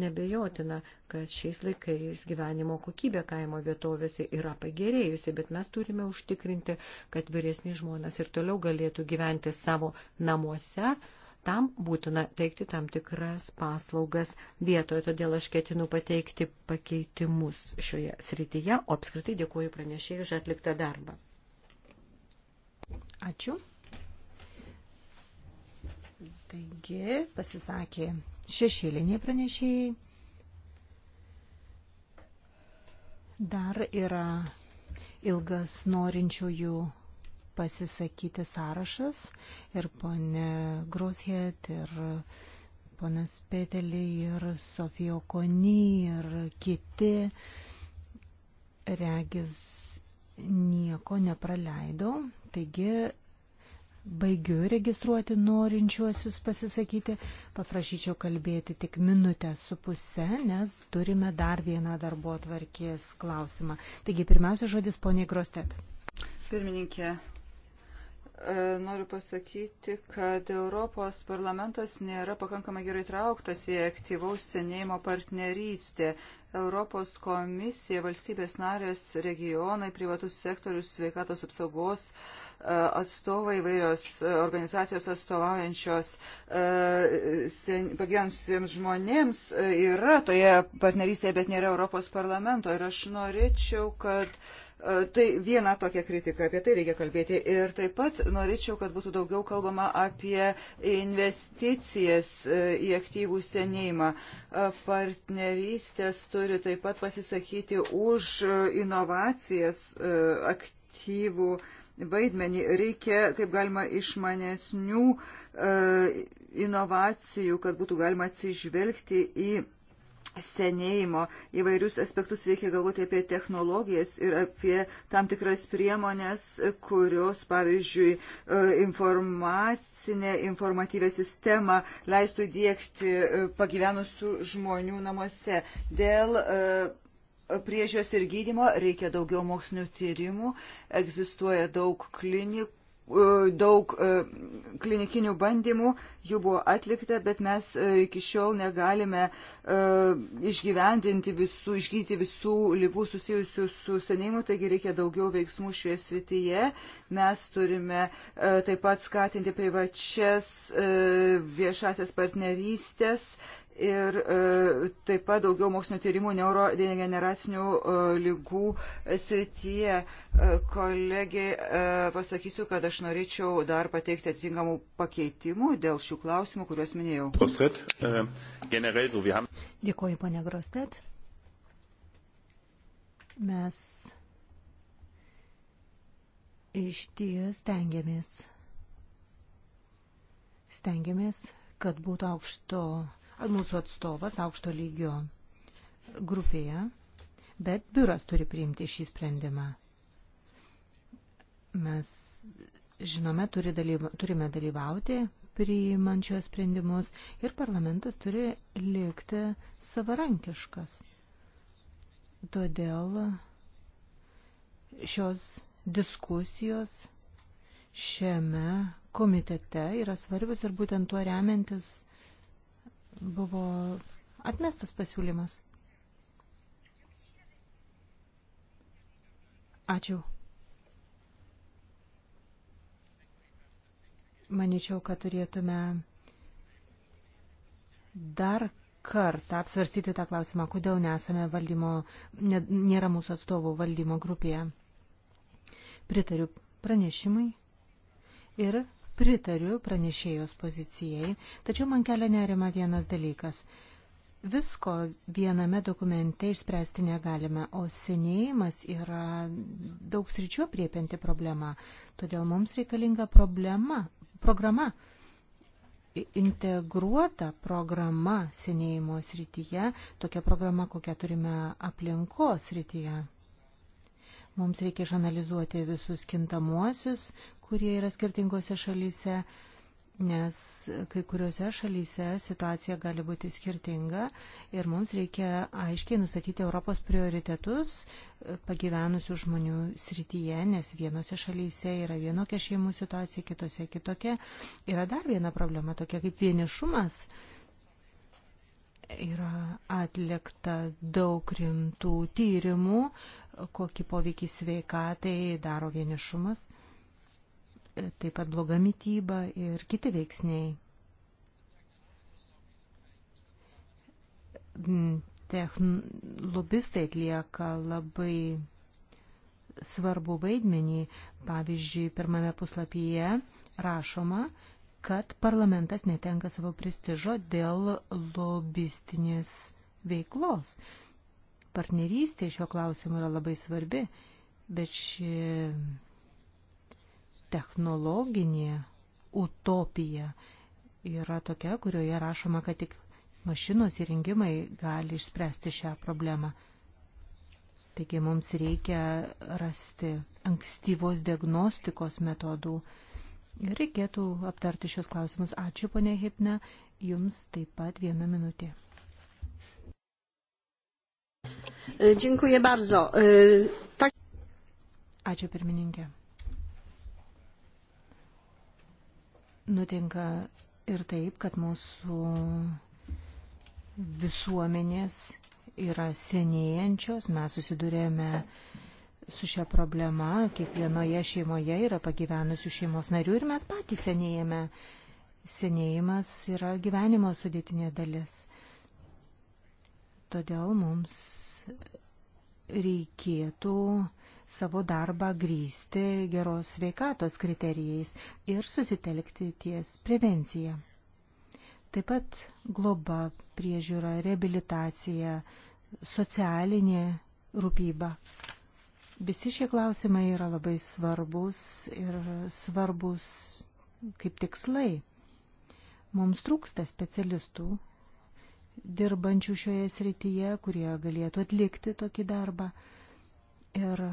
S3: Nebejotina, kad šiais laikais gyvenimo kokybė kaimo vietovėse yra pagerėjusi, bet mes turime užtikrinti, kad vyresni žmonės ir toliau galėtų gyventi savo namuose, Tam būtina teikti tam tikras paslaugas vietoje, todėl aš ketinu pateikti pakeitimus šioje srityje, o apskritai dėkuoju pranešėjai už atliktą darbą. Ačiū. Taigi pasisakė
S4: šešėliniai pranešėjai. Dar yra ilgas norinčiųjų pasisakyti sąrašas ir ponė Groshet ir ponas Petelį ir Sofijo Kony ir kiti regis nieko nepraleido. Taigi baigiu registruoti norinčiuosius pasisakyti. Paprašyčiau kalbėti tik minutę su puse, nes turime dar vieną darbo atvarkės klausimą. Taigi pirmiausia žodis poniai Grostet.
S2: Pirmininkė, E, noriu pasakyti, kad Europos parlamentas nėra pakankamai gerai trauktas į aktyvaus senėjimo partnerystę. Europos komisija, valstybės narės, regionai, privatus sektorius, sveikatos apsaugos e, atstovai, vairios organizacijos atstovaujančios e, pagyvenusiems žmonėms yra toje partnerystėje, bet nėra Europos parlamento. Ir aš norėčiau, kad uh, E, tai viena tokia kritika, apie tai reikia kalbėti. Ir taip pat norėčiau, kad būtų daugiau kalbama apie investicijas e, į aktyvų senėjimą. E, partnerystės turi taip pat pasisakyti už inovacijas aktyvų vaidmenį. Reikia, kaip galima, išmanesnių inovacijų, kad būtų galima atsižvelgti į senėjimo įvairius aspektus reikia galvoti apie technologijas ir apie tam tikras priemonės, kurios, pavyzdžiui, e, informacinė, informatyvė sistema leistų dėkti e, pagyvenusių žmonių namuose. Dėl e, priežios ir gydimo reikia daugiau mokslinių tyrimų, egzistuoja daug klinikų E, daug e, klinikinių bandymų, jų buvo atlikta, bet mes e, iki šiol negalime išgyvendinti visų, išgydyti visų lygų susijusių su senėjimu, taigi reikia daugiau veiksmų šioje srityje. Mes turime taip pat skatinti privačias viešasias partnerystės ir e, taip pat daugiau mokslinio tyrimų neurodegeneracinių e, lygų srityje. E, Kolegiai, pasakysiu, kad aš norėčiau dar pateikti atitinkamų pakeitimų dėl šių klausimų, kuriuos minėjau. Dėkuoju, ponė Grostet.
S4: Mes iš ties stengiamės. Stengiamės kad būtų aukšto, mūsų atstovas aukšto lygio grupėje, bet biuras turi priimti šį sprendimą. Mes žinome, turi dalyva, turime dalyvauti priimant šios sprendimus ir parlamentas turi likti savarankiškas. Todėl šios diskusijos šiame komitete yra svarbios ir būtent tuo remiantis buvo atmestas pasiūlymas. Ačiū. Maničiau, kad turėtume dar kartą apsvarstyti tą klausimą, kodėl nesame valdymo, ne, nėra mūsų atstovų valdymo grupėje. Pritariu pranešimui ir pritariu pranešėjos pozicijai, tačiau man kelia nerima vienas dalykas. Visko viename dokumente išspręsti negalime, o senėjimas yra daug sričių priepinti problema. Todėl mums reikalinga problema, programa, integruota programa senėjimo srityje, tokia programa, kokią turime aplinkos srityje. Mums reikia išanalizuoti visus kintamuosius, kurie yra skirtingose šalyse, nes kai kuriuose šalyse situacija gali būti skirtinga ir mums reikia aiškiai nustatyti Europos prioritetus pagyvenusių žmonių srityje, nes vienose šalyse yra vienokia šeimų situacija, kitose kitokia. Yra dar viena problema tokia kaip vienišumas yra atlikta daug rimtų tyrimų, kokį poveikį sveikatai daro vienišumas, e, taip pat bloga mytyba ir kiti veiksniai. Mm, techn... Lobistai atlieka labai svarbu vaidmenį. Pavyzdžiui, pirmame puslapyje rašoma, kad parlamentas netenka savo prestižo dėl lobistinės veiklos. Partnerystė šiuo klausimu yra labai svarbi, bet ši technologinė utopija yra tokia, kurioje rašoma, kad tik mašinos įrengimai gali išspręsti šią problemą. Taigi mums reikia rasti ankstyvos diagnostikos metodų ir reikėtų aptarti šios klausimus. Ačiū, ponė Hipne, jums taip pat viena minutė.
S3: E, dziękuję bardzo. E,
S4: tak... Ačiū pirmininkė. Nutinka ir taip, kad mūsų visuomenės yra senėjančios, mes susidurėme su šia problema, kiekvienoje šeimoje yra pagyvenusių šeimos narių ir mes patys senėjame. Senėjimas yra gyvenimo sudėtinė dalis. Todėl mums reikėtų savo darbą grįsti geros sveikatos kriterijais ir susitelkti ties prevencija. Taip pat globa, priežiūra, reabilitacija, socialinė rūpyba. Visi šie klausimai yra labai svarbus ir svarbus kaip tikslai. Mums trūksta specialistų dirbančių šioje srityje, kurie galėtų atlikti tokį darbą. Ir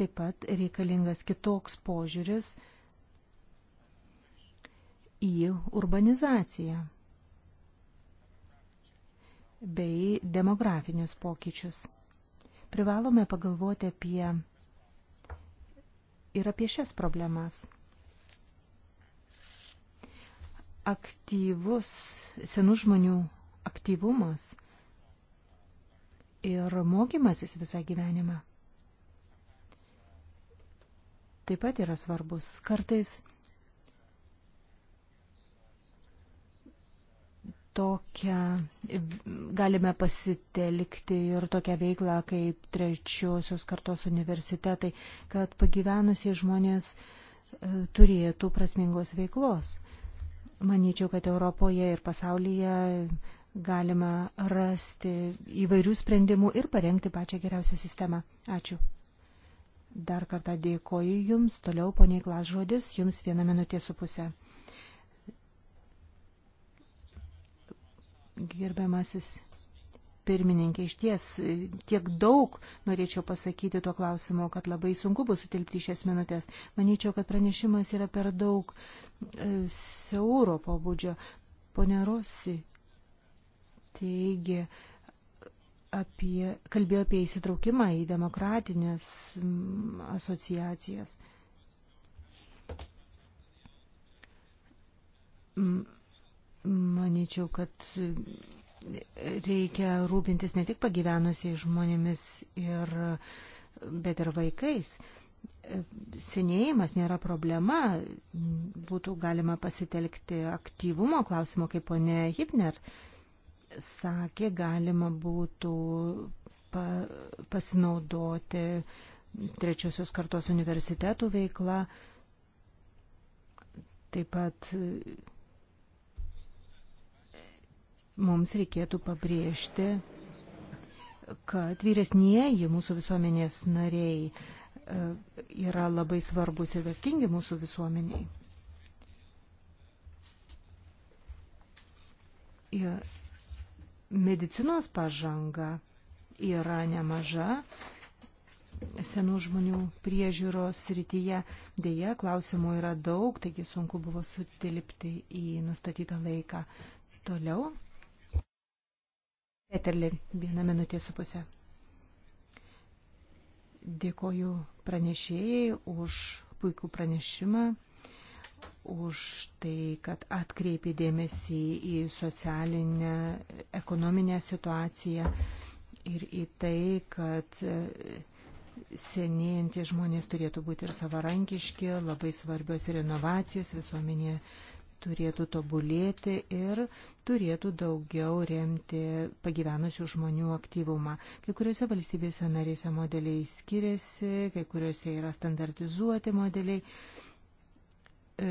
S4: taip pat reikalingas kitoks požiūris į urbanizaciją bei demografinius pokyčius. Privalome pagalvoti apie ir apie šias problemas aktyvus senų žmonių aktyvumas ir mokymasis visą gyvenimą taip pat yra svarbus. Kartais tokią galime pasitelkti ir tokią veiklą kaip trečiosios kartos universitetai, kad pagyvenusiai žmonės e, turėtų prasmingos veiklos. Manyčiau, kad Europoje ir pasaulyje galima rasti įvairių sprendimų ir parengti pačią geriausią sistemą. Ačiū. Dar kartą dėkoju Jums. Toliau, poniai Klas žodis, Jums vieną minutę su pusę. Gerbiamasis pirmininkė, iš ties e, tiek daug norėčiau pasakyti tuo klausimu, kad labai sunku bus sutilpti šias minutės. Manyčiau, kad pranešimas yra per daug e, siauro pobūdžio. Pone Rosi teigė, apie, kalbėjo apie įsitraukimą į demokratinės m, asociacijas. M, manyčiau, kad reikia rūpintis ne tik pagyvenusiai žmonėmis ir, bet ir vaikais. Senėjimas nėra problema, būtų galima pasitelkti aktyvumo klausimo, kaip ponė Hipner sakė, galima būtų pa, pasinaudoti trečiosios kartos universitetų veikla, taip pat mums reikėtų pabrėžti, kad vyresnieji mūsų visuomenės nariai e, yra labai svarbus ir vertingi mūsų visuomeniai. Ir medicinos pažanga yra nemaža senų žmonių priežiūros srityje. Deja, klausimų yra daug, taigi sunku buvo sutilpti į nustatytą laiką. Toliau Peterli, vieną minutę su pusę. Dėkoju pranešėjai už puikų pranešimą už tai, kad atkreipi dėmesį į socialinę, ekonominę situaciją ir į tai, kad e, senėjantys žmonės turėtų būti ir savarankiški, labai svarbios ir inovacijos visuomenėje turėtų tobulėti ir turėtų daugiau remti pagyvenusių žmonių aktyvumą. Kai kuriuose valstybėse narėse modeliai skiriasi, kai kuriuose yra standartizuoti modeliai. E,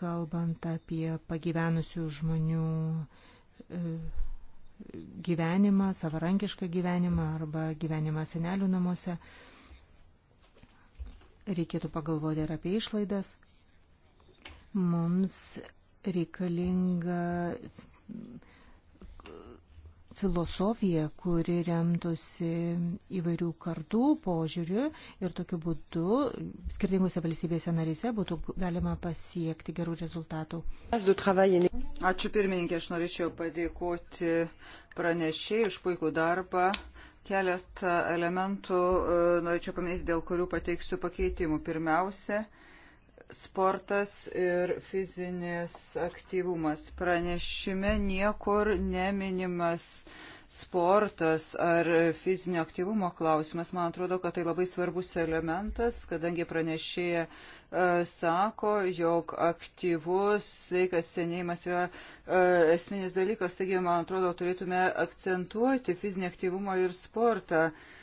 S4: kalbant apie pagyvenusių žmonių e, gyvenimą, savarankišką gyvenimą arba gyvenimą senelių namuose, reikėtų pagalvoti ir apie išlaidas. Mums reikalinga filosofija, kuri remtųsi įvairių kartų požiūrių ir tokiu būdu skirtingose valstybėse narise būtų galima pasiekti gerų rezultatų.
S2: Ačiū pirmininkė, aš norėčiau padėkoti pranešėjai už puikų darbą. Keletą elementų e, norėčiau paminėti, dėl kurių pateiksiu pakeitimų. Pirmiausia, sportas ir fizinis aktyvumas. Pranešime niekur neminimas sportas ar fizinio aktyvumo klausimas. Man atrodo, kad tai labai svarbus elementas, kadangi pranešėja e, sako, jog aktyvus sveikas senėjimas yra e, esminis dalykas, taigi, man atrodo, turėtume akcentuoti fizinį aktyvumą ir sportą. Uh,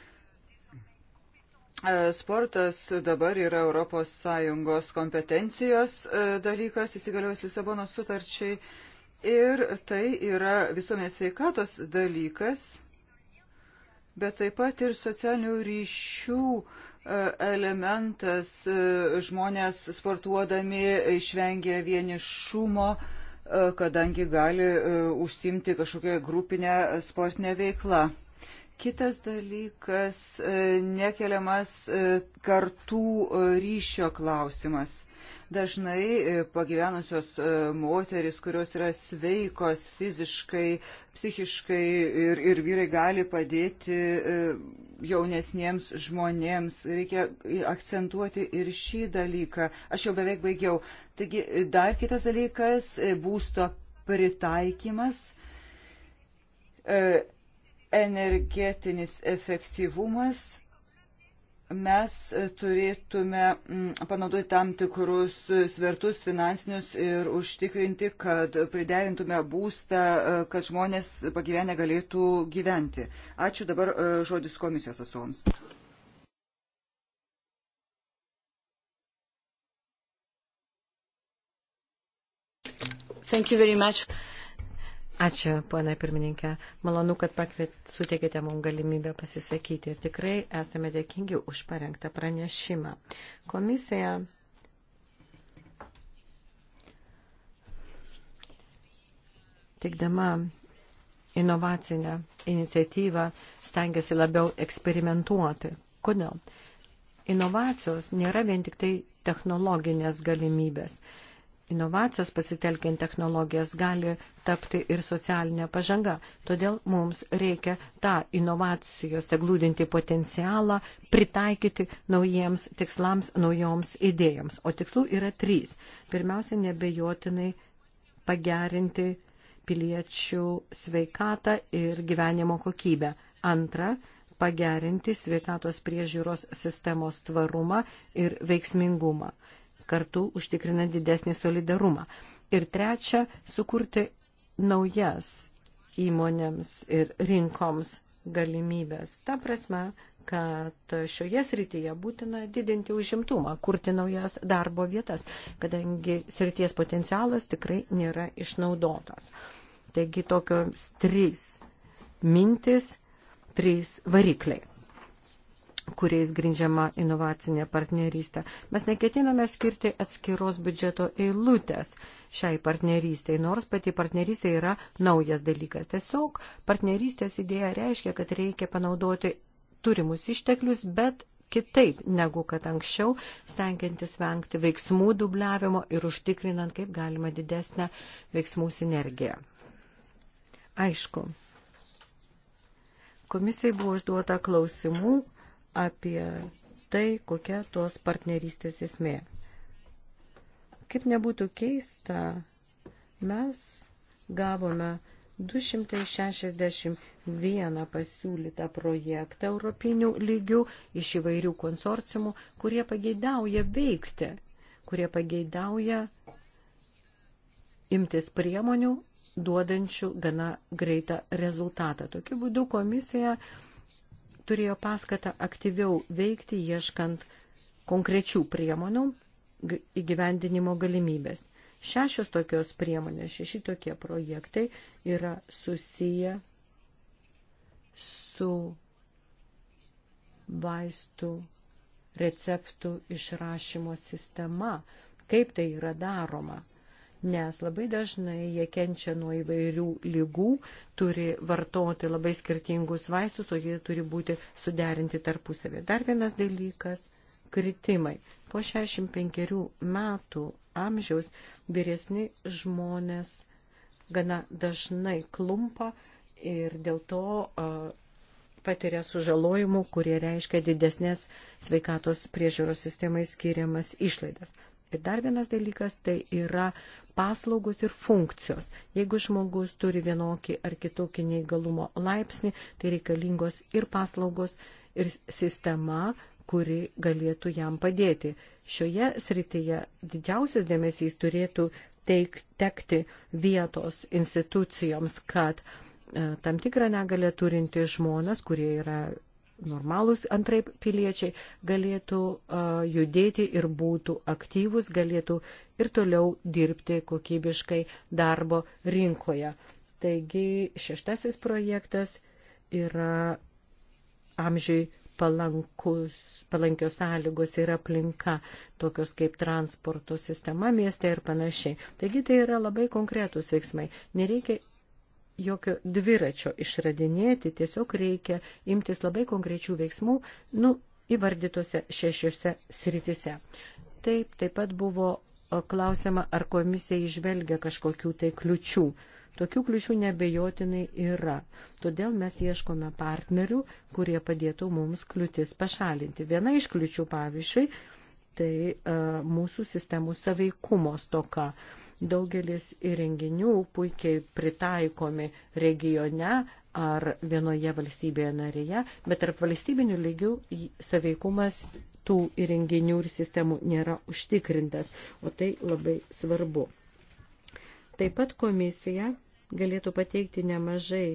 S2: E, sportas dabar yra ES kompetencijos e, dalykas, įsigaliojus Lisabonos sutarčiai. Ir tai yra visuomenės sveikatos dalykas, bet taip pat ir socialinių ryšių e, elementas. Žmonės sportuodami išvengia vienišumo, kadangi gali užsimti kažkokią grupinę sportinę veiklą. Kitas dalykas e, - nekeliamas e, kartų e, ryšio klausimas. Dažnai pagyvenusios moteris, kurios yra sveikos fiziškai, psichiškai ir, ir vyrai gali padėti jaunesniems žmonėms. Reikia akcentuoti ir šį dalyką. Aš jau beveik baigiau. Taigi dar kitas dalykas - būsto pritaikymas energetinis efektyvumas mes turėtume mm, panaudoti tam tikrus svertus finansinius ir užtikrinti, kad priderintume būstą, e, kad žmonės pagyvenę galėtų gyventi. Ačiū dabar e, žodis komisijos atstovams. Thank you very much.
S3: Ačiū, ponė pirmininkė. Malonu, kad pakviet, suteikėte mums galimybę pasisakyti ir tikrai esame dėkingi už parengtą pranešimą. Komisija teikdama inovacinę iniciatyvą stengiasi labiau eksperimentuoti. Kodėl? Inovacijos nėra vien tik tai technologinės galimybės inovacijos pasitelkiant technologijas gali tapti ir socialinė pažanga. Todėl mums reikia tą inovacijos eglūdinti potencialą pritaikyti naujiems tikslams, naujoms idėjoms. O tikslų yra trys. Pirmiausia, nebejotinai pagerinti piliečių sveikatą ir gyvenimo kokybę. Antra, pagerinti sveikatos priežiūros sistemos tvarumą ir veiksmingumą kartu užtikrinant didesnį solidarumą. Ir trečia, sukurti naujas įmonėms ir rinkoms galimybės. Ta prasme, kad šioje srityje būtina didinti užimtumą, kurti naujas darbo vietas, kadangi srities potencialas tikrai nėra išnaudotas. Taigi tokios trys mintis, trys varikliai kuriais grindžiama inovacinė partnerystė. Mes neketiname skirti atskiros biudžeto eilutės šiai partnerystėj, nors pati partnerystė yra naujas dalykas. Tiesiog partnerystės idėja reiškia, kad reikia panaudoti turimus išteklius, bet kitaip negu kad anksčiau, stengiantis vengti veiksmų dubliavimo ir užtikrinant kaip galima didesnę veiksmų sinergiją. Aišku, komisijai buvo užduota klausimų apie tai, kokia tos partnerystės esmė. Kaip nebūtų keista, mes gavome 261 pasiūlytą projektą europinių lygių iš įvairių konsorciumų, kurie pageidauja veikti, kurie pageidauja imtis priemonių duodančių gana greitą rezultatą. Tokiu būdu komisija uh, turėjo paskatą aktyviau veikti, ieškant konkrečių priemonų įgyvendinimo galimybės. Šešios tokios priemonės, šeši tokie projektai yra susiję su vaistų receptų išrašymo sistema. Kaip tai yra daroma? nes labai dažnai jie kenčia nuo įvairių lygų, turi vartoti labai skirtingus vaistus, o jie turi būti suderinti tarpusavį. Dar vienas dalykas - kritimai. Po 65 metų amžiaus vyresni žmonės gana dažnai klumpa ir dėl to uh, patiria sužalojimų, kurie reiškia didesnės sveikatos priežiūros sistemai skiriamas išlaidas. Ir dar vienas dalykas tai yra paslaugos ir funkcijos. Jeigu žmogus turi vienokį ar kitokį neįgalumo laipsnį, tai reikalingos ir paslaugos, ir sistema, kuri galėtų jam padėti. Šioje srityje didžiausias dėmesys turėtų teik, tekti vietos institucijoms, kad e, tam tikrą negalę turinti žmonės, kurie yra normalūs antraip piliečiai galėtų judėti ir būtų aktyvus, galėtų ir toliau dirbti kokybiškai darbo rinkoje. Taigi šeštasis projektas yra amžiui palankus, palankios sąlygos ir aplinka, tokios kaip transporto sistema mieste ir panašiai. Taigi tai yra labai konkretūs veiksmai. Nereikia jokio dviračio išradinėti, tiesiog reikia imtis labai konkrečių veiksmų, nu, įvardytose šešiose sritise. Taip, taip pat buvo klausima, ar komisija išvelgia kažkokių tai kliučių. Tokių kliučių nebejotinai yra. Todėl mes ieškome partnerių, kurie padėtų mums kliūtis pašalinti. Viena iš kliučių, pavyzdžiui, tai uh, mūsų sistemų saveikumo stoka. Uh, Daugelis įrenginių puikiai pritaikomi regione ar vienoje valstybėje narėje, bet tarp valstybinių lygių saveikumas tų įrenginių ir sistemų nėra užtikrintas, o tai labai svarbu. Taip pat komisija galėtų pateikti nemažai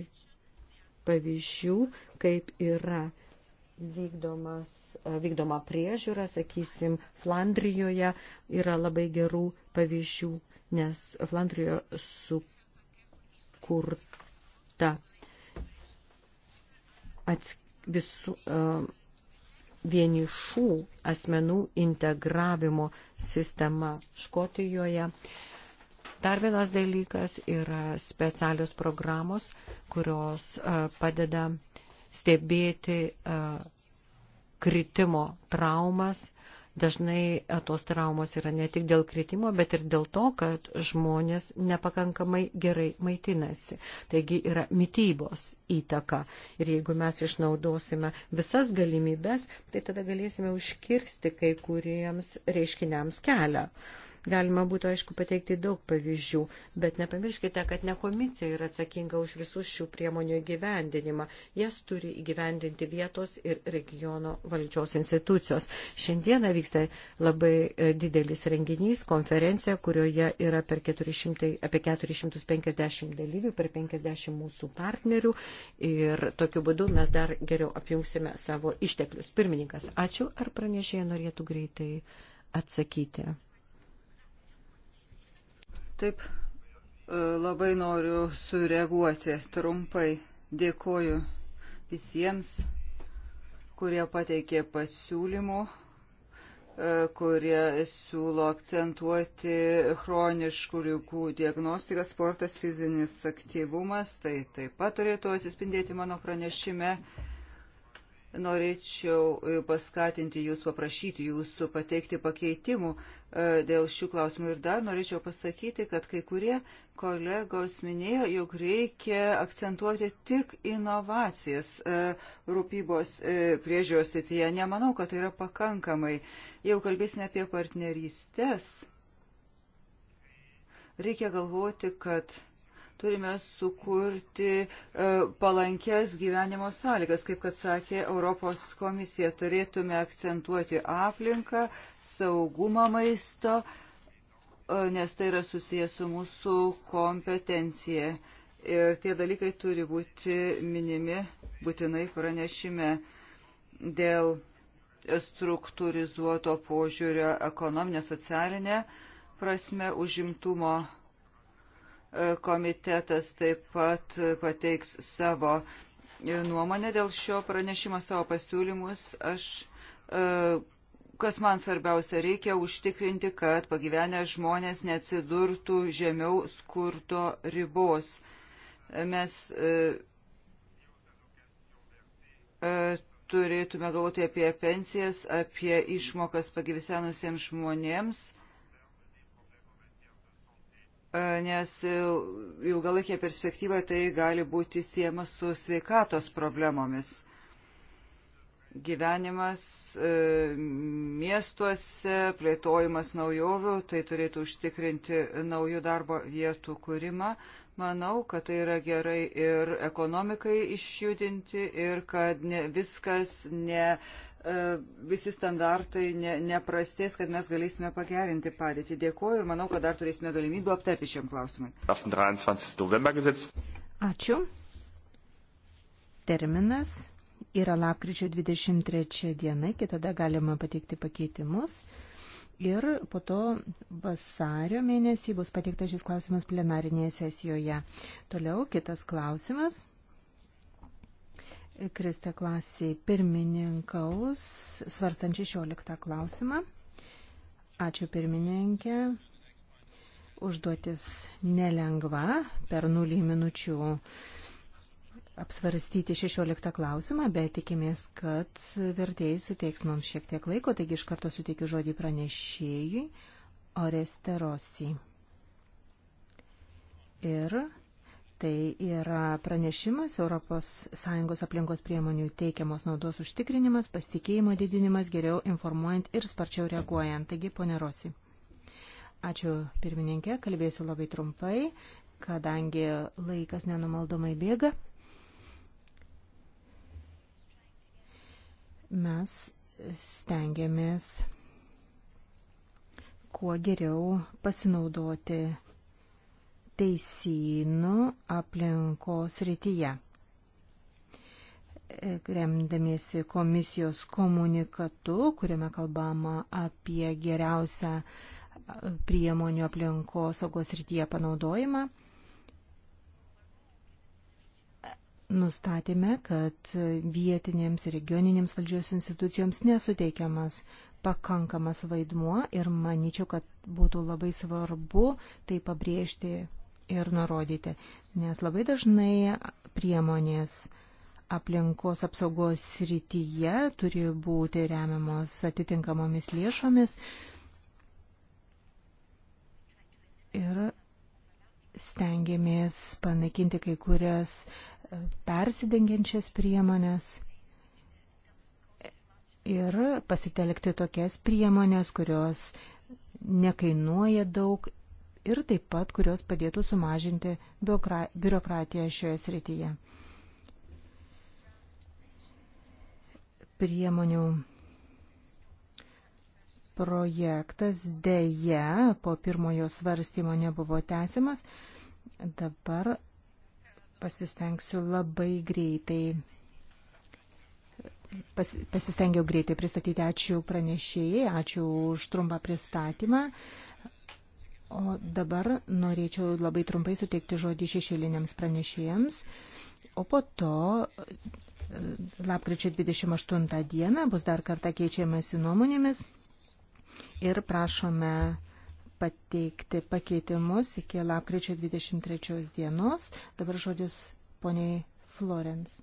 S3: pavyzdžių, kaip yra vykdomas, e, vykdoma priežiūra, sakysim, Flandrijoje yra labai gerų pavyzdžių, nes Flandrijoje sukurta ats, visų uh, vienišų asmenų integravimo sistema Škotijoje. Dar vienas dalykas yra specialios programos, kurios uh, padeda uh, stebėti kritimo traumas. Dažnai tos traumos yra ne tik dėl kritimo, bet ir dėl to, kad žmonės nepakankamai gerai maitinasi. Taigi yra mytybos įtaka. Ir jeigu mes išnaudosime visas galimybės, tai tada galėsime užkirsti kai kuriems reiškiniams kelią. Galima būtų, aišku, pateikti daug pavyzdžių, bet nepamirškite, kad ne komisija yra atsakinga už visus šių priemonių įgyvendinimą. Jas turi įgyvendinti vietos ir regiono valdžios institucijos. Šiandieną vyksta labai e, didelis renginys, konferencija, kurioje yra 400, apie 450 dalyvių, per 50 mūsų partnerių ir tokiu būdu mes dar geriau apjungsime savo išteklius. Pirmininkas, ačiū. Ar pranešėjai norėtų greitai atsakyti?
S2: Taip, e, labai noriu sureaguoti trumpai. Dėkoju visiems, kurie pateikė pasiūlymų e, kurie siūlo akcentuoti chroniškų lygų diagnostiką, sportas, fizinis aktyvumas, tai taip pat turėtų atsispindėti mano pranešime norėčiau e, paskatinti jūs, paprašyti jūsų pateikti pakeitimų e, dėl šių klausimų. Ir dar norėčiau pasakyti, kad kai kurie kolegos minėjo, jog reikia akcentuoti tik inovacijas e, rūpybos priežiūros srityje. Nemanau, kad tai yra pakankamai. Jau kalbėsime apie partnerystės. Reikia galvoti, kad turime sukurti e, palankias gyvenimo sąlygas, kaip kad sakė Europos komisija, turėtume akcentuoti aplinką, saugumą maisto, e, nes tai yra susijęs su mūsų kompetencija. Ir tie dalykai turi būti minimi būtinai pranešime dėl struktūrizuoto požiūrio ekonominė, socialinė prasme, užimtumo komitetas taip pat pateiks savo nuomonę dėl šio pranešimo, savo pasiūlymus. Aš, e, kas man svarbiausia, reikia užtikrinti, kad pagyvenę žmonės neatsidurtų žemiau skurto ribos. Mes e, e, turėtume galvoti apie pensijas, apie išmokas pagyvisenusiems žmonėms nes ilgalaikė perspektyva tai gali būti siema su sveikatos problemomis. Gyvenimas e, miestuose, plėtojimas naujovių, tai turėtų užtikrinti naujų darbo vietų kūrimą. Manau, kad tai yra gerai ir ekonomikai išjudinti ir kad ne, viskas ne E, visi standartai ne, neprastės, kad mes galėsime pagerinti padėtį. Dėkuoju ir manau, kad dar turėsime galimybę aptarti šiam klausimui.
S4: Ačiū. Terminas yra lapkričio 23 diena, iki tada galima pateikti pakeitimus. Ir po to vasario mėnesį bus pateiktas šis klausimas plenarinėje sesijoje. Toliau kitas klausimas. Kristė klasiai pirmininkaus, svarstant 16 klausimą. Ačiū pirmininkė. Užduotis nelengva per nulį minučių apsvarstyti 16 klausimą, bet tikimės, kad vertėjai suteiks mums šiek tiek laiko, taigi iš karto suteikiu žodį pranešėjui Oreste Rossi. Ir Tai yra pranešimas ES aplinkos priemonių teikiamos naudos užtikrinimas, pasitikėjimo didinimas, geriau informuojant ir sparčiau reaguojant. Taigi, ponė Rosi. Ačiū pirmininkė, kalbėsiu labai trumpai, kadangi laikas nenumaldomai bėga. Mes stengiamės kuo geriau pasinaudoti teisynų aplinkos rytyje. E, remdamiesi komisijos komunikatu, kuriame kalbama apie geriausią priemonių aplinkos saugos rytyje panaudojimą, nustatėme, kad vietinėms ir regioninėms valdžios institucijoms nesuteikiamas pakankamas vaidmuo ir manyčiau, kad būtų labai svarbu tai pabrėžti ir nurodyti, nes labai dažnai priemonės aplinkos apsaugos srityje turi būti remiamos atitinkamomis lėšomis ir stengiamės panaikinti kai kurias e, persidengiančias priemonės ir pasitelkti tokias priemonės, kurios nekainuoja daug ir taip pat, kurios padėtų sumažinti biurokratiją šioje srityje. Priemonių projektas dėje po pirmojo svarstymo nebuvo tęsimas. Dabar pasistengsiu labai greitai. Pas, pasistengiau greitai pristatyti. Ačiū pranešėjai, ačiū už trumpą pristatymą. O dabar norėčiau labai trumpai suteikti žodį šešėliniams pranešėjams, o po to e, lapkričio 28 dieną bus dar kartą keičiamasi nuomonėmis ir prašome pateikti pakeitimus iki lapkričio 23 dienos. Dabar žodis poniai Florence.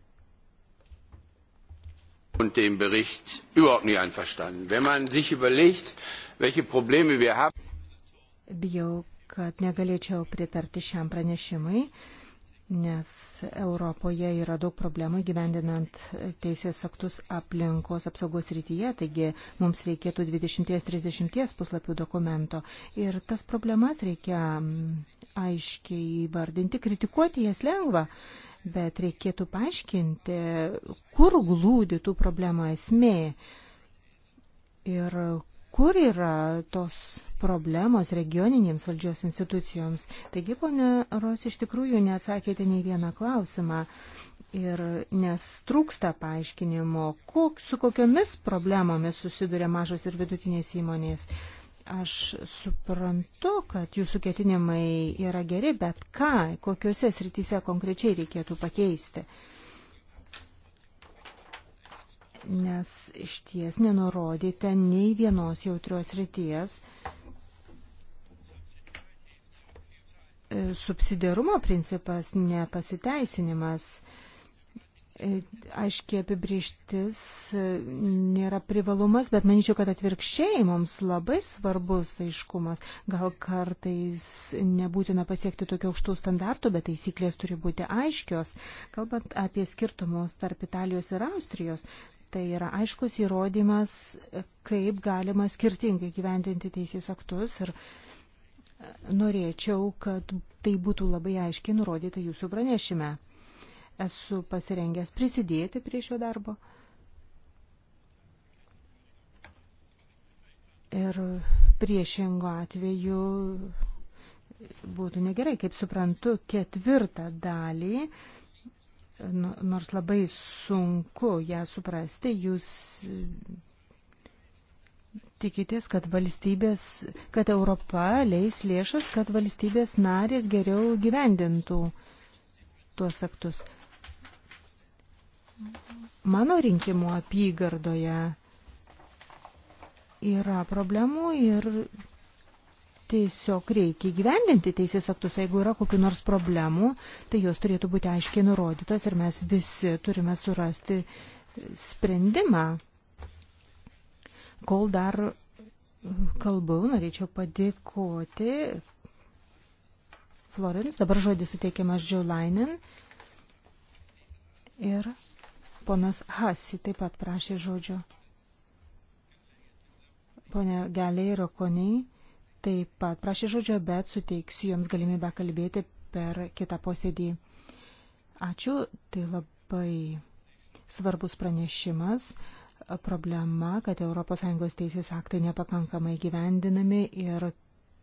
S1: Und dem Bericht überhaupt nicht einverstanden. Wenn man sich überlegt, welche Probleme wir haben
S4: bijau, kad negalėčiau pritarti šiam pranešimui, nes Europoje yra daug problemų gyvendinant teisės aktus aplinkos apsaugos rytyje, taigi mums reikėtų 20-30 puslapių dokumento. Ir tas problemas reikia aiškiai įvardinti, kritikuoti jas lengva, bet reikėtų paaiškinti, kur glūdi tų problemų esmė ir kur yra tos problemos regioninėms valdžios institucijoms. Taigi, ponė Ros, iš tikrųjų neatsakėte nei vieną klausimą. Ir nes trūksta paaiškinimo, kok, su kokiomis problemomis susiduria mažos ir vidutinės įmonės. Aš suprantu, kad jūsų ketinimai yra geri, bet ką, kokiuose srityse konkrečiai reikėtų pakeisti. Uh, nes iš ties nenurodyta nei vienos jautrios ryties. E, subsidiarumo principas nepasiteisinimas e, aiškiai apibrieštis e, nėra privalumas, bet manyčiau, kad atvirkščiai mums labai svarbus aiškumas. Gal kartais nebūtina pasiekti tokių aukštų standartų, bet taisyklės turi būti aiškios. Kalbant apie skirtumus tarp Italijos ir Austrijos, Tai yra aiškus įrodymas, kaip galima skirtingai gyventinti teisės aktus ir e, norėčiau, kad tai būtų labai aiškiai nurodyta jūsų pranešime. Esu pasirengęs prisidėti prie šio darbo. Ir priešingo atveju būtų negerai, kaip suprantu, ketvirtą dalį Nu, nors labai sunku ją suprasti, jūs tikitės, kad valstybės, kad Europa leis lėšas, kad valstybės narės geriau gyvendintų tuos aktus. Mano rinkimų apygardoje yra problemų ir Tiesiog reikia gyvendinti teisės aktus. Jeigu yra kokiu nors problemų, tai jos turėtų būti aiškiai nurodytos ir mes visi turime surasti sprendimą. Kol dar kalbu, norėčiau padėkoti Florence. Dabar žodį suteikiamas Džiaulainin. Ir ponas Hasi taip pat prašė žodžio. Pone Geliai Rokoniai taip pat prašė žodžio, bet suteiksiu jums galimybę kalbėti per kitą posėdį. Ačiū, tai labai svarbus pranešimas problema, kad ES teisės aktai nepakankamai gyvendinami ir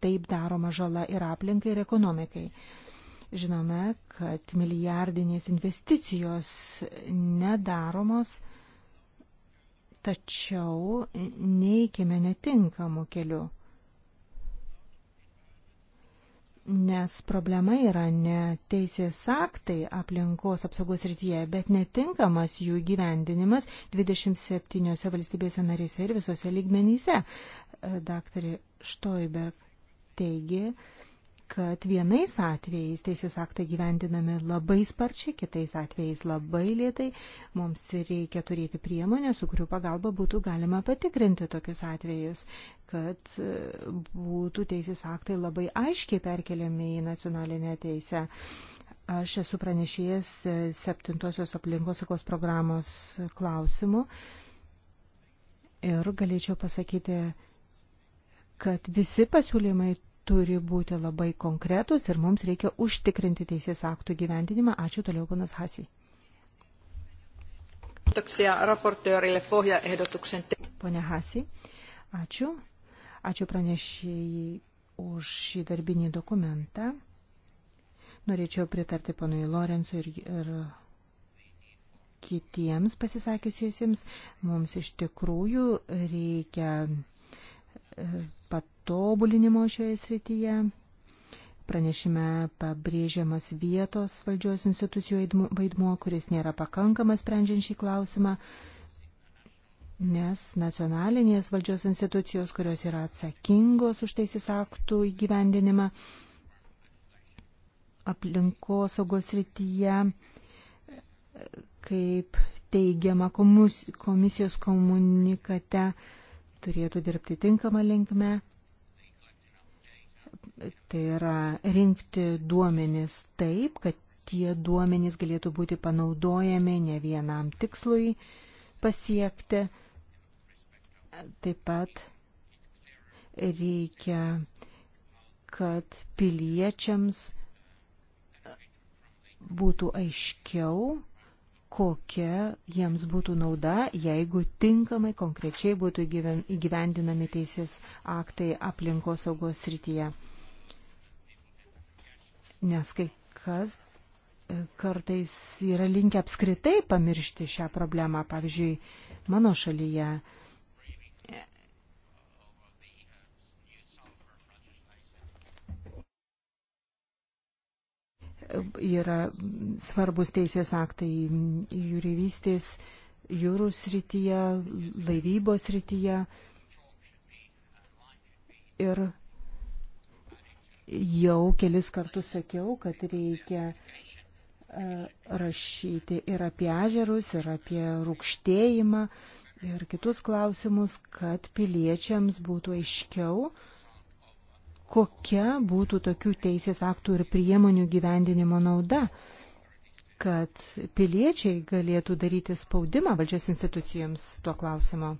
S4: taip daroma žala ir aplinkai, ir ekonomikai. Žinome, kad milijardinės investicijos nedaromos, tačiau neįkime netinkamų kelių. Nes problema yra ne teisės aktai aplinkos apsaugos rytyje, bet netinkamas jų gyvendinimas 27 valstybėse narėse ir visose lygmenyse. E, daktarė Štoiberg teigė, kad vienais atvejais teisės aktai gyvendinami labai sparčiai, kitais atvejais labai lietai. Mums reikia turėti priemonę, su kuriuo pagalba būtų galima patikrinti tokius atvejus, kad e, būtų teisės aktai labai aiškiai perkeliami į nacionalinę teisę. Aš esu pranešėjęs septintosios aplinkosaugos programos klausimų ir galėčiau pasakyti, kad visi pasiūlymai turi būti labai konkretus ir mums reikia užtikrinti teisės aktų gyvendinimą. Ačiū toliau, panas Hasi. Pone Hasi, ačiū. Ačiū pranešėjai už šį darbinį dokumentą. Norėčiau pritarti panui Lorenzu ir, ir kitiems pasisakiusiesiems. Mums iš tikrųjų reikia e, pat patobulinimo šioje srityje. Pranešime pabrėžiamas vietos valdžios institucijų vaidmuo, kuris nėra pakankamas sprendžiant šį klausimą, nes nacionalinės valdžios institucijos, kurios yra atsakingos už teisės aktų įgyvendinimą aplinkosaugos srityje, kaip teigiama komisijos komunikate, turėtų dirbti tinkamą linkme tai yra rinkti duomenis taip, kad tie duomenys galėtų būti panaudojami ne vienam tikslui pasiekti. Taip pat reikia, kad piliečiams būtų aiškiau, kokia jiems būtų nauda, jeigu tinkamai konkrečiai būtų įgyvendinami teisės aktai aplinkos saugos srityje nes kai kas e, kartais yra linkę apskritai pamiršti šią problemą. Pavyzdžiui, mano šalyje e, yra svarbus teisės aktai jūrivystės, jūrų srityje, laivybos srityje. Ir jau kelis kartus sakiau, kad reikia e, rašyti ir apie ežerus, ir apie rūkštėjimą, ir kitus klausimus, kad piliečiams būtų aiškiau, kokia būtų tokių teisės aktų ir priemonių gyvendinimo nauda, kad piliečiai galėtų daryti spaudimą valdžios institucijoms tuo klausimu.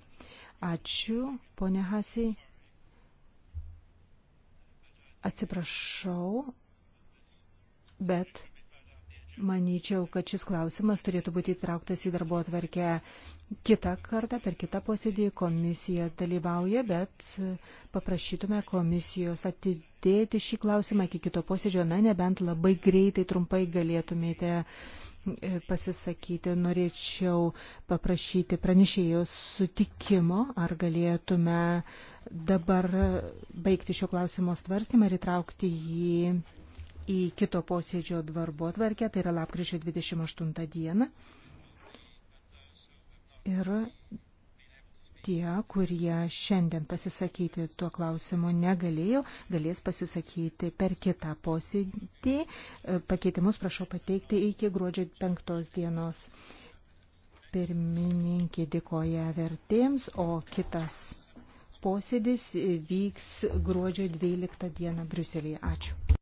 S4: Ačiū, ponė Hasiai. Atsiprašau, bet manyčiau, kad šis klausimas turėtų būti įtrauktas į darbo atvarkę kitą kartą, per kitą posėdį. Komisija dalyvauja, bet paprašytume komisijos atidėti šį klausimą iki kito posėdžio, na nebent labai greitai, trumpai galėtumėte uh, E, pasisakyti, norėčiau paprašyti pranešėjos sutikimo, ar galėtume dabar baigti šio klausimo svarstymą ir įtraukti jį į kito posėdžio darbo atvarkę, tai yra lapkričio 28 dieną. Ir tie, kurie šiandien pasisakyti tuo klausimu negalėjo, galės pasisakyti per kitą posėdį. E, pakeitimus prašau pateikti iki gruodžio penktos dienos. Pirmininkė dėkoja vertėms, o kitas posėdis vyks gruodžio 12 dieną Briuselėje. Ačiū.